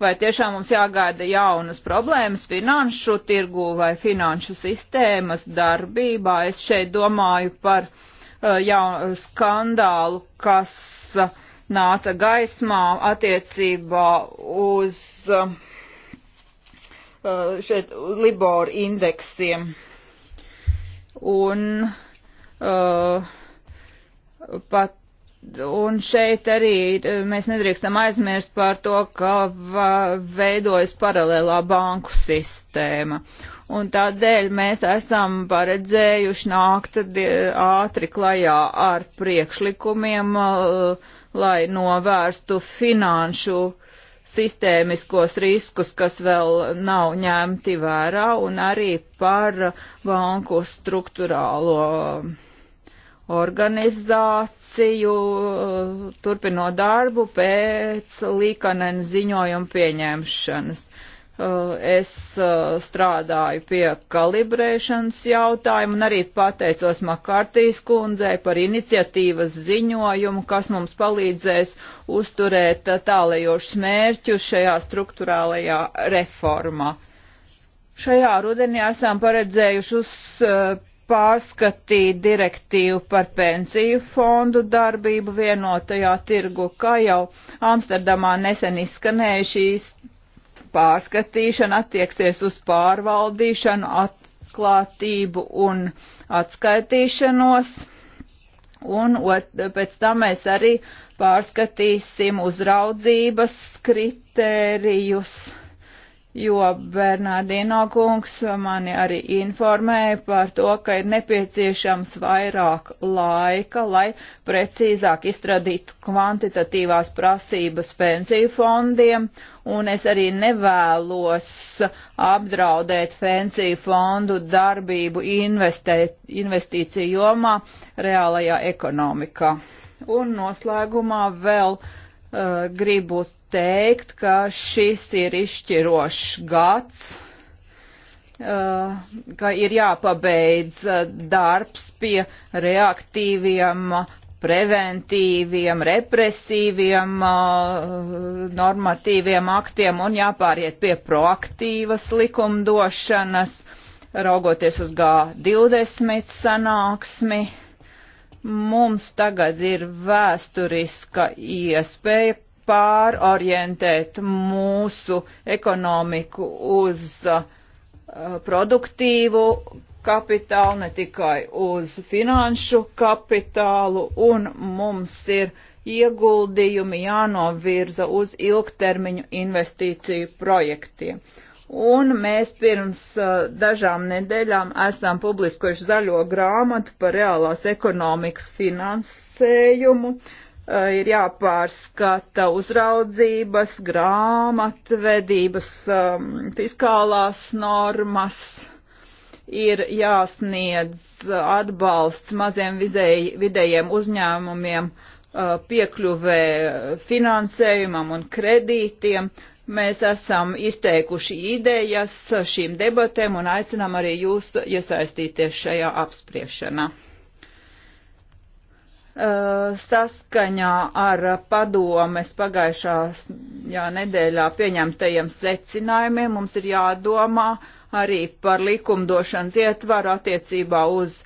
Vai tiešām mums jāgaida jaunas problēmas finanšu tirgu vai finanšu sistēmas darbībā? Es šeit domāju par uh, jaunu skandālu, kas uh, nāca gaismā attiecībā uz uh, Uh, šeit Libor indeksiem. Un, uh, pat, un šeit arī mēs nedrīkstam aizmirst par to, ka veidojas paralēlā banku sistēma un tādēļ mēs esam paredzējuši nākt ātri klajā ar priekšlikumiem, uh, lai novērstu finanšu uh, sistēmiskos riskus, kas vēl nav ņemti vērā, un arī par banku struktūrālo organizāciju, turpinot darbu pēc Līkanen ziņojuma pieņemšanas. Uh, Eh, es eh, strādāju pie kalibrēšanas jautājumu un arī pateicos Makartīs kundzei par iniciatīvas ziņojumu, kas mums palīdzēs uzturēt eh, tālējošus mērķus šajā struktūrālajā reformā. Šajā rudenī esam paredzējuši uz pārskatīt direktīvu par pensiju fondu darbību vienotajā tirgu, kā jau Amsterdamā nesen izskanēja šīs pārskatīšana attieksies uz pārvaldīšanu, atklātību un atskaitīšanos. Un ot, pēc tam mēs arī pārskatīsim uzraudzības kritērijus jo Bernardino kungs mani arī informēja par to, ka ir nepieciešams vairāk laika, lai precīzāk izstrādītu kvantitatīvās prasības pensiju fondiem, un es arī nevēlos apdraudēt pensiju fondu darbību investēt, investīciju jomā reālajā ekonomikā. Un noslēgumā vēl uh, Eh, gribu teikt, ka šis ir izšķirošs gads, eh, ka ir jāpabeidz eh, darbs pie reaktīviem, preventīviem, represīviem normatīviem aktiem un jāpāriet pie proaktīvas likumdošanas, raugoties uz G20 sanāksmi Mums tagad ir vēsturiska iespēja pārorientēt mūsu ekonomiku uz uh, produktīvu kapitālu, ne tikai uz finanšu kapitālu, un mums ir ieguldījumi jānovirza uz ilgtermiņu investīciju projektiem. Un mēs pirms uh, dažām nedēļām esam publiskojuši zaļo grāmatu par reālās ekonomikas finansējumu. Uh, ir jāpārskata uzraudzības, grāmatvedības, um, fiskālās normas, ir jāsniedz atbalsts maziem vizēji, vidējiem uzņēmumiem uh, piekļuvē finansējumam un kredītiem. Uh, Mēs esam izteikuši idejas šīm debatēm un aicinām arī jūs iesaistīties šajā apspriešanā. Uh, saskaņā ar padomes pagājušā nedēļā pieņemtajiem secinājumiem mums ir jādomā arī par likumdošanas ietvaru attiecībā uz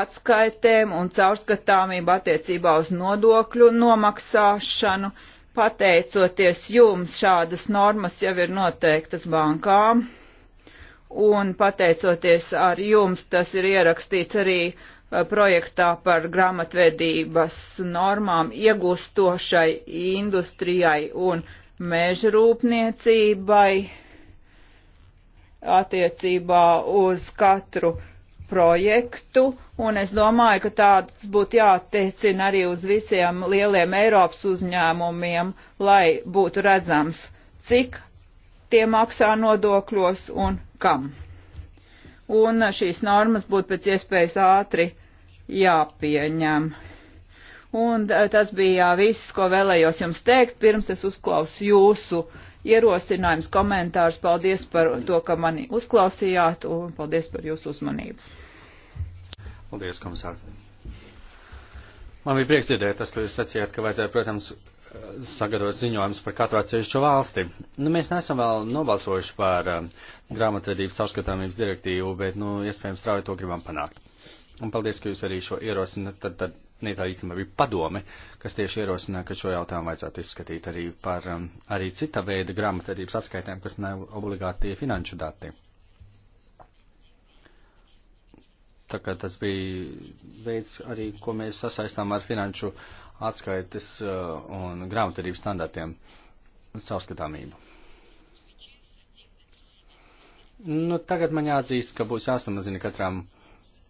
atskaitēm un caurskatāmību attiecībā uz nodokļu nomaksāšanu. Uh, Pateicoties jums, šādas normas jau ir noteiktas bankām, un pateicoties ar jums, tas ir ierakstīts arī eh, projektā par grāmatvedības normām iegūstošai industrijai un mežrūpniecībai attiecībā uz katru uh, projektu, un es domāju, ka tāds būtu jātiecina arī uz visiem lieliem Eiropas uzņēmumiem, lai būtu redzams, cik tie maksā nodokļos un kam. Un šīs normas būtu pēc iespējas ātri jāpieņem. Un eh, tas bija viss, ko vēlējos jums teikt, pirms es uzklausu jūsu ierosinājums, komentārs. Paldies par to, ka mani uzklausījāt un paldies par jūsu uzmanību. Paldies, komisār. Man bija prieks dzirdēt tas, ko jūs sacījāt, ka vajadzētu, protams, sagatavot ziņojumus par katru atsevišķu valsti. Nu, mēs nesam vēl nobalsojuši par um, grāmatvedības caurskatāmības direktīvu, bet, nu, iespējams, strauji to gribam panākt. Un paldies, ka jūs arī šo ierosināt, tad, tad ne tā īstenībā bija padome, kas tieši ierosināja, ka šo jautājumu vajadzētu izskatīt arī par um, arī cita veida grāmatvedības atskaitēm, kas nav obligāti finanšu dati. Tā kā tas bija veids arī, ko mēs sasaistām ar finanšu atskaites uh, un grāmatvedības standartiem savskatāmību. Nu, tagad man jāatzīst, ka būs jāsamazina katram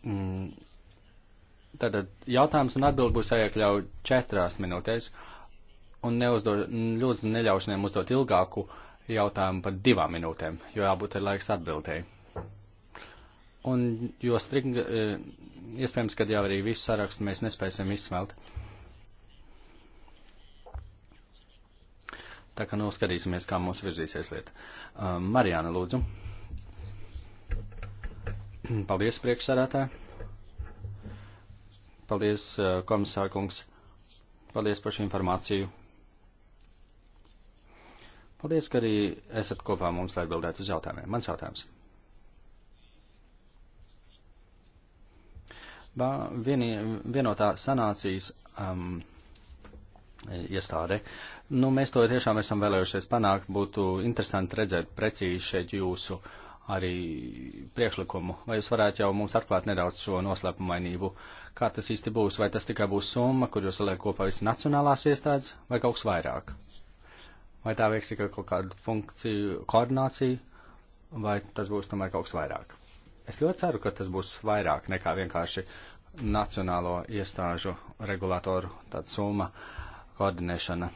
mm, Tātad jautājums un atbild būs jāiekļauj četrās minūtēs, un neuzdod, lūdzu neļaušaniem uzdot ilgāku jautājumu par divām minūtēm, jo jābūt ir laiks atbildēji. Un jo string, eh, iespējams, ka jau arī visu sarakstu mēs nespēsim izsmelt. Tā kā noskatīsimies, kā mums virzīsies lieta. Um, eh, Marijāna, lūdzu. Paldies, priekšsādātāji. Paldies, eh, komisārkungs. Paldies par šo informāciju. Paldies, ka arī esat kopā mums, lai atbildētu uz jautājumiem. Mans jautājums. Vieni, vienotā sanācijas um, iestāde. Nu, mēs to tiešām esam vēlējušies panākt. Būtu interesanti redzēt precīzi šeit jūsu uh, arī priekšlikumu. Vai jūs varētu jau mums atklāt nedaudz šo noslēpumainību? Kā tas īsti būs? Vai tas tikai būs summa, kur jūs saliek kopā visas nacionālās iestādes, vai kaut kas vairāk? Vai tā veiks tikai kaut kādu funkciju koordināciju, vai tas būs tomēr kaut kas vairāk? Es ļoti ceru, ka tas būs vairāk nekā vienkārši nacionālo iestāžu regulātoru tāda summa koordinēšana.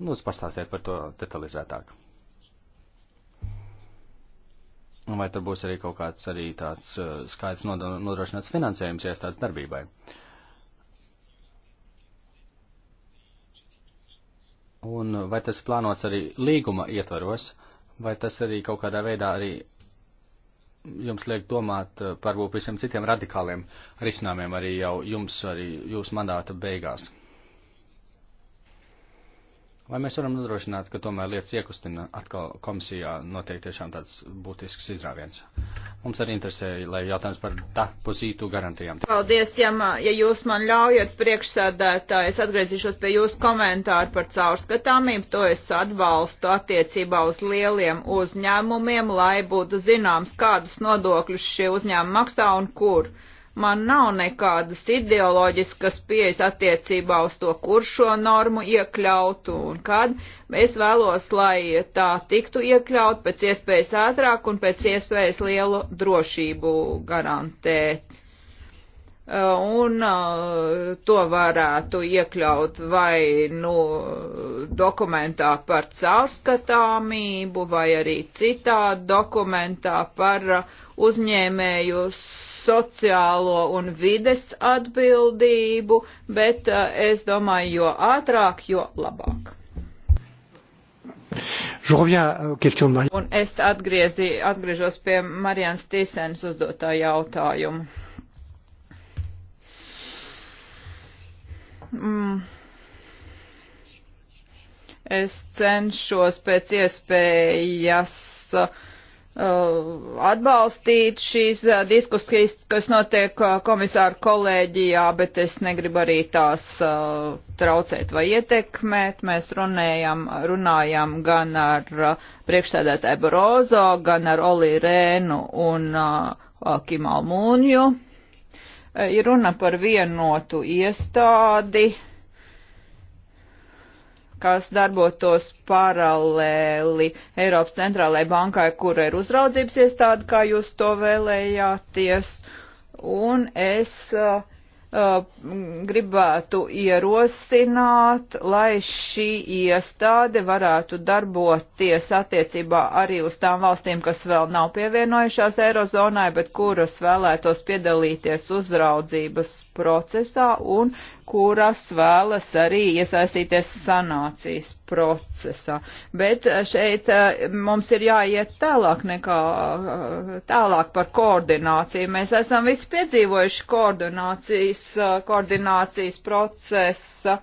Lūdzu, pastāstiet par to detalizētāk. Un vai tur būs arī kaut kāds arī tāds uh, skaidrs nodrošināts finansējums iestādes darbībai? Un vai tas plānots arī līguma ietvaros, vai tas arī kaut kādā veidā arī jums liek domāt par uh, visiem citiem radikāliem risinājumiem arī jau jums, arī jūsu mandāta beigās? Vai mēs varam nodrošināt, ka tomēr lietas iekustina atkal komisijā notiek tiešām tāds būtisks izrāviens? Mums arī interesē, lai jautājums par depozītu garantijām. Paldies, ja, man, ja jūs man ļaujat priekšsēdētāji, es atgriezīšos pie jūsu komentāru par caurskatāmību, to es atbalstu attiecībā uz lieliem uzņēmumiem, lai būtu zināms, kādus nodokļus šie uzņēmumi maksā un kur. Uh, Man nav nekādas ideoloģiskas pieejas attiecībā uz to, kur šo normu iekļaut un kad. Es vēlos, lai tā tiktu iekļaut pēc iespējas ātrāk un pēc iespējas lielu drošību garantēt uh, un uh, to varētu iekļaut vai nu dokumentā par caurskatāmību vai arī citā dokumentā par uh, uzņēmēju sociālo un vides atbildību, bet uh, es domāju, jo ātrāk, jo labāk. Un es atgriezi, atgriežos pie Marijans Tīsens uzdotā jautājumu. Mm. Es cenšos pēc iespējas uh, Uh, atbalstīt šīs uh, diskusijas, kas notiek uh, komisāru kolēģijā, bet es negribu arī tās traucēt vai ietekmēt. Mēs runējam, runājam gan ar priekšsēdētāju Barozo, gan ar Oli Rēnu un Kimal Mūnju. Ir runa par vienotu iestādi kas darbotos paralēli Eiropas centrālajai bankai, kura ir uzraudzības iestāde, kā jūs to vēlējāties. Un es uh, uh, gribētu ierosināt, lai šī iestāde varētu darboties attiecībā arī uz tām valstīm, kas vēl nav pievienojušās Eirozonai, bet kuras vēlētos piedalīties uzraudzības procesā un uh, kuras vēlas arī iesaistīties sanācijas procesā. Bet eh, šeit eh, mums ir jāiet tālāk nekā eh, tālāk par koordināciju. Mēs esam visi piedzīvojuši koordinācijas, koordinācijas procesa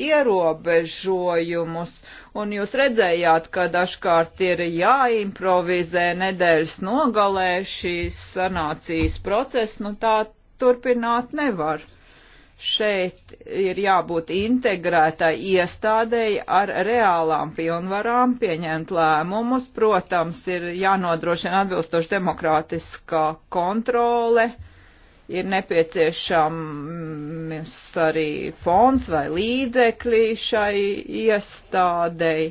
ierobežojumus, un jūs redzējāt, ka dažkārt ir jāimprovizē nedēļas nogalē šīs sanācijas process, nu tā turpināt nevar. Uh, šeit ir jābūt integrētai iestādēji ar reālām pilnvarām pieņemt lēmumus. Protams, ir jānodrošina atbilstoši demokrātiskā kontrole, ir nepieciešams arī fonds vai līdzekļi šai iestādēji.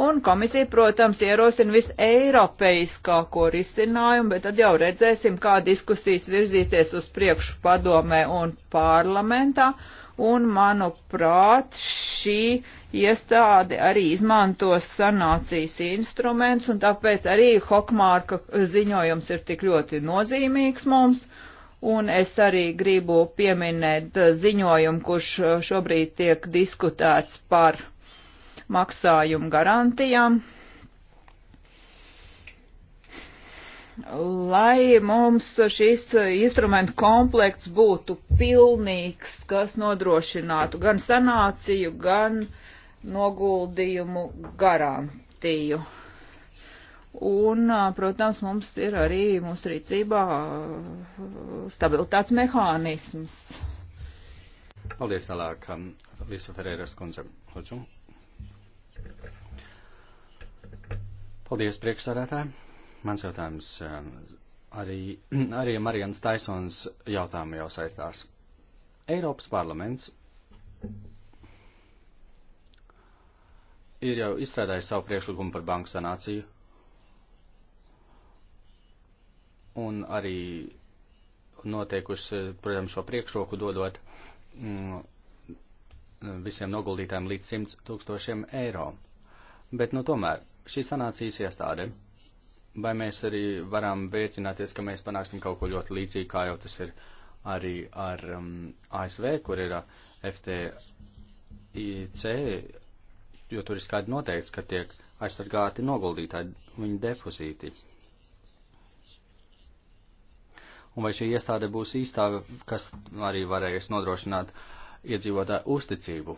Un komisija, protams, ierosina viseiropeiskāko risinājumu, bet tad jau redzēsim, kā diskusijas virzīsies uz priekšu padomē un parlamentā. Un, manuprāt, šī iestāde arī izmantos sanācijas instruments, un tāpēc arī Hokmārka ziņojums ir tik ļoti nozīmīgs mums. Un es arī gribu pieminēt ziņojumu, kurš šobrīd tiek diskutēts par maksājumu garantijām, lai mums šis instrumentu komplekts būtu pilnīgs, kas nodrošinātu gan sanāciju, gan noguldījumu garantiju. Un, protams, mums ir arī mūsu rīcībā stabilitātes mehānisms. Paldies, tālāk, Lisa Ferēras kundze. Lūdzu. Paldies, priekšsādātāji. Mans jautājums eh, arī, arī Marijans Taisons jautājumu jau saistās. Eiropas parlaments ir jau izstrādājis savu priekšlikumu par banku sanāciju. Un arī noteikuši, protams, šo priekšroku dodot mm, visiem noguldītājiem līdz 100 tūkstošiem eiro. Bet, nu, tomēr šī sanācijas iestāde, vai mēs arī varam vērķināties, ka mēs panāksim kaut ko ļoti līdzīgu, kā jau tas ir arī ar um, ASV, kur ir uh, FTIC, jo tur ir skaidri noteikts, ka tiek aizsargāti noguldītāji viņa depozīti. Un vai šī iestāde būs īstā, kas arī varēs nodrošināt iedzīvotāju uzticību,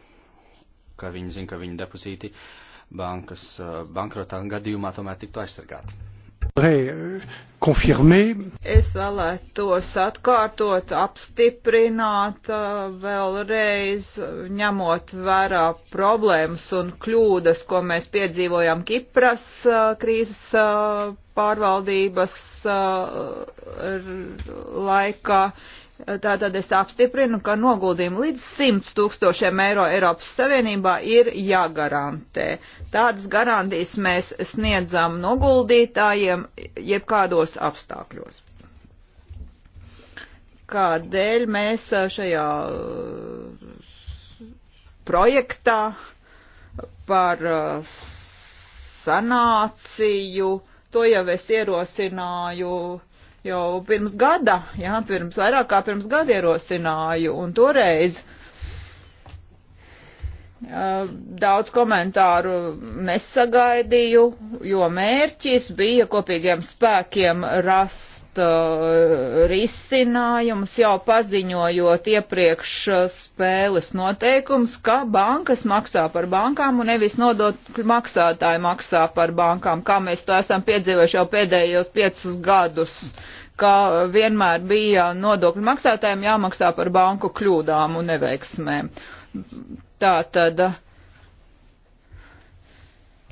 ka viņi zina, ka viņa depozīti uh, bankas eh, bankrotā gadījumā tomēr tiktu aizsargāti. Es vēlētos atkārtot, apstiprināt eh, vēlreiz, ņemot vērā problēmas un kļūdas, ko mēs piedzīvojām Kipras eh, krīzes pārvaldības laikā Tātad es apstiprinu, ka noguldījumu līdz 100 tūkstošiem eiro Eiropas Savienībā ir jāgarantē. Tādas garantijas mēs sniedzam noguldītājiem jebkādos apstākļos. Kādēļ mēs šajā projektā par uh, sanāciju, to jau es ierosināju jau pirms gada, jā, pirms vairāk kā pirms gada ierosināju, un toreiz jā, daudz komentāru nesagaidīju, jo mērķis bija kopīgiem spēkiem rast rast uh, risinājumus, jau paziņojot iepriekš uh, spēles noteikums, ka bankas maksā par bankām un nevis nodot maksātāji maksā par bankām, kā mēs to esam piedzīvojuši jau pēdējos piecus gadus, ka vienmēr bija nodokļu maksātājiem jāmaksā par banku kļūdām un neveiksmēm. Tā tad.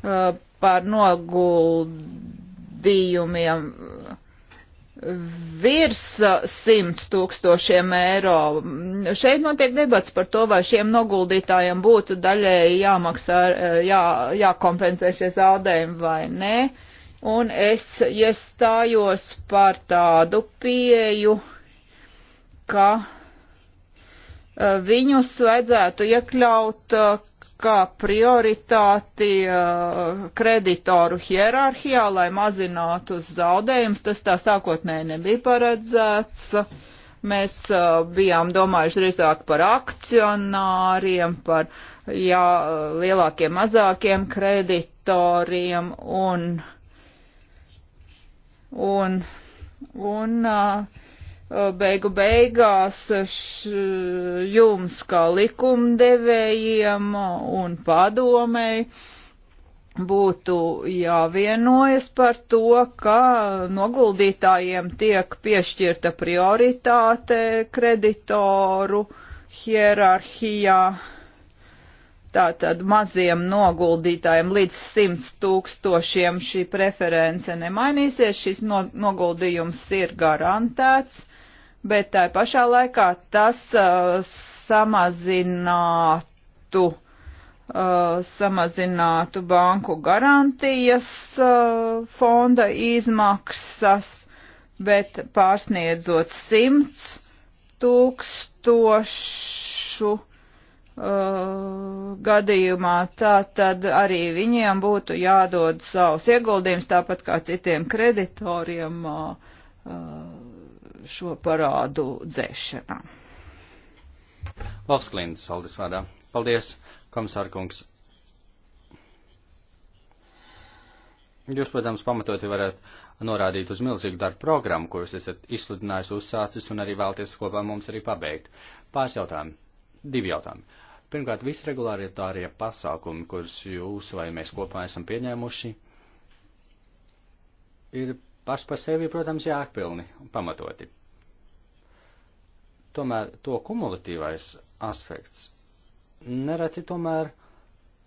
Uh, par noguldījumiem virs 100 tūkstošiem eiro. Šeit notiek debats par to, vai šiem noguldītājiem būtu daļēji jāmaksā, jā, jākompensē šie zaudējumi vai nē. Un es iestājos par tādu pieju, ka eh, viņus vajadzētu iekļaut eh, kā prioritāti uh, kreditoru hierarhijā, lai mazinātu zaudējumus. Tas tā sākotnēji nebija paredzēts. Mēs uh, bijām domājuši drīzāk par akcionāriem, par jā, lielākiem, mazākiem kreditoriem un, un, un uh, beigu beigās š, jums kā likumdevējiem un padomēji būtu jāvienojas par to, ka noguldītājiem tiek piešķirta prioritāte kreditoru hierarhijā. Tātad maziem noguldītājiem līdz 100 tūkstošiem šī preference nemainīsies, šis no, noguldījums ir garantēts bet tā pašā laikā tas uh, samazinātu, uh, samazinātu banku garantijas uh, fonda izmaksas, bet pārsniedzot simts tūkstošu uh, gadījumā, tā tad arī viņiem būtu jādod savus ieguldījums, tāpat kā citiem kreditoriem uh, uh šo parādu dzēšanā. Valsts klīnas saldis vārdā. Paldies, komisārkungs. Jūs, protams, pamatoti varat norādīt uz milzīgu darbu programmu, ko jūs esat izsludinājis, uzsācis un arī vēlties kopā mums arī pabeigt. Pāris jautājumi. Divi jautājumi. Pirmkārt, visi regulārie pasākumi, kurus jūs vai mēs kopā esam pieņēmuši, ir paši par sevi, protams, jāakpilni un pamatoti. Tomēr to kumulatīvais aspekts nereti tomēr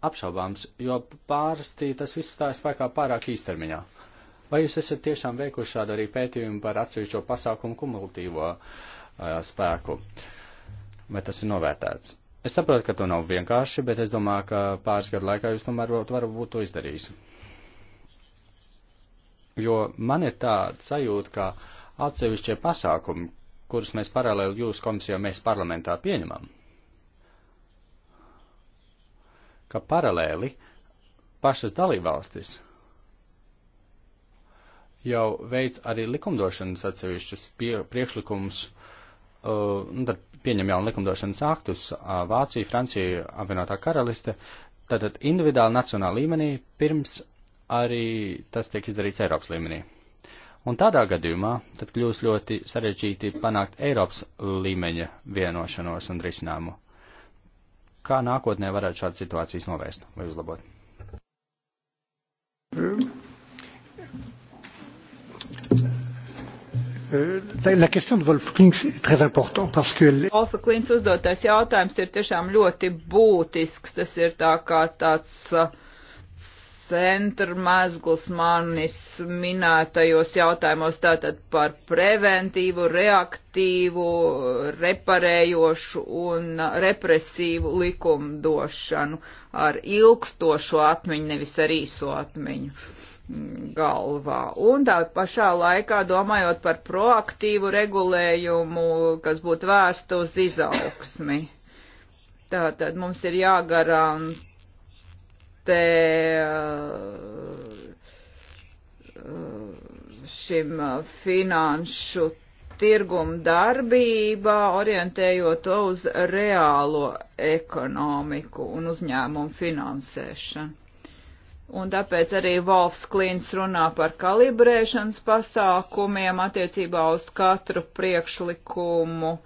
apšaubāms, jo pārstī tas viss stājas spēkā pārāk īstermiņā. Vai jūs esat tiešām veikuši šādu arī pētījumu par atsevišķo pasākumu kumulatīvo uh, spēku? Vai tas ir novērtēts? Es saprotu, ka to nav vienkārši, bet es domāju, ka pāris gadu laikā jūs tomēr varat būt to izdarījis jo man ir tāda sajūta, ka atsevišķie pasākumi, kurus mēs paralēli jūsu komisijā mēs parlamentā pieņemam, ka paralēli pašas dalībvalstis jau veids arī likumdošanas atsevišķus pie, priekšlikumus, uh, nu, tad pieņem jaunu likumdošanas aktus uh, Vācija, Francija, apvienotā karaliste, tātad individuāli nacionāla līmenī pirms arī tas tiek izdarīts Eiropas līmenī. Un tādā gadījumā tad kļūs ļoti sarežģīti panākt Eiropas līmeņa vienošanos un risinājumu. Kā nākotnē varētu šādas situācijas novērst vai uzlabot? Euh, la question de Wolf Klings est très importante parce que... Wolf Klings uzdotais jautājums ir tiešām ļoti būtisks. Tas ir tā kā tāds uh, centra mezgls manis minētajos jautājumos tātad par preventīvu, reaktīvu, reparējošu un represīvu likumdošanu ar ilgstošo atmiņu, nevis ar īso atmiņu galvā. Un tā pašā laikā domājot par proaktīvu regulējumu, kas būtu vērsta uz izaugsmi. Tātad mums ir jāgarantē te eh, šim finanšu tirgumu darbībā, orientējot to uz reālo ekonomiku un uzņēmumu finansēšanu. Un tāpēc arī Volfs Klīns runā par kalibrēšanas pasākumiem attiecībā uz katru priekšlikumu uh,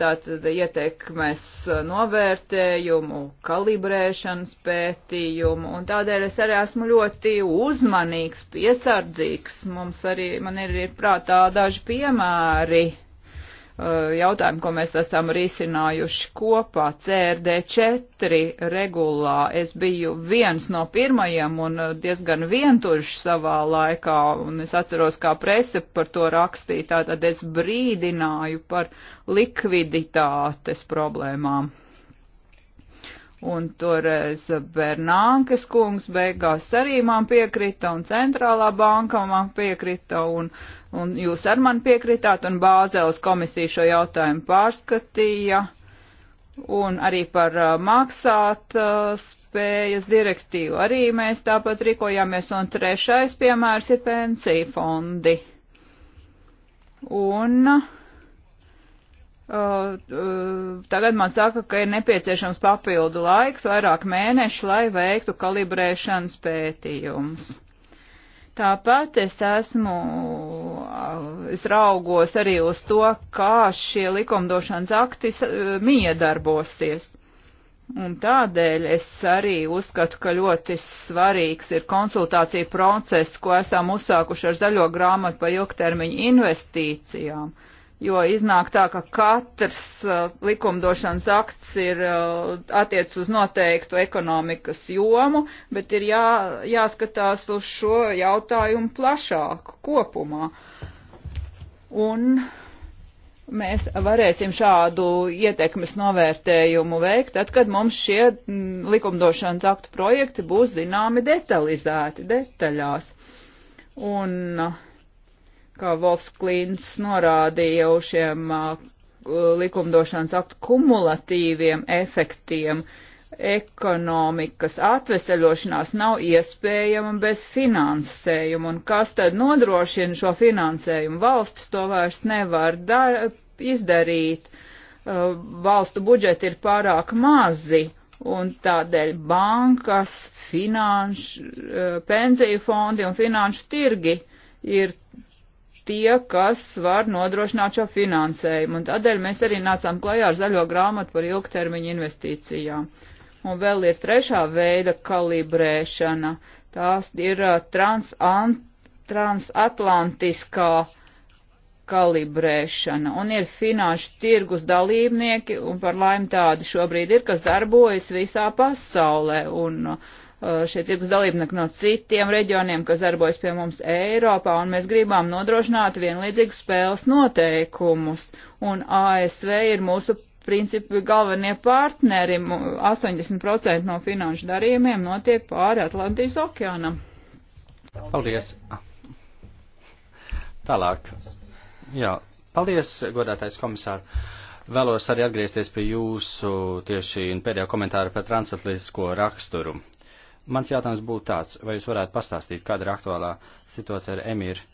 tātad ietekmes novērtējumu, kalibrēšanas pētījumu, un tādēļ es arī esmu ļoti uzmanīgs, piesardzīgs. Mums arī, man ir, ir prātā daži piemēri Eh, jautājumu, ko mēs esam risinājuši kopā. CRD4 regulā es biju viens no pirmajiem un eh, diezgan vientuļš savā laikā, un es atceros, kā prese par to rakstīja, tātad es brīdināju par likviditātes problēmām. Un toreiz Bernānkes kungs beigās arī man piekrita, un centrālā banka man piekrita, un, un jūs ar man piekritāt, un Bāzeles komisija šo jautājumu pārskatīja, un arī par uh, maksāt uh, spējas direktīvu. Arī mēs tāpat rīkojāmies, un trešais piemērs ir pensiju fondi. Un uh, Uh, uh, tagad man saka, ka ir nepieciešams papildu laiks, vairāk mēneši, lai veiktu kalibrēšanas pētījumus. Tāpat es esmu, uh, es raugos arī uz to, kā šie likumdošanas akti miedarbosies. Un tādēļ es arī uzskatu, ka ļoti svarīgs ir konsultācija process, ko esam uzsākuši ar zaļo grāmatu par ilgtermiņu investīcijām. Uh, jo iznāk tā, ka katrs uh, likumdošanas akts ir uh, attiec uz noteiktu ekonomikas jomu, bet ir jā, jāskatās uz šo jautājumu plašāk kopumā. Un mēs varēsim šādu ietekmes novērtējumu veikt, tad, kad mums šie likumdošanas aktu projekti būs zināmi detalizēti, detaļās. Un uh, kā Volfs Klīns norādīja uz šiem uh, likumdošanas aktu kumulatīviem efektiem, ekonomikas atveseļošanās nav iespējama bez finansējuma, un kas tad nodrošina šo finansējumu? Valsts to vairs nevar dar, izdarīt, uh, valstu budžeti ir pārāk mazi, un tādēļ bankas, finanšu, uh, pensiju fondi un finanšu tirgi ir tie, kas var nodrošināt šo finansējumu. Un tādēļ mēs arī nācām klajā ar zaļo grāmatu par ilgtermiņu investīcijām. Un vēl ir trešā veida kalibrēšana. Tās ir trans transatlantiskā kalibrēšana. Un ir finanšu tirgus dalībnieki, un par laimi tādu šobrīd ir, kas darbojas visā pasaulē. Un, uh, Eh, šie tirgus dalībnieki no citiem reģioniem, kas darbojas pie mums Eiropā, un mēs gribam nodrošināt vienlīdzīgus spēles noteikumus. Un ASV ir mūsu principi galvenie partneri, 80% no finanšu darījumiem notiek pāri Atlantijas okeānam. Paldies! Tālāk. Jā, paldies, godātais komisār. Vēlos arī atgriezties pie jūsu tieši pēdējā komentāra par transatlantisko raksturu. Mans jautājums būtu tāds, vai jūs varētu pastāstīt, kāda ir aktuālā situācija ar emīru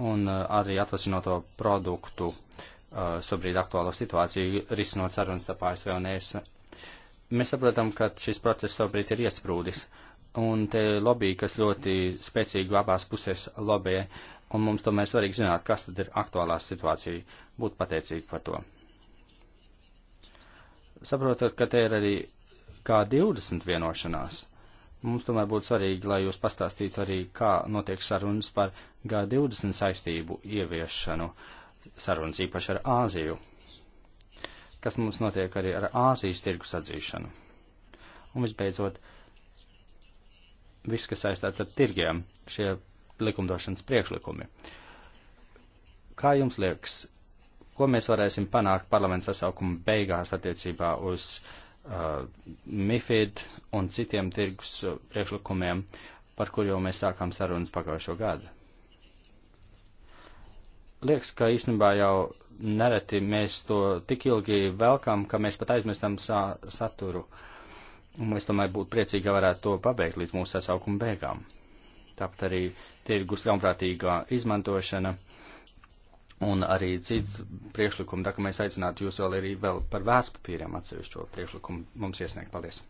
un uh, arī atvasināto produktu uh, šobrīd aktuālo situāciju, risinot sarunas starp ASV un ES. Mēs saprotam, ka šis process šobrīd ir iesprūdis, un te lobby, kas ļoti spēcīgi abās pusēs lobē, un mums tomēr svarīgi zināt, kas tad ir aktuālā situācija, būt pateicīgi par to. Saprotot, ka te ir arī kā 20 vienošanās. Mums tomēr būtu svarīgi, lai jūs pastāstītu arī, kā notiek sarunas par G20 saistību ieviešanu, sarunas īpaši ar Āziju, kas mums notiek arī ar Āzijas tirgus atzīšanu. Un visbeidzot, viss, kas saistāts ar tirgiem, šie likumdošanas priekšlikumi. Kā jums liekas, ko mēs varēsim panākt parlamenta sasaukuma beigās attiecībā uz uh, uh, MIFID un citiem tirgus uh, priekšlikumiem, par kur jau mēs sākām sarunas pagājušo gadu. Liekas, ka īstenībā jau nereti mēs to tik ilgi velkam, ka mēs pat aizmirstam sa saturu. Un es domāju, būtu priecīgi, ja varētu to pabeigt līdz mūsu sasaukuma beigām. Tāpat arī tirgus ļaunprātīgā izmantošana. Uh, Un arī cits priekšlikums, tā ka mēs aicinātu jūs vēl arī vēl par vērtspapīriem atsevišķo priekšlikumu mums iesniegt. Paldies.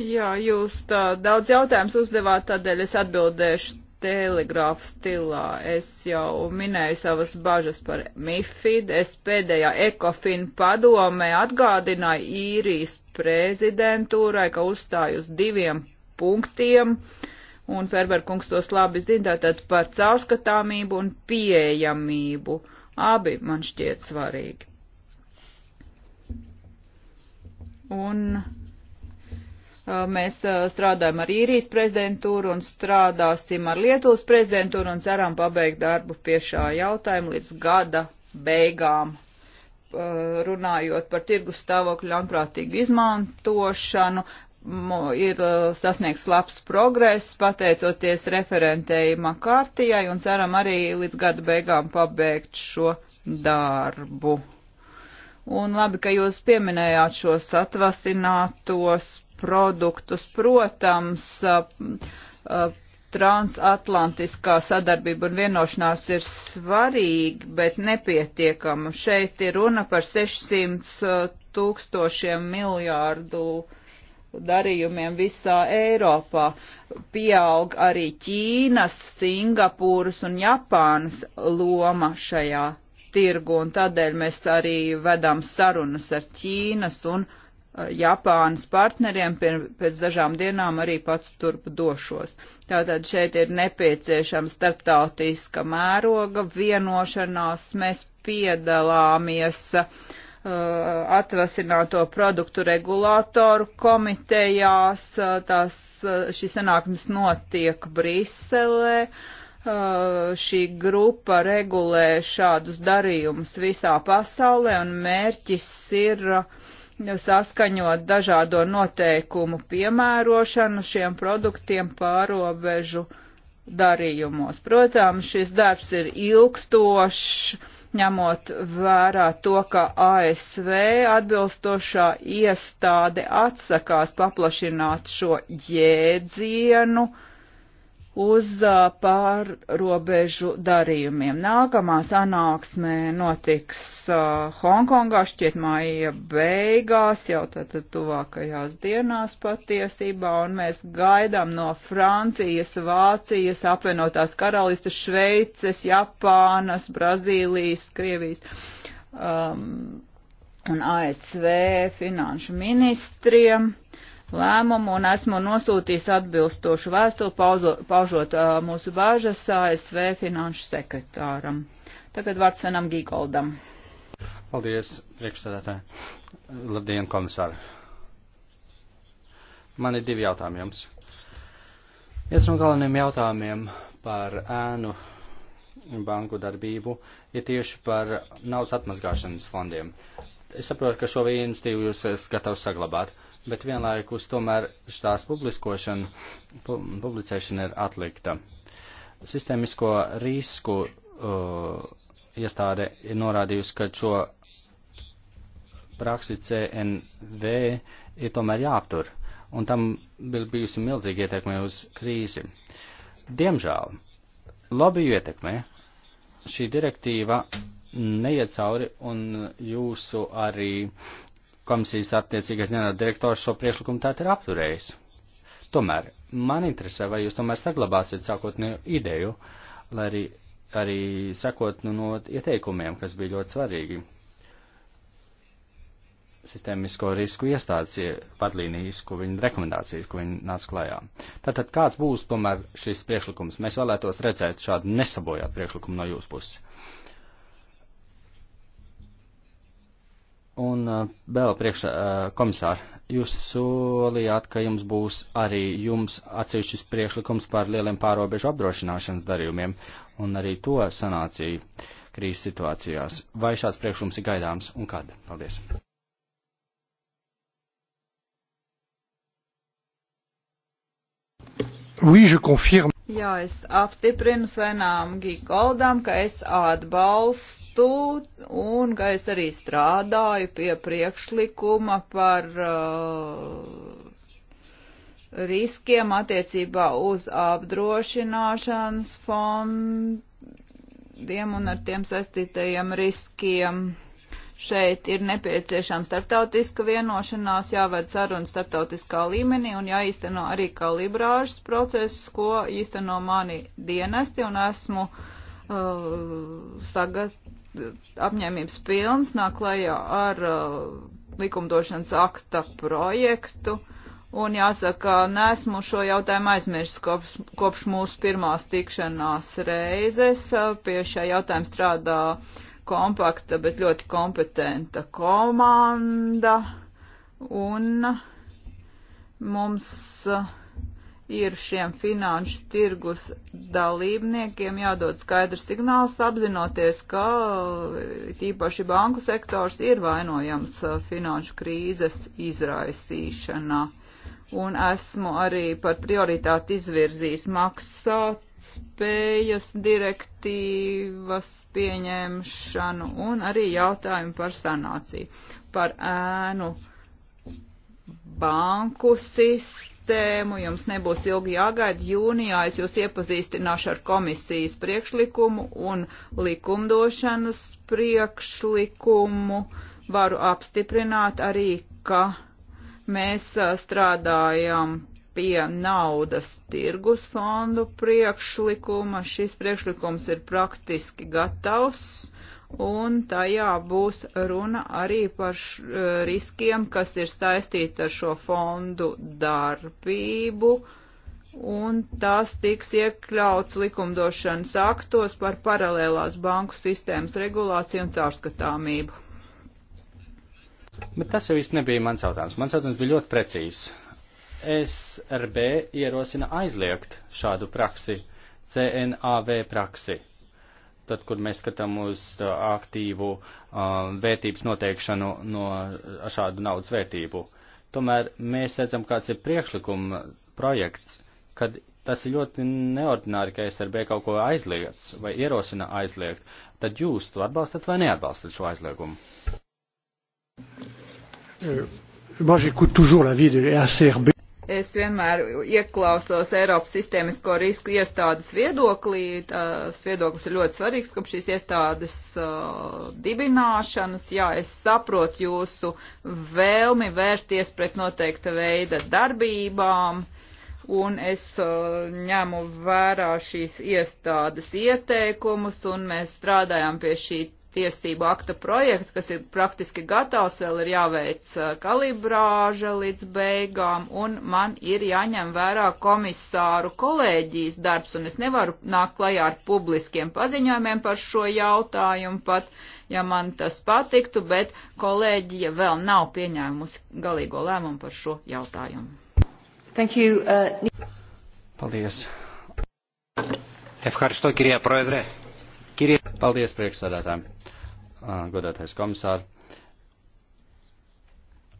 Jā, jūs tā daudz jautājums uzdevāt, tādēļ es atbildēšu telegrāfu stilā. Es jau minēju savas bažas par MIFID. Es pēdējā ECOFIN padomē atgādināju īrijas prezidentūrai, ka uzstāju uz diviem punktiem. Uh, un Ferberkungs tos labi zina, tātad par caurskatāmību un pieejamību. Abi man šķiet svarīgi. Un mēs strādājam ar īrijas prezidentūru un strādāsim ar Lietuvas prezidentūru un ceram pabeigt darbu pie šā jautājuma līdz gada beigām runājot par tirgus stāvokļu ļaunprātīgu izmantošanu, ir uh, sasniegts labs progress, pateicoties referentējuma kārtijai, un ceram arī līdz gada beigām pabeigt šo darbu. Un labi, ka jūs pieminējāt šos atvasinātos produktus. Protams, uh, uh, transatlantiskā sadarbība un vienošanās ir svarīga, bet nepietiekama. Šeit ir runa par 600 tūkstošiem miljārdu eiro darījumiem visā Eiropā. Pieaug arī Ķīnas, Singapūras un Japānas loma šajā tirgu, un tādēļ mēs arī vedam sarunas ar Ķīnas un eh, Japānas partneriem, pēc dažām dienām arī pats turp došos. Tātad šeit ir nepieciešama starptautiska mēroga vienošanās, mēs piedalāmies uh, Uh, atvasināto produktu regulātoru komitejās. Uh, Tās, uh, šī sanāksmes notiek Briselē. Šī grupa regulē šādus darījumus visā pasaulē un mērķis ir saskaņot dažādo noteikumu piemērošanu šiem produktiem pārobežu darījumos. Protams, šis darbs ir ilgstošs ņemot vērā to, ka ASV atbilstošā iestāde atsakās paplašināt šo jēdzienu, uh, uz pārrobežu darījumiem. Nākamā sanāksmē notiks Hongkongā, šķiet māja beigās, jau tātad tuvākajās dienās patiesībā, un mēs gaidām no Francijas, Vācijas, apvienotās karalistas, Šveices, Japānas, Brazīlijas, Krievijas. Um, un ASV finanšu ministriem lēmumu un esmu nosūtījis atbilstošu vēstuli, paužot mūsu bāžas ASV finanšu sekretāram. Tagad vārds Venam Gīgoldam. Paldies, priekšstādātāji. Labdien, komisāri. Man ir divi jautājumi jums. Viens no galvenajiem jautājumiem par ēnu banku darbību ir tieši par naudas atmazgāšanas fondiem. Es saprotu, ka šo vienstību jūs esat gatavs saglabāt. Uh, bet vienlaikus tomēr tās publiskošana, pu, publicēšana ir atlikta. Sistemisko risku uh, iestāde ir norādījusi, ka šo praksi CNV ir tomēr jāaptur, un tam bija bijusi milzīga ietekme uz krīzi. Diemžēl lobiju ietekme šī direktīva neiet cauri, un jūsu arī komisijas attiecīgais ģenerāldirektors šo priekšlikumu tātad ir apturējis. Tomēr man interesē, vai jūs tomēr saglabāsiet sākotnēju ideju, lai arī, arī sakot nu, no ieteikumiem, kas bija ļoti svarīgi. Sistēmisko risku iestādes padlīnijas, ko viņa rekomendācijas, ko viņa nāca klajā. Tātad kāds būs tomēr šis priekšlikums? Mēs vēlētos redzēt šādu nesabojātu priekšlikumu no jūsu puses. Un vēl priekš komisāri, jūs solījāt, ka jums būs arī jums atsevišķis priekšlikums par lieliem pārobežu apdrošināšanas darījumiem, un arī to sanācīja krīzes situācijās. Vai šāds priekšlikums ir gaidāms un kad? Paldies! Oui, je confirme. Jā, es apstiprinu Svenām Gigoldam, ka es atbalstu valstu, un ka es arī strādāju pie priekšlikuma par uh, riskiem attiecībā uz apdrošināšanas fondiem un ar tiem saistītajiem riskiem. Šeit ir nepieciešama starptautiska vienošanās, jāved saruna starptautiskā līmenī un jāīsteno arī kalibrāžas process, ko īsteno mani dienesti un esmu uh, sagat, apņēmības pilns nāk klajā ar uh, likumdošanas akta projektu. Un jāsaka, nesmu šo jautājumu aizmirsis kopš, kopš mūsu pirmās tikšanās reizes. Uh, pie šā jautājuma strādā kompakta, bet ļoti kompetenta komanda. Un mums uh, ir šiem finanšu tirgus dalībniekiem jādod skaidrs signāls, apzinoties, ka e, tīpaši banku sektors ir vainojams e, finanšu krīzes izraisīšanā. Un esmu arī par prioritāti izvirzījis maksāt spējas direktīvas pieņemšanu un arī jautājumu par sanāciju, par ēnu banku sistēmu sistēmu. Jums nebūs ilgi jāgaida. Jūnijā es jūs iepazīstināšu ar komisijas priekšlikumu un likumdošanas priekšlikumu. Varu apstiprināt arī, ka mēs strādājam pie naudas tirgus fondu priekšlikuma. Šis priekšlikums ir praktiski gatavs un tajā būs runa arī par š, e, riskiem, kas ir saistīti ar šo fondu darbību, un tas tiks iekļauts likumdošanas aktos par paralēlās banku sistēmas regulāciju un caurskatāmību. Bet tas jau viss nebija mans jautājums. Mans jautājums bija ļoti precīzs. SRB ierosina aizliegt šādu praksi, CNAV praksi tad, kur mēs skatām uz aktīvu vērtības noteikšanu no šādu naudas vērtību. Tomēr mēs redzam, kāds ir priekšlikuma projekts, kad tas ir ļoti neordināri, ka SRB kaut ko aizliedz vai ierosina aizliegt. Tad jūs to atbalstat vai neatbalstat šo aizliegumu? Euh, moi, j'écoute toujours l'avis de l'ACRB. Es vienmēr ieklausos Eiropas sistēmisko risku iestādes viedoklī. Tas viedoklis ir ļoti svarīgs, kopš šīs iestādes uh, dibināšanas. Jā, es saprotu jūsu vēlmi vērsties pret noteikta veida darbībām. Un es uh, ņemu vērā šīs iestādes ieteikumus, un mēs strādājam pie šī tiesību akta projekts, kas ir praktiski gatavs, vēl ir jāveic uh, kalibrāža līdz beigām, un man ir jāņem vērā komisāru kolēģijas darbs, un es nevaru nākt klajā ar publiskiem paziņojumiem par šo jautājumu, pat ja man tas patiktu, bet kolēģija vēl nav pieņēmusi galīgo lēmumu par šo jautājumu. Thank you, uh... Paldies. Ευχαριστώ κυρία Πρόεδρε. Paldies, priekšsādātājiem! godātais komisār.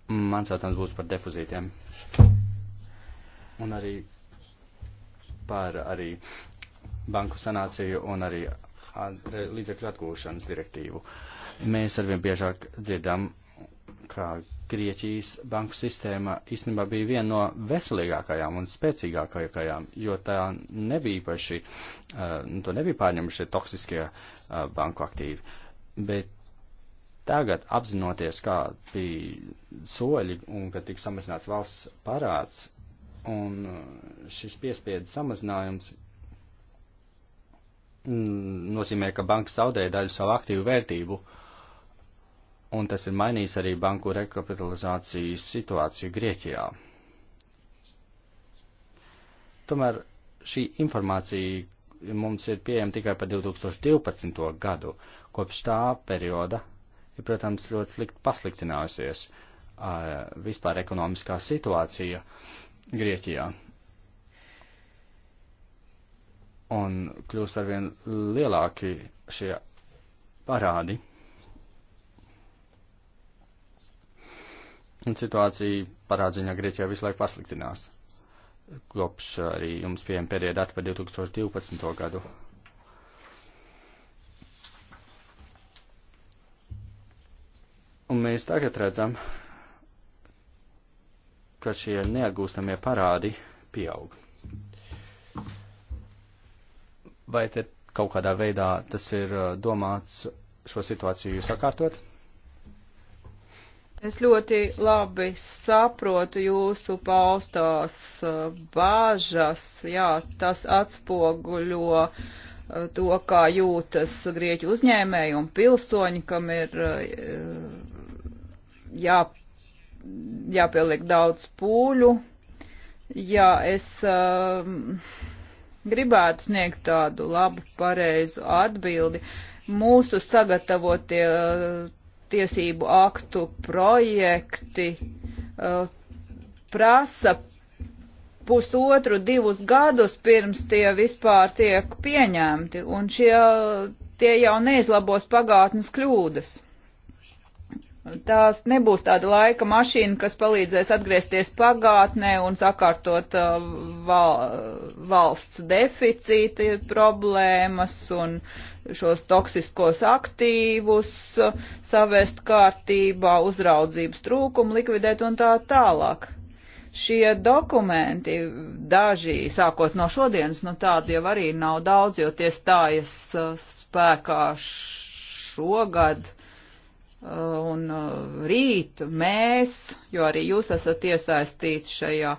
Mans jautājums būs par defuzītiem. Un arī par arī banku sanāciju un arī līdzekļu atgūšanas direktīvu. Mēs arvien biežāk dzirdam, ka Grieķijas banku sistēma īstenībā bija viena no veselīgākajām un spēcīgākajām, jo tā nebija paši, nu, to nebija pārņemuši toksiskie banku aktīvi. Bet tagad, apzinoties, kā bija soļi un ka tika samazināts valsts parāds un uh, šis piespiedu samazinājums mm, nozīmē, ka banka zaudēja daļu savu aktīvu vērtību, un tas ir mainījis arī banku rekapitalizācijas situāciju Grieķijā. Tomēr šī informācija, mums ir pieejama tikai par 2012. gadu. Kopš tā perioda ir, protams, ļoti slikti pasliktinājusies uh, vispār ekonomiskā situācija Grieķijā. Un kļūst arvien lielāki šie parādi. Un situācija parādziņā Grieķijā visu laiku pasliktinās kopš arī jums pieejam pēdējā data par 2012. gadu. Un mēs tagad redzam, ka šie neatgūstamie parādi pieaug. Vai te kaut kādā veidā tas ir eh, domāts šo situāciju sakārtot? Es ļoti labi saprotu jūsu paustās uh, bāžas, jā, tas atspoguļo uh, to, kā jūtas grieķu uzņēmēji un pilsoņi, kam ir uh, jā, jāpieliek daudz pūļu. Jā, es um, gribētu sniegt tādu labu, pareizu atbildi. Mūsu sagatavotie tiesību aktu projekti uh, prasa pusotru, divus gadus pirms tie vispār tiek pieņemti, un šie, tie jau neizlabos pagātnes kļūdas. Tās nebūs tāda laika mašīna, kas palīdzēs atgriezties pagātnē un sakārtot uh, val, valsts deficīti problēmas un šos toksiskos aktīvus savest kārtībā, uzraudzības trūkumu likvidēt un tā tālāk. Šie dokumenti, daži sākot no šodienas, nu tādi jau arī nav daudz, jo tie stājas uh, spēkā šogad Uh, un uh, rīt mēs, jo arī jūs esat iesaistīti šajā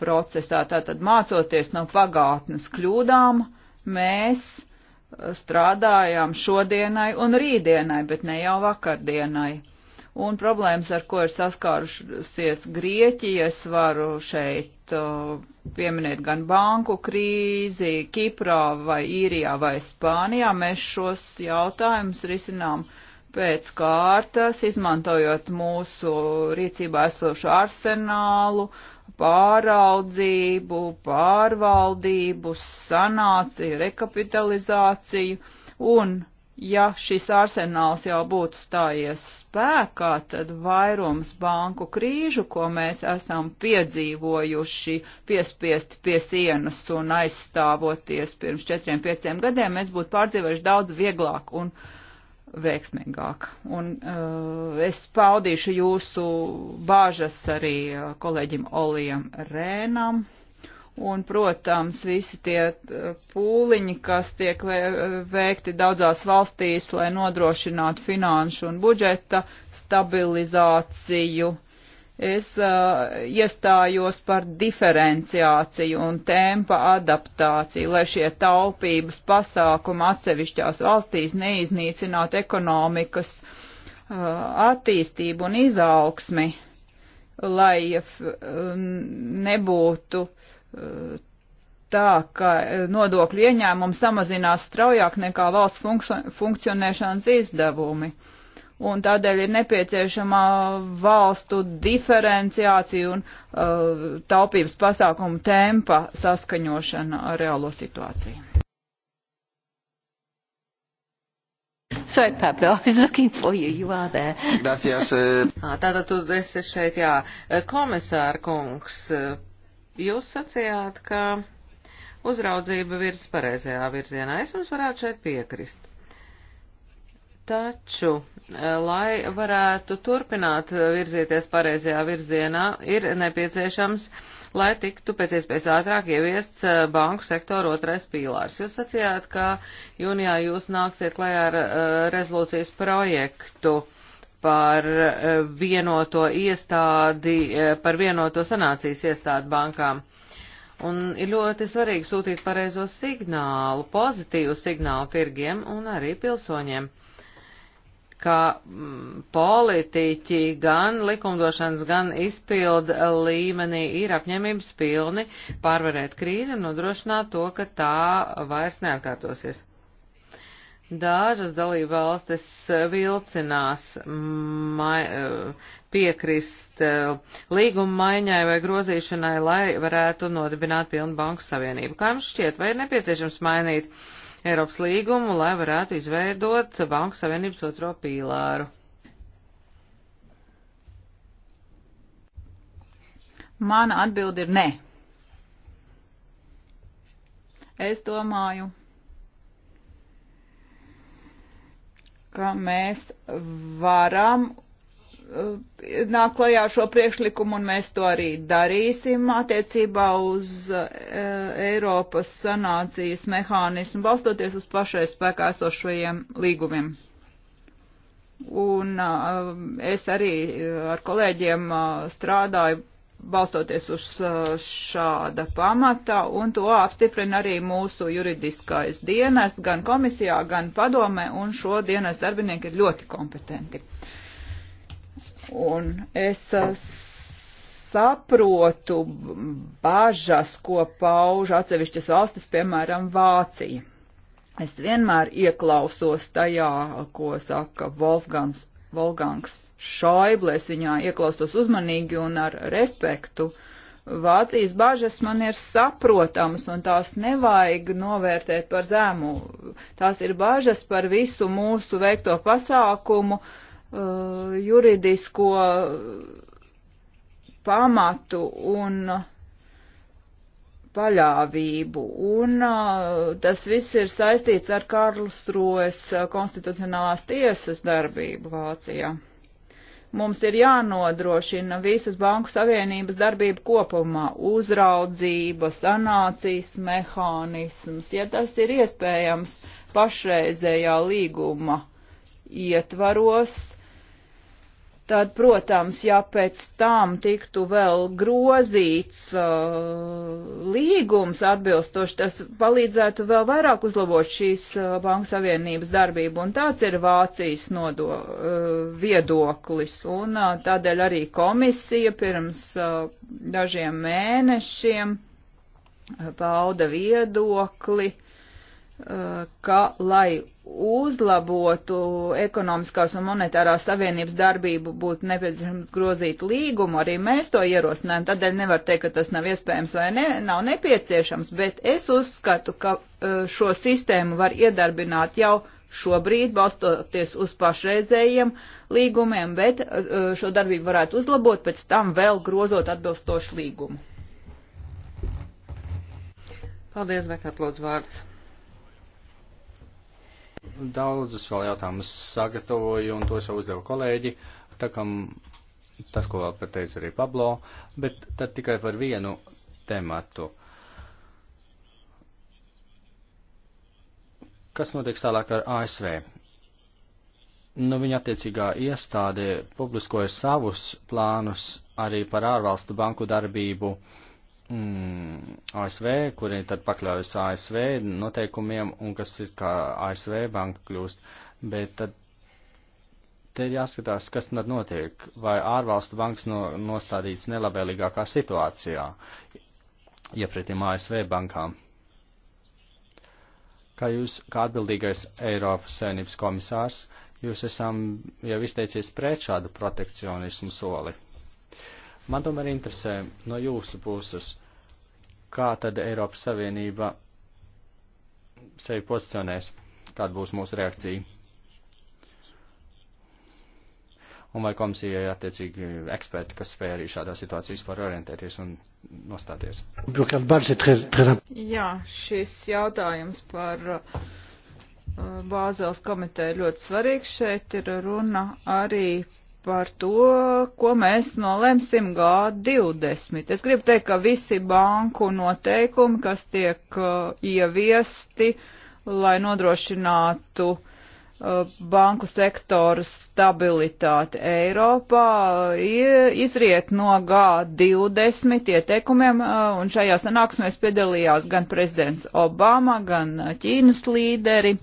procesā, tātad mācoties no pagātnes kļūdām, mēs uh, strādājām šodienai un rītdienai, bet ne jau vakardienai. Un problēmas, ar ko ir saskārusies Grieķija, es varu šeit pieminēt gan banku krīzi, Kiprā vai Īrijā vai Spānijā, mēs šos jautājumus risinām uh, pēc kārtas, izmantojot mūsu rīcībā esošu arsenālu, pāraudzību, pārvaldību, sanāciju, rekapitalizāciju, un, ja šis arsenāls jau būtu stājies spēkā, tad vairums banku krīžu, ko mēs esam piedzīvojuši, piespiesti pie sienas un aizstāvoties pirms četriem, pieciem gadiem, mēs būtu pārdzīvojuši daudz vieglāk un vieglāk veiksmīgāk. Un uh, es paudīšu jūsu bāžas arī uh, kolēģim Olijam Rēnam. Un, protams, visi tie uh, pūliņi, kas tiek veikti daudzās valstīs, lai nodrošinātu finanšu un budžeta stabilizāciju, uh, es uh, iestājos par diferenciāciju un tempa adaptāciju, lai šie taupības pasākumi atsevišķās valstīs neiznīcinātu ekonomikas uh, attīstību un izaugsmi, lai uh, nebūtu uh, tā, ka nodokļu ieņēmumi samazinās straujāk nekā valsts funkcionēšanas izdevumi. Uh, un tādēļ ir nepieciešama valstu diferenciācija un uh, taupības pasākumu tempa saskaņošana ar reālo situāciju. Sorry, Pablo, I was looking for you. You are there. Gracias. Eh. Ah, tātad tu esi šeit, jā. Eh, komisāra kungs, eh, jūs sacījāt, ka uzraudzība virs pareizajā virzienā. Es jums varētu šeit piekrist. Taču lai varētu turpināt virzīties pareizajā virzienā, ir nepieciešams, lai tiktu pēc iespējas ātrāk ieviests eh, banku sektoru otrais pīlārs. Jūs sacījāt, ka jūnijā jūs nāksiet klajā ar eh, rezolūcijas projektu par eh, vienoto iestādi, par vienoto sanācijas iestādi bankām. Un ir ļoti svarīgi sūtīt pareizo signālu, pozitīvu signālu tirgiem un arī pilsoņiem. Uh, kā mm, politiķi gan likumdošanas, gan izpildu līmenī ir apņemības pilni pārvarēt krīzi un nodrošināt to, ka tā vairs neatkārtosies. Dažas dalība valstis vilcinās mai, eh, piekrist eh, līguma maiņai vai grozīšanai, lai varētu nodibināt pilnu banku savienību. Kā jums šķiet, vai ir nepieciešams mainīt uh, Eiropas līgumu, lai varētu izveidot Banku Savienības otro pīlāru. Mana atbilde ir nē. Es domāju, ka mēs varam Uh, nāk klajā šo priekšlikumu, un mēs to arī darīsim attiecībā uz uh, Eiropas sanācijas mehānismu, balstoties uz pašais spēkā esošajiem līgumiem. Un uh, es arī ar kolēģiem strādāju balstoties uz šāda pamata, un to apstiprina arī mūsu juridiskais dienas, gan komisijā, gan padome, un šo dienas darbinieki ir ļoti kompetenti. Uh, Un es uh, saprotu bažas, ko pauž atsevišķas valstis, piemēram, Vācija. Es vienmēr ieklausos tajā, ko saka Wolfgangs, Wolfgangs Šaible, es viņā ieklausos uzmanīgi un ar respektu. Vācijas bažas man ir saprotamas un tās nevajag novērtēt par zemu. Tās ir bažas par visu mūsu veikto pasākumu, uh, Uh, juridisko pamatu un paļāvību. Un uh, tas viss ir saistīts ar Karlsrues uh, konstitucionālās tiesas darbību Vācijā. Mums ir jānodrošina visas Banku Savienības darbība kopumā - uzraudzība, sanācijas mehānisms, ja tas ir iespējams pašreizējā līguma ietvaros tad, protams, ja pēc tam tiktu vēl grozīts uh, līgums atbilstoši, tas palīdzētu vēl vairāk uzlabot šīs uh, Banku Savienības darbību, un tāds ir Vācijas nodo, uh, viedoklis, un uh, tādēļ arī komisija pirms uh, dažiem mēnešiem uh, pauda viedokli, uh, ka, lai uzlabotu ekonomiskās un monetārās savienības darbību, būtu nepieciešams grozīt līgumu, arī mēs to ierosinājām, tādēļ nevar teikt, ka tas nav iespējams vai ne, nav nepieciešams, bet es uzskatu, ka e, šo sistēmu var iedarbināt jau šobrīd, balstoties uz pašreizējiem līgumiem, bet e, šo darbību varētu uzlabot, pēc tam vēl grozot atbilstošu līgumu. Paldies, Bekat, lūdzu vārds. Daudzus vēl jautājumus sagatavoju, un tos jau uzdeva kolēģi. Tā kā tas, ko vēl pateica arī Pablo, bet tad tikai par vienu tematu. Kas notiks tālāk ar ASV? Nu, viņa attiecīgā iestāde publiskoja savus plānus arī par ārvalstu banku darbību uh, mm, ASV, kuri tad pakļaujas ASV noteikumiem un kas ir kā ASV banka kļūst, bet tad te ir jāskatās, kas tad notiek, vai ārvalstu bankas no, nostādīts nelabēlīgākā situācijā, iepretim ASV bankām. Kā jūs, kā atbildīgais Eiropas savinības komisārs, jūs esam jau izteicies pret šādu protekcionismu soli. Man tomēr interesē no jūsu puses, kā tad Eiropas Savienība sevi pozicionēs, kāda būs mūsu reakcija. Un vai komisijai attiecīgi eksperti, kas spēja arī šādā situācijā vispār orientēties un nostāties? Jā, šis jautājums par uh, Bāzels komiteju ļoti svarīgs. Šeit ir runa arī par to, ko mēs nolemsim G20. Es gribu teikt, ka visi banku noteikumi, kas tiek uh, ieviesti, lai nodrošinātu uh, banku sektoru stabilitāti Eiropā, uh, izriet no G20 ieteikumiem, uh, un šajā sanāksmēs piedalījās gan prezidents Obama, gan Ķīnas līderi,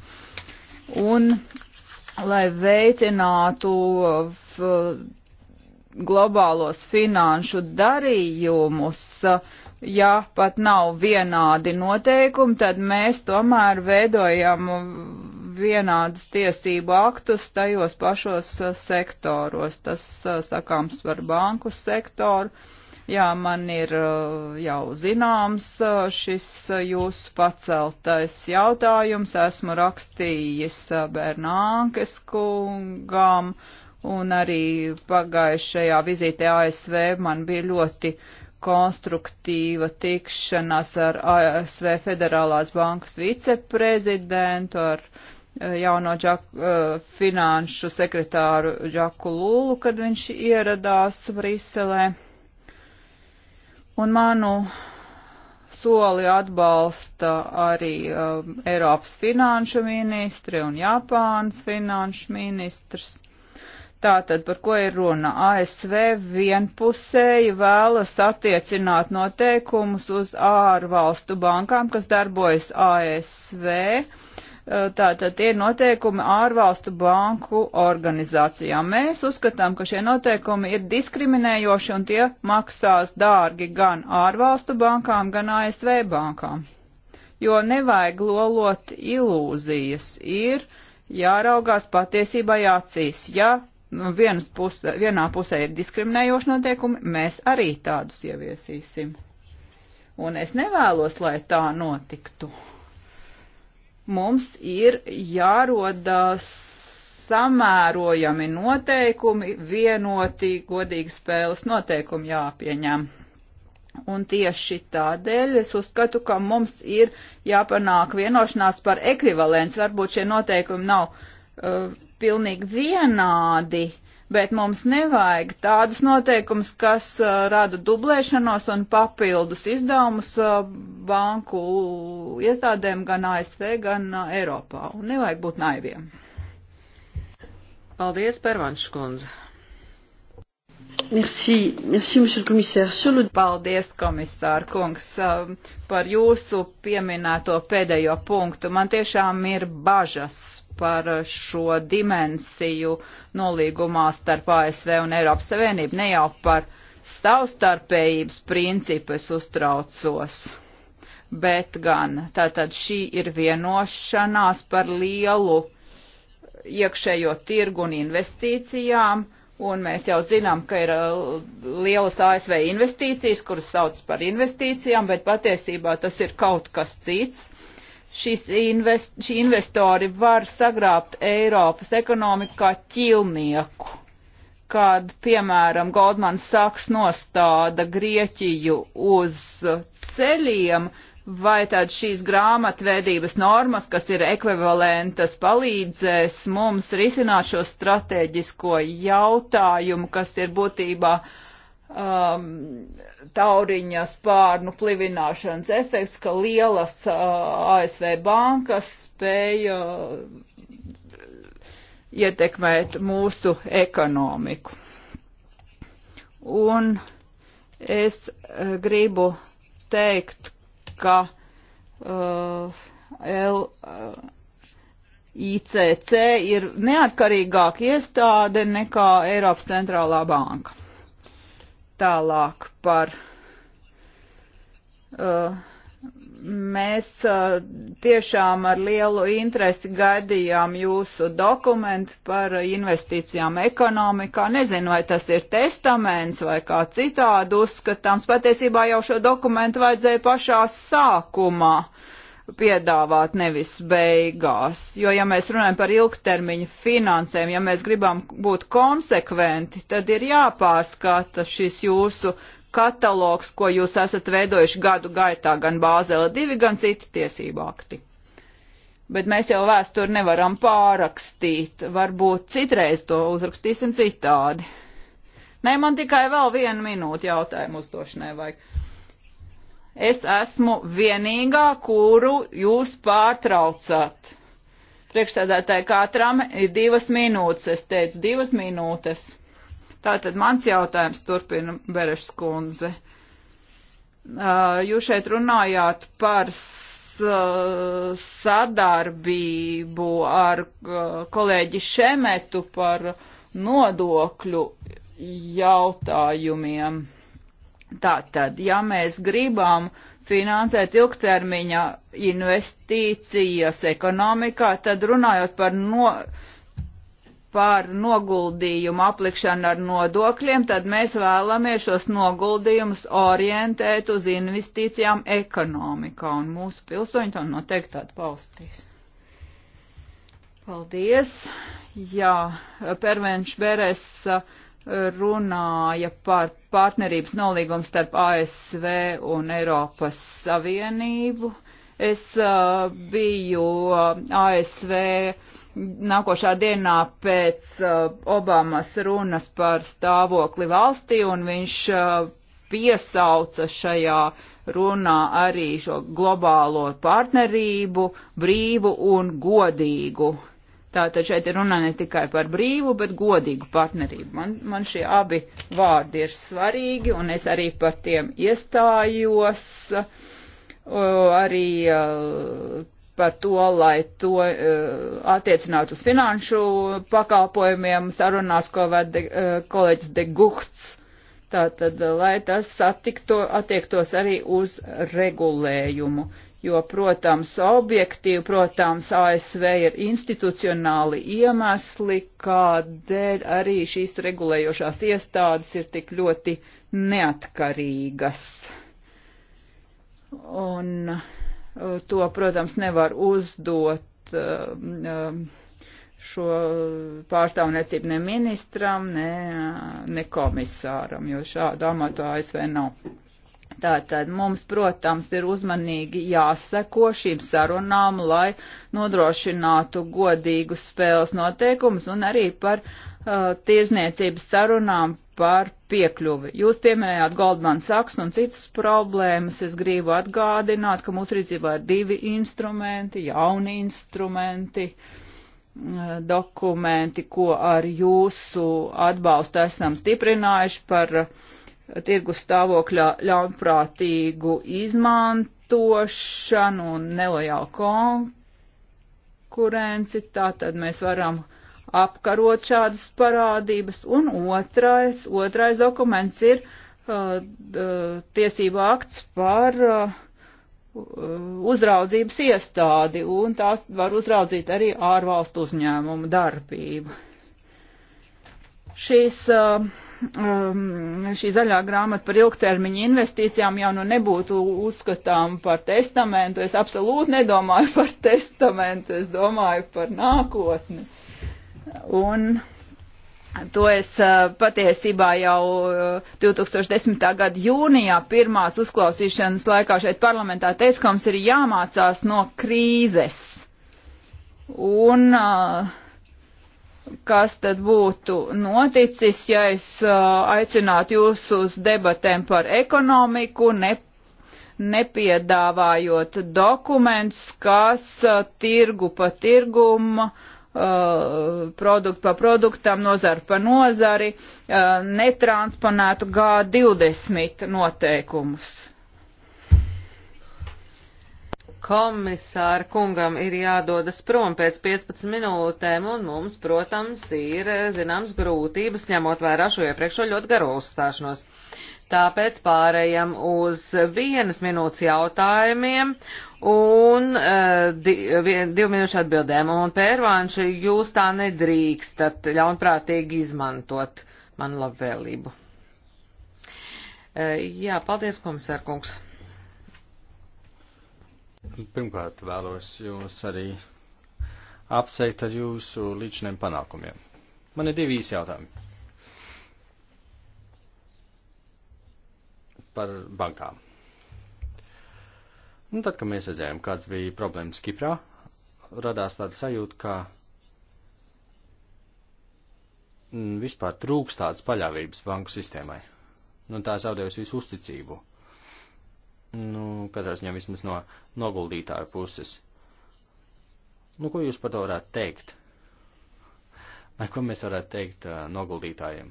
un lai veicinātu uh, globālos finanšu darījumus, ja pat nav vienādi noteikumi, tad mēs tomēr veidojam vienādus tiesību aktus tajos pašos uh, sektoros. Tas uh, sakāms par banku sektoru Jā, man ir uh, jau zināms uh, šis uh, jūsu paceltais jautājums. Esmu rakstījis Bernānkes kungam un arī pagājušajā vizītē ASV man bija ļoti konstruktīva tikšanās ar ASV Federālās bankas viceprezidentu, ar jauno džak, finanšu sekretāru Džaku Lūlu, kad viņš ieradās Briselē. Un manu soli atbalsta arī um, Eiropas finanšu ministri un Japānas finanšu ministrs. Tātad, par ko ir runa? ASV vienpusēji vēlas attiecināt noteikumus uz ārvalstu bankām, kas darbojas ASV Tātad tie ir noteikumi ārvalstu banku organizācijām. Mēs uzskatām, ka šie noteikumi ir diskriminējoši un tie maksās dārgi gan ārvalstu bankām, gan ASV bankām. Jo nevajag lolot ilūzijas, ir jāraugās patiesībai acīs. Ja vienas puse, vienā pusē ir diskriminējoši noteikumi, mēs arī tādus ieviesīsim. Un es nevēlos, lai tā notiktu mums ir jāroda samērojami noteikumi, vienoti godīgi spēles noteikumi jāpieņem. Un tieši tādēļ es uzskatu, ka mums ir jāpanāk vienošanās par ekvivalents. Varbūt šie noteikumi nav uh, pilnīgi vienādi, uh, bet mums nevajag tādus noteikumus, kas uh, rada dublēšanos un papildus izdevumus uh, banku iestādēm gan ASV, gan uh, Eiropā. Un nevajag būt naiviem. Paldies, Pervanš kundze. Merci, merci, monsieur le commissaire. Sur le... Paldies, komisār kungs, um, par jūsu pieminēto pēdējo punktu. Man tiešām ir bažas par šo dimensiju nolīgumā starp ASV un Eiropas Savienību, ne jau par savstarpējības principu es uztraucos, bet gan tātad šī ir vienošanās par lielu iekšējo tirgu un investīcijām, un mēs jau zinām, ka ir uh, lielas ASV investīcijas, kuras sauc par investīcijām, bet patiesībā tas ir kaut kas cits šis invest, šī investori var sagrābt Eiropas ekonomiku kā ķilnieku, kad, piemēram, Goldman Sachs nostāda Grieķiju uz ceļiem, vai tad šīs grāmatvedības normas, kas ir ekvivalentas, palīdzēs mums risināt šo strateģisko jautājumu, kas ir būtībā uh, um, tauriņa spārnu plivināšanas efekts, ka lielas uh, ASV bankas spēja uh, ietekmēt mūsu ekonomiku. Un es uh, gribu teikt, ka uh, L, uh, ICC ir neatkarīgāka iestāde nekā Eiropas centrālā banka. Tālāk par. Uh, Mēs uh, tiešām ar lielu interesi gaidījām jūsu dokumentu par investīcijām ekonomikā. Nezinu, vai tas ir testaments vai kā citādi uzskatāms. Patiesībā jau šo dokumentu vajadzēja pašā sākumā piedāvāt, nevis beigās. Jo, ja mēs runājam par ilgtermiņu finansēm, ja mēs gribam būt konsekventi, tad ir jāpārskata šis jūsu katalogs, ko jūs esat veidojuši gadu gaitā, gan Bāzela 2, gan citi tiesību akti. Bet mēs jau vēsturi nevaram pārakstīt, varbūt citreiz to uzrakstīsim citādi. Nē, man tikai vēl vienu minūti jautājumu uzdošanai vajag es esmu vienīgā, kuru jūs pārtraucat. Priekšsēdētāji katram ir divas minūtes, es teicu divas minūtes. Tātad mans jautājums turpina Berešs kundze. Jūs šeit runājāt par sadarbību ar kolēģi Šemetu par nodokļu jautājumiem Tātad, ja mēs gribam finansēt ilgtermiņa investīcijas ekonomikā, tad runājot par, no, par noguldījumu aplikšanu ar nodokļiem, tad mēs vēlamies šos noguldījumus orientēt uz investīcijām ekonomikā, un mūsu pilsoņi to noteikti atbalstīs. Paldies! Jā, Pervenš Beres. Uh, runāja par partnerības nolīgumu starp ASV un Eiropas Savienību. Es uh, biju uh, ASV nākošā dienā pēc uh, Obamas runas par stāvokli valstī, un viņš uh, piesauca šajā runā arī šo globālo partnerību, brīvu un godīgu. Uh, Tātad šeit ir runa ne tikai par brīvu, bet godīgu partnerību. Man, man šie abi vārdi ir svarīgi, un es arī par tiem iestājos, arī par to, lai to attiecinātu uz finanšu pakalpojumiem sarunās, ko ved kolēģis De Guhts. Tātad, lai tas attikto, attiektos arī uz regulējumu. Uh, jo, protams, objektīvi, protams, ASV ir institucionāli iemesli, kādēļ arī šīs regulējošās iestādes ir tik ļoti neatkarīgas. Un uh, to, protams, nevar uzdot uh, um, šo pārstāvniecību ne ministram, ne, uh, ne komisāram, jo šādu amatu ASV nav. Tātad mums, protams, ir uzmanīgi jāseko šīm sarunām, lai nodrošinātu godīgus spēles noteikumus un arī par uh, tirzniecības sarunām par piekļuvi. Jūs pieminējāt Goldman Sachs un citas problēmas. Es gribu atgādināt, ka mūsu rīcībā ir divi instrumenti, jauni instrumenti, uh, dokumenti, ko ar jūsu atbalstu esam stiprinājuši par uh, tirgus stāvokļa ļaunprātīgu izmantošanu un nelojālu konkurenci, tā tad mēs varam apkarot šādas parādības. Un otrais, otrais dokuments ir uh, tiesība akts par uh, uzraudzības iestādi, un tās var uzraudzīt arī ārvalstu uzņēmumu darbību. Šīs uh, um, šī zaļā grāmata par ilgtermiņa investīcijām jau nu nebūtu uzskatām par testamentu. Es absolūti nedomāju par testamentu, es domāju par nākotni. Un to es uh, patiesībā jau uh, 2010. gada jūnijā pirmās uzklausīšanas laikā šeit parlamentā teicu, ka mums ir jāmācās no krīzes. Un uh, kas tad būtu noticis, ja es aicinātu jūs uz debatēm par ekonomiku, ne, nepiedāvājot dokumentus, kas tirgu pa tirgumu produktu pa produktam, nozari pa nozari, netransponētu G20 noteikumus komisāra kungam ir jādodas prom pēc 15 minūtēm, un mums, protams, ir eh, zināms grūtības, ņemot vērā šo iepriekšo ļoti garo uzstāšanos. Tāpēc pārējām uz vienas minūtes jautājumiem un uh, di, vien, divu minūšu atbildēm. Un, Pērvānši, jūs tā nedrīkstat ļaunprātīgi izmantot manu labvēlību. Uh, jā, paldies, komisārkungs. Pirmkārt, vēlos jūs arī apsveikt ar jūsu līdziniem panākumiem. Man ir divi īsi jautājumi. Par bankām. Un nu, tad, kad mēs redzējām, kāds bija problēmas Kiprā, radās tāda sajūta, ka mm, vispār trūkst tādas paļāvības banku sistēmai. Nu, un tā zaudējusi visu uzticību nu, katrā ziņā vismaz no noguldītāju puses. Nu, ko jūs par to varētu teikt? Vai ko mēs varētu teikt uh, noguldītājiem,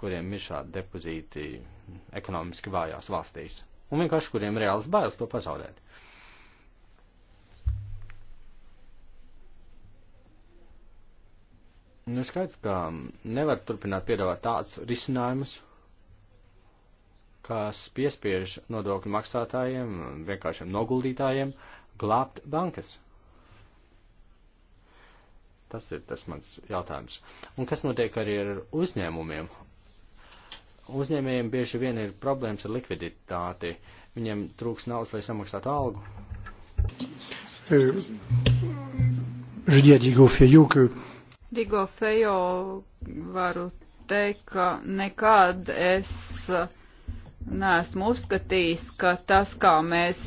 kuriem ir šādi depozīti ekonomiski vājās valstīs? Un vienkārši kuriem reāls bailes to pazaudēt. Nu, skaidrs, ka nevar turpināt piedāvāt tādus risinājumus, kas piespiež nodokļu maksātājiem, vienkāršiem noguldītājiem glābt bankas. Tas ir tas mans jautājums. Un kas notiek arī ar uzņēmumiem? Uzņēmējiem bieži vien ir problēmas ar likviditāti. Viņiem trūks naudas, lai samaksātu algu. Digo Fejo varu teikt, ka nekad es uh, neesmu uzskatījis, ka tas, kā mēs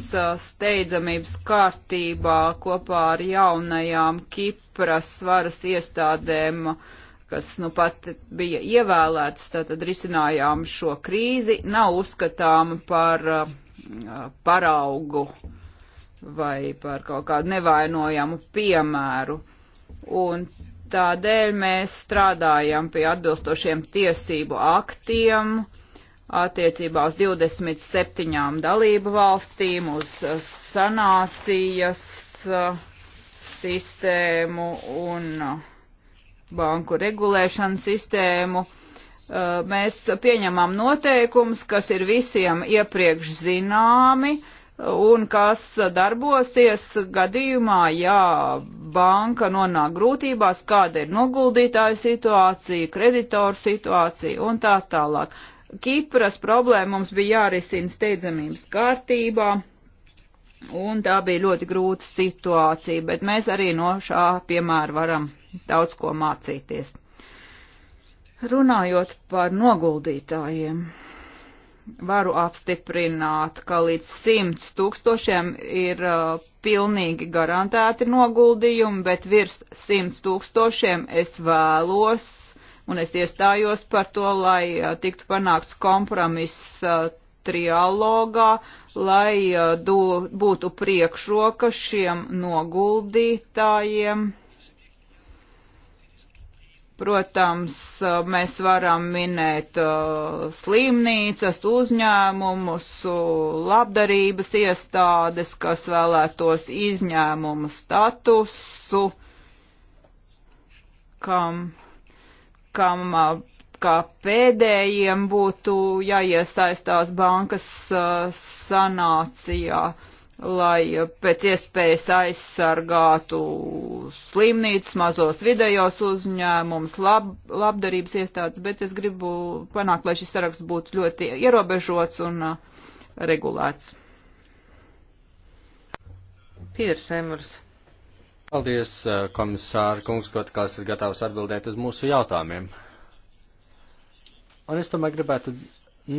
steidzamības kārtībā kopā ar jaunajām Kipras varas iestādēm, kas nu pat bija ievēlētas, tātad risinājām šo krīzi, nav uzskatāma par paraugu vai par kaut kādu nevainojamu piemēru. Un tādēļ mēs strādājam pie atbilstošiem tiesību aktiem, uh, attiecībā uz 27 dalību valstīm, uz sanācijas uh, sistēmu un uh, banku regulēšanas sistēmu. Uh, mēs pieņemam noteikumus, kas ir visiem iepriekš zināmi un kas darbosies gadījumā, ja banka nonāk grūtībās, kāda ir noguldītāja situācija, kreditoru situācija un tā tālāk. Kipras problēma mums bija jārisina steidzamības kārtībā, un tā bija ļoti grūta situācija, bet mēs arī no šā piemēra varam daudz ko mācīties. Runājot par noguldītājiem, varu apstiprināt, ka līdz 100 tūkstošiem ir uh, pilnīgi garantēti noguldījumi, bet virs 100 tūkstošiem es vēlos un es iestājos par to, lai uh, tiktu panāks kompromiss uh, trialogā, lai uh, do, būtu priekšroka šiem noguldītājiem. Protams, mēs varam minēt slimnīcas, uzņēmumus, labdarības iestādes, kas vēlētos izņēmumu statusu, kam kam kā pēdējiem būtu jāiesaistās bankas sanācijā, lai pēc iespējas aizsargātu slimnīcas, mazos vidējos uzņēmumus, lab, labdarības iestādes, bet es gribu panākt, lai šis saraksts būtu ļoti ierobežots un regulēts. Pīrs Emers. Paldies, eh, komisāra kungs, ko atkal esat gatavs atbildēt uz mūsu jautājumiem. Un es tomēr gribētu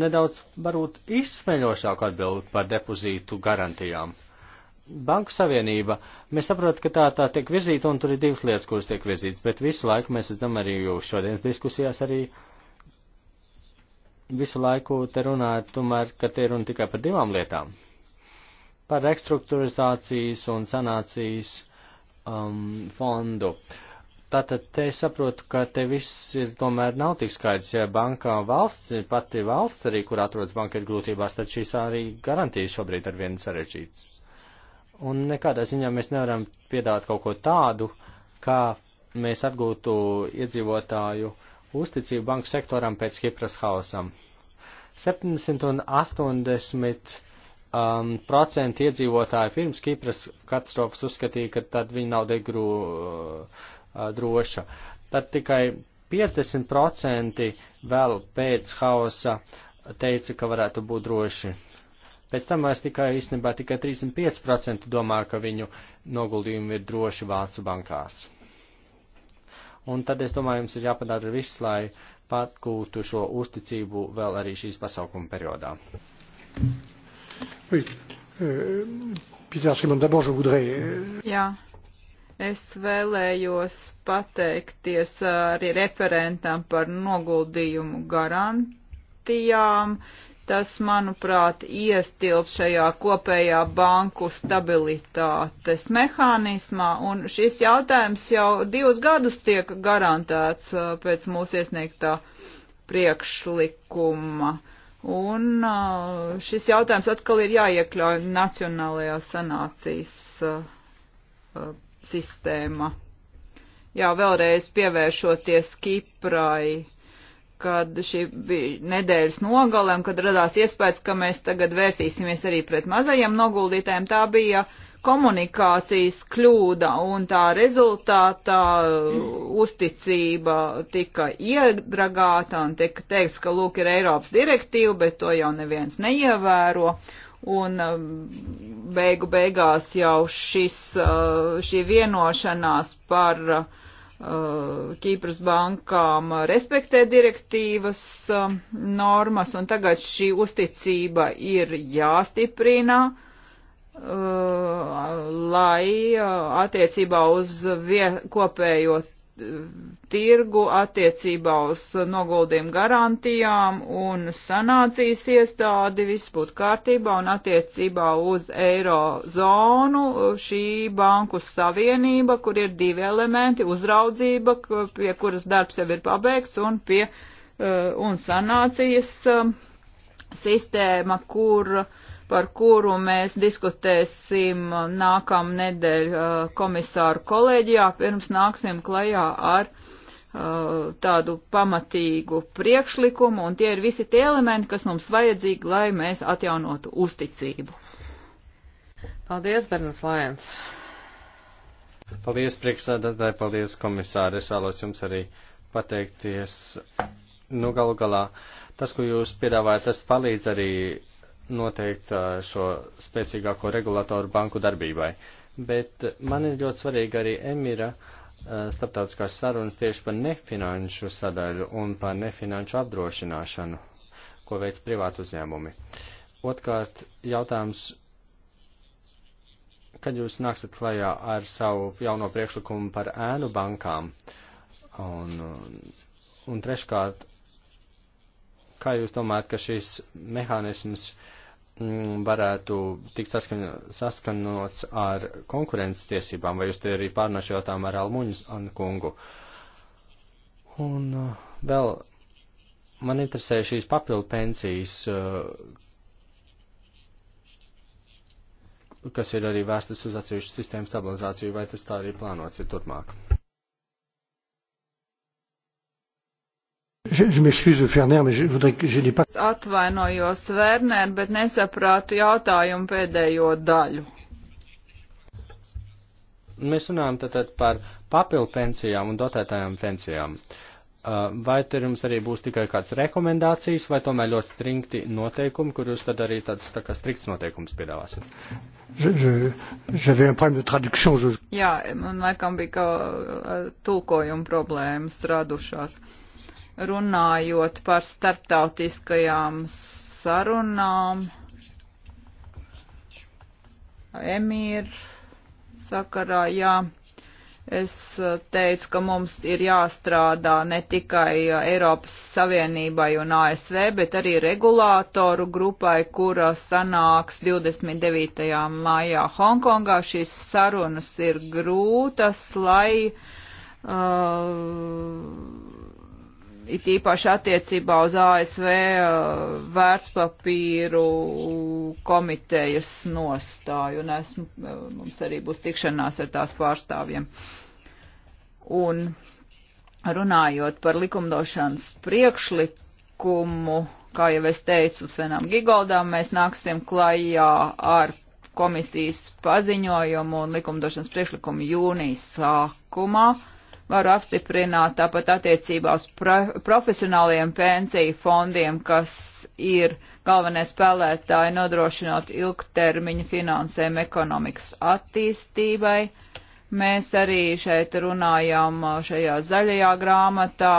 nedaudz, varbūt, izsmeļošāku atbildi par depozītu garantijām. Banku savienība, mēs saprotam, ka tā, tā tiek virzīta, un tur ir divas lietas, kuras tiek virzītas, bet visu laiku mēs esam arī jūs šodienas diskusijās arī visu laiku te runājat, tomēr, ka te runa tikai par divām lietām. Par restruktūrizācijas un sanācijas um, fondu. Tātad te saprotu, ka te viss ir tomēr nav tik skaidrs, ja bankā valsts, pati valsts arī, kur atrodas banka ir grūtībās, tad šīs arī garantijas šobrīd ar vienu sarežģītas. Un nekādā ziņā mēs nevaram piedāvāt kaut ko tādu, kā mēs atgūtu iedzīvotāju uzticību banku sektoram pēc Kipras hausam. 70 un 80 um, procenti iedzīvotāji pirms Kipras katastrofas uzskatīja, ka tad viņi nav degru uh, droša. Tad tikai 50% vēl pēc hausa teica, ka varētu būt droši. Pēc tam vairs tikai īstenībā tikai 35% domā, ka viņu noguldījumi ir droši Vācu bankās. Un tad es domāju, jums ir jāpadara viss, lai patgūtu šo uzticību vēl arī šīs pasaukuma periodā. Oui. Euh, Peter Simon, d'abord, je voudrais. Euh, Jā. Es vēlējos pateikties arī referentam par noguldījumu garantijām. Tas, manuprāt, iestilp šajā kopējā banku stabilitātes mehānismā, un šis jautājums jau divus gadus tiek garantēts uh, pēc mūsu iesniegtā priekšlikuma. Uh, Un šis jautājums atkal ir jāiekļauj Nacionālajā sanācijas sistēma. Jā, vēlreiz pievēršoties Kiprai, kad šī bija nedēļas nogalēm, kad radās iespējas, ka mēs tagad vērsīsimies arī pret mazajiem noguldītājiem. Tā bija uh, komunikācijas kļūda un tā rezultātā uzticība tika iedragāta un tika teikts, ka lūk ir Eiropas direktīva, bet to jau neviens neievēro. Un um, beigu beigās jau šis, uh, šī vienošanās par uh, Kīpras bankām respektē direktīvas um, normas, un tagad šī uzticība ir jāstiprina. Uh, Uh, lai uh, attiecībā uz kopējo uh, tirgu, attiecībā uz noguldījumu garantijām un sanācijas iestādi viss būtu kārtībā un attiecībā uz eirozonu šī banku savienība, kur ir divi elementi - uzraudzība, pie kuras darbs jau ir pabeigts un pie un sanācijas um, sistēma, kur uh, par kuru mēs diskutēsim nākam nedēļ uh, komisāru kolēģijā, pirms nāksim klajā ar uh, tādu pamatīgu priekšlikumu, un tie ir visi tie elementi, kas mums vajadzīgi, lai mēs atjaunotu uzticību. Paldies, Bernars Lajens! Paldies, priekšsēdētāji, paldies, komisāri! Es vēlos jums arī pateikties. Nu, galu galā, tas, ko jūs piedāvājat, tas palīdz arī noteikt šo spēcīgāko regulatoru banku darbībai. Bet man ir ļoti svarīga arī Emira starptautiskās sarunas tieši par nefinanšu sadaļu un par nefinanšu apdrošināšanu, ko veic privātu uzņēmumi. Otkārt, jautājums, kad jūs nāksat klajā ar savu jauno priekšlikumu par ēnu bankām? Un, un treškārt, kā jūs domājat, ka šis mehānisms uh, Mm, varētu tikt saskan, saskanots ar konkurences tiesībām, vai jūs te arī pārnašotām ar Almuņas kungu. Un uh, vēl man interesē šīs papildu pensijas, uh, kas ir arī vērstas uz atsevišķu sistēmu stabilizāciju, vai tas tā arī plānots ir turpmāk. Atvainojos, Werner, bet nesaprātu jautājumu pēdējo daļu. Mēs runājam tātad par papildu pensijām un dotētajām pensijām. Uh, vai tur jums arī būs tikai kāds rekomendācijas, vai tomēr ļoti strikti noteikumi, kur jūs tad arī tāds tā kā strikts noteikums piedāvāsiet? Jā, man laikam bija kā uh, tulkojuma problēmas radušās. Uh, runājot par starptautiskajām sarunām. Emīr sakarā, jā, es teicu, ka mums ir jāstrādā ne tikai Eiropas Savienībai un ASV, bet arī regulātoru grupai, kura sanāks 29. maijā Hongkongā. Šīs sarunas ir grūtas, lai. Uh, it īpaši attiecībā uz ASV uh, vērtspapīru komitejas nostāju, un esmu, uh, mums arī būs tikšanās ar tās pārstāvjiem. Un runājot par likumdošanas priekšlikumu, kā jau es teicu, Svenam Gigoldam, mēs nāksim klajā ar komisijas paziņojumu un likumdošanas priekšlikumu jūnijas sākumā varu apstiprināt tāpat attiecībā uz profesionāliem pensiju fondiem, kas ir galvenie spēlētāji nodrošinot ilgtermiņa finansēm ekonomikas attīstībai. Mēs arī šeit runājam šajā zaļajā grāmatā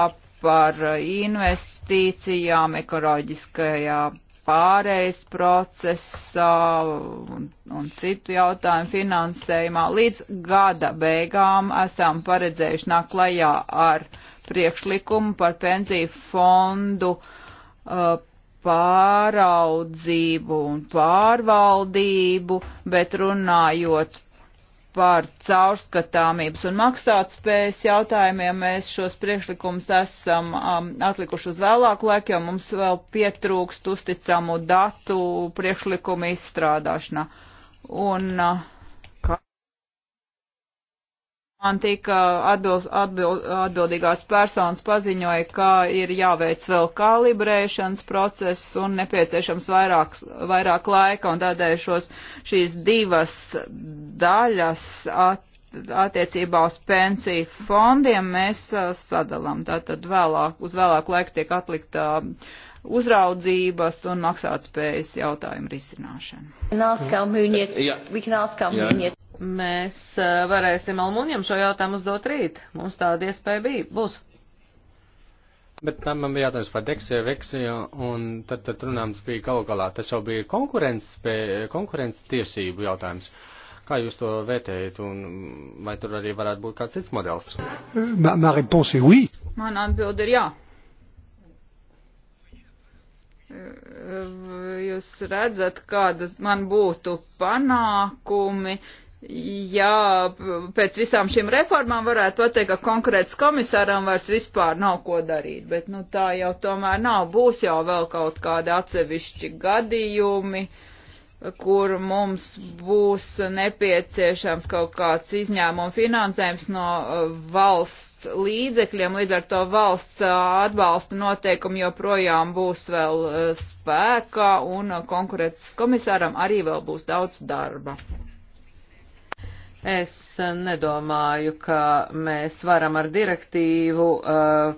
par investīcijām ekoloģiskajā pārējais procesā un, un citu jautājumu finansējumā. Līdz gada beigām esam paredzējuši nāk klajā ar priekšlikumu par pensiju fondu uh, pāraudzību un pārvaldību, bet runājot par caurskatāmības un maksātspējas jautājumiem. Mēs šos priekšlikumus esam um, atlikuši uz vēlāku laiku, jo mums vēl pietrūkst uzticamu datu priekšlikumu izstrādāšanā. Un uh, Man tika atbild, atbild, atbildīgās personas paziņoja, ka ir jāveic vēl kalibrēšanas process un nepieciešams vairāk, vairāk laika, un tādēļ šos, šīs divas daļas at, attiecībā uz pensiju fondiem mēs sadalām. Tātad vēlāk, uz vēlāku laiku tiek atlikta uzraudzības un maksātspējas jautājumu risināšana. Mēs eh, varēsim Almuņam šo jautājumu uzdot rīt. Mums tāda iespēja bija. Būs. Bet tam man bija jautājums par deksiju, veksiju, un tad, tad runāms bija galu galā. Tas jau bija konkurences, konkurences tiesību jautājums. Kā jūs to vērtējat, un vai tur arī varētu būt kāds cits modelis? Ma, ma réponse est oui. Man atbild ir jā. Jūs redzat, kādas man būtu panākumi, ja pēc visām šīm reformām varētu pateikt, ka konkrēts komisāram vairs vispār nav ko darīt, bet nu tā jau tomēr nav, būs jau vēl kaut kādi atsevišķi gadījumi, kur mums būs nepieciešams kaut kāds izņēmuma finansējums no uh, valsts līdzekļiem, līdz ar to valsts uh, atbalsta noteikumi joprojām būs vēl uh, spēkā un konkrēts komisāram arī vēl būs daudz darba. Es nedomāju, ka mēs varam ar direktīvu uh,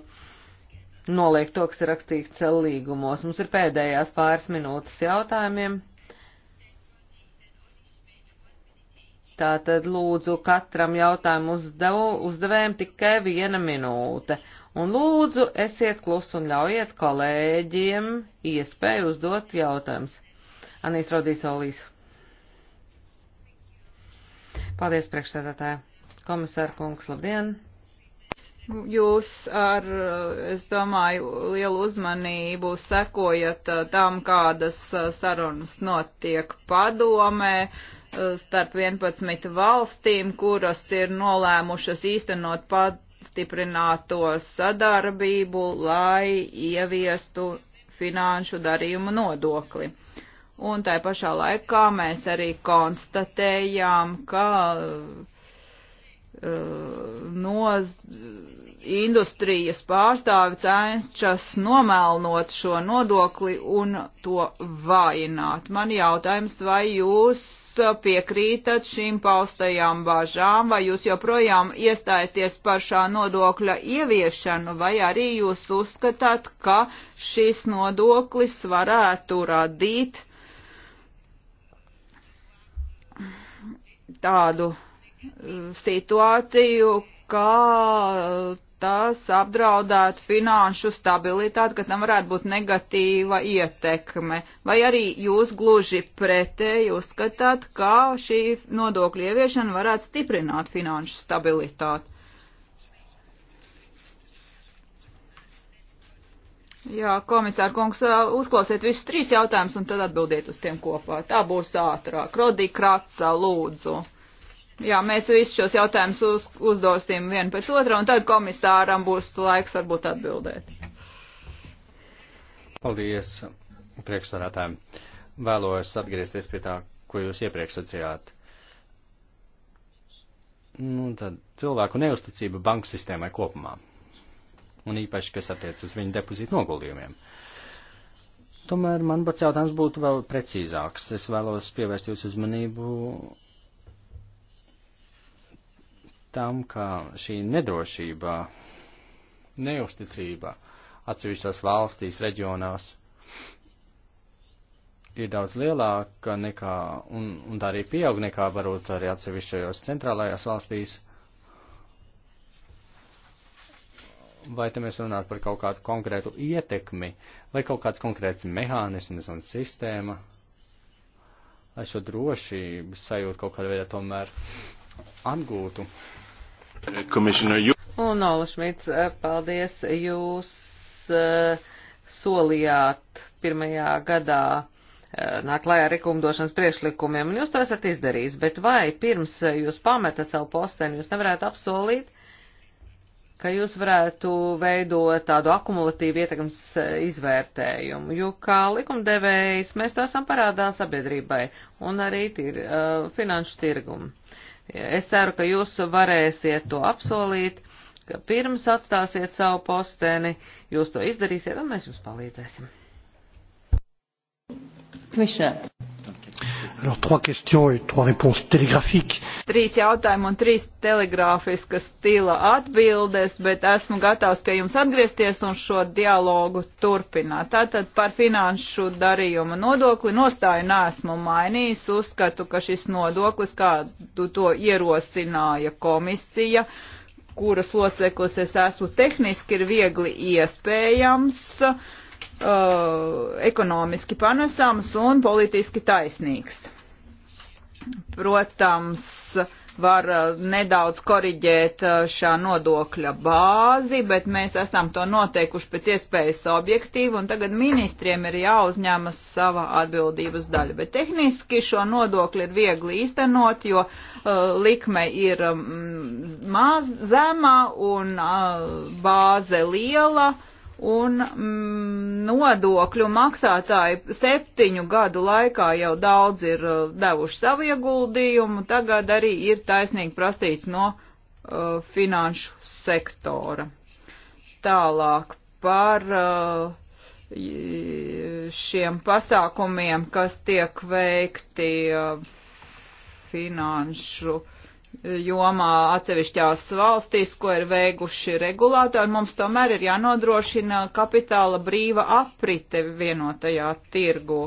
noliegt to, kas ir rakstīts līgumos. Mums ir pēdējās pāris minūtes jautājumiem. Tātad lūdzu katram jautājumu uzdevu, uzdevējiem tikai viena minūte. Un lūdzu, esiet klus un ļaujiet kolēģiem iespēju uzdot jautājumus. Anīs Rodīs Olīs. Paldies, priekšsēdētāji. Komisāra kungs, labdien! Nu, jūs ar, es domāju, lielu uzmanību sekojat uh, tam, kādas uh, sarunas notiek padomē uh, starp 11 valstīm, kuras ir nolēmušas īstenot pastiprināto sadarbību, lai ieviestu finanšu darījumu nodokli un tai pašā laikā mēs arī konstatējām, ka uh, no industrijas pārstāvi cenšas nomēlnot šo nodokli un to vājināt. Man jautājums, vai jūs piekrītat šīm paustajām bažām, vai jūs joprojām iestājaties par šā nodokļa ieviešanu, vai arī jūs uzskatāt, ka šis nodoklis varētu radīt tādu uh, situāciju, kā uh, tas apdraudētu finanšu stabilitāti, ka tam varētu būt negatīva ietekme. Vai arī jūs gluži pretēji uzskatāt, kā šī nodokļa ieviešana varētu stiprināt finanšu stabilitāti? Jā, komisār kungs, uzklausiet visus trīs jautājumus un tad atbildiet uz tiem kopā. Tā būs ātrāk. Rodī Kratsa, lūdzu. Jā, mēs visus šos jautājumus uz, uzdosim vienu pēc otra, un tad komisāram būs laiks varbūt atbildēt. Paldies priekšsādātājiem. Vēlos atgriezties pie tā, ko jūs iepriekš sacījāt. Nu, tad cilvēku neusticība banku sistēmai kopumā un īpaši, kas attiec uz viņu depozītu noguldījumiem. Tomēr man pats jautājums būtu vēl precīzāks. Es vēlos pievērst jūsu uzmanību tam, ka šī nedrošība, neusticība atsevišķās valstīs, reģionās ir daudz lielāka nekā, un, un tā arī pieaug nekā varbūt arī atsevišķajos centrālajās valstīs. vai te mēs runātu par kaut kādu konkrētu ietekmi, vai kaut kāds konkrēts mehānisms un sistēma, lai šo drošības sajūtu kaut kādā veidā tomēr atgūtu. Un, Ola Šmits, eh, paldies, jūs uh, solījāt pirmajā gadā eh, nāk klājā ar likumdošanas priekšlikumiem, un jūs to esat izdarījis, bet vai pirms jūs pametat savu posteni, jūs nevarētu apsolīt, ka jūs varētu veidot tādu akumulatīvu ietekmes e, izvērtējumu, jo kā likumdevējs mēs to esam parādā sabiedrībai un arī tir, uh, finanšu tirgumu. Es ceru, ka jūs varēsiet to apsolīt, ka pirms atstāsiet savu posteni, jūs to izdarīsiet un mēs jums palīdzēsim. Kvišā. Alors, trois questions et trois réponses télégraphiques. Trīs jautājumi un trīs telegrāfiskas stila atbildes, bet esmu gatavs pie jums atgriezties un šo dialogu turpināt. Tātad par finanšu darījuma nodokli nostāju nesmu mainījis. Uzskatu, ka šis nodoklis, kādu to ierosināja komisija, kuras loceklis es esmu tehniski, ir viegli iespējams. Uh, uh, ekonomiski panesams un politiski taisnīgs. Protams, var uh, nedaudz koriģēt uh, šā nodokļa bāzi, bet mēs esam to noteikuši pēc iespējas objektīvi, un tagad ministriem ir jāuzņemas sava atbildības daļa. Bet tehniski šo nodokli ir viegli īstenot, jo uh, likme ir um, maz, zemā un uh, bāze liela. Uh, un mm, nodokļu maksātāji septiņu gadu laikā jau daudz ir uh, devuši savu ieguldījumu, tagad arī ir taisnīgi prasīt no uh, finanšu sektora. Tālāk par uh, šiem pasākumiem, kas tiek veikti uh, finanšu uh, jomā atsevišķās valstīs, ko ir veikuši regulātori, mums tomēr ir jānodrošina kapitāla brīva aprite vienotajā tirgu.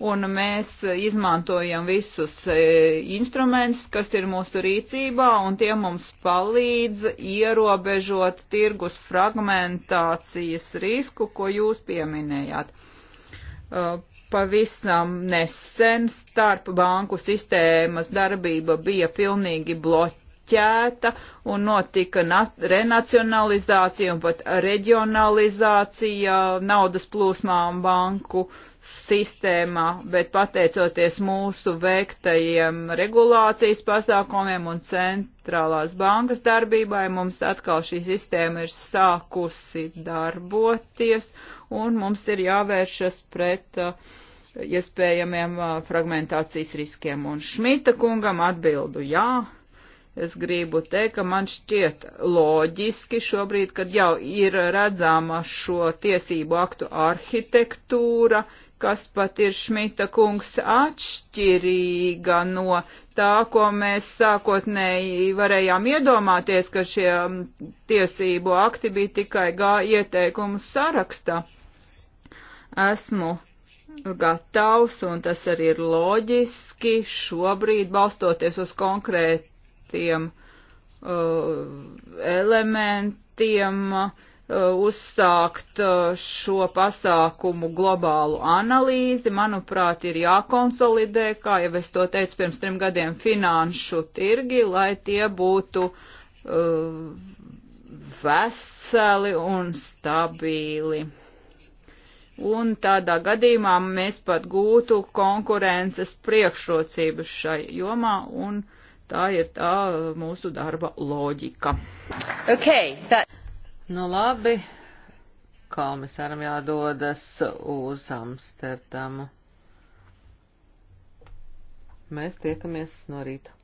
Un mēs izmantojam visus e, instrumentus, kas ir mūsu rīcībā, un tie mums palīdz ierobežot tirgus fragmentācijas risku, ko jūs pieminējāt e, pavisam nesen starp banku sistēmas darbība bija pilnīgi bloķēta un notika renacionalizācija un pat reģionalizācija naudas plūsmām banku sistēmā, bet pateicoties mūsu veiktajiem regulācijas pasākumiem un centrālās bankas darbībai, mums atkal šī sistēma ir sākusi darboties un mums ir jāvēršas pret uh, iespējamiem fragmentācijas riskiem. Un Šmita kungam atbildu jā. Es gribu teikt, ka man šķiet loģiski šobrīd, kad jau ir redzama šo tiesību aktu arhitektūra, kas pat ir Šmita kungs atšķirīga no tā, ko mēs sākotnēji varējām iedomāties, ka šie tiesību akti bija tikai gā ieteikumu sarakstā. Esmu gatavs, un tas arī ir loģiski šobrīd balstoties uz konkrētiem uh, elementiem uh, uzsākt uh, šo pasākumu globālu analīzi. Manuprāt, ir jākonsolidē, kā jau es to teicu pirms trim gadiem, finanšu tirgi, lai tie būtu uh, veseli un stabili un tādā gadījumā mēs pat gūtu konkurences priekšrocības šai jomā, un tā ir tā uh, mūsu darba loģika. Okay, that... Nu labi, komisāram jādodas uz Amsterdamu. Mēs tiekamies no rīta.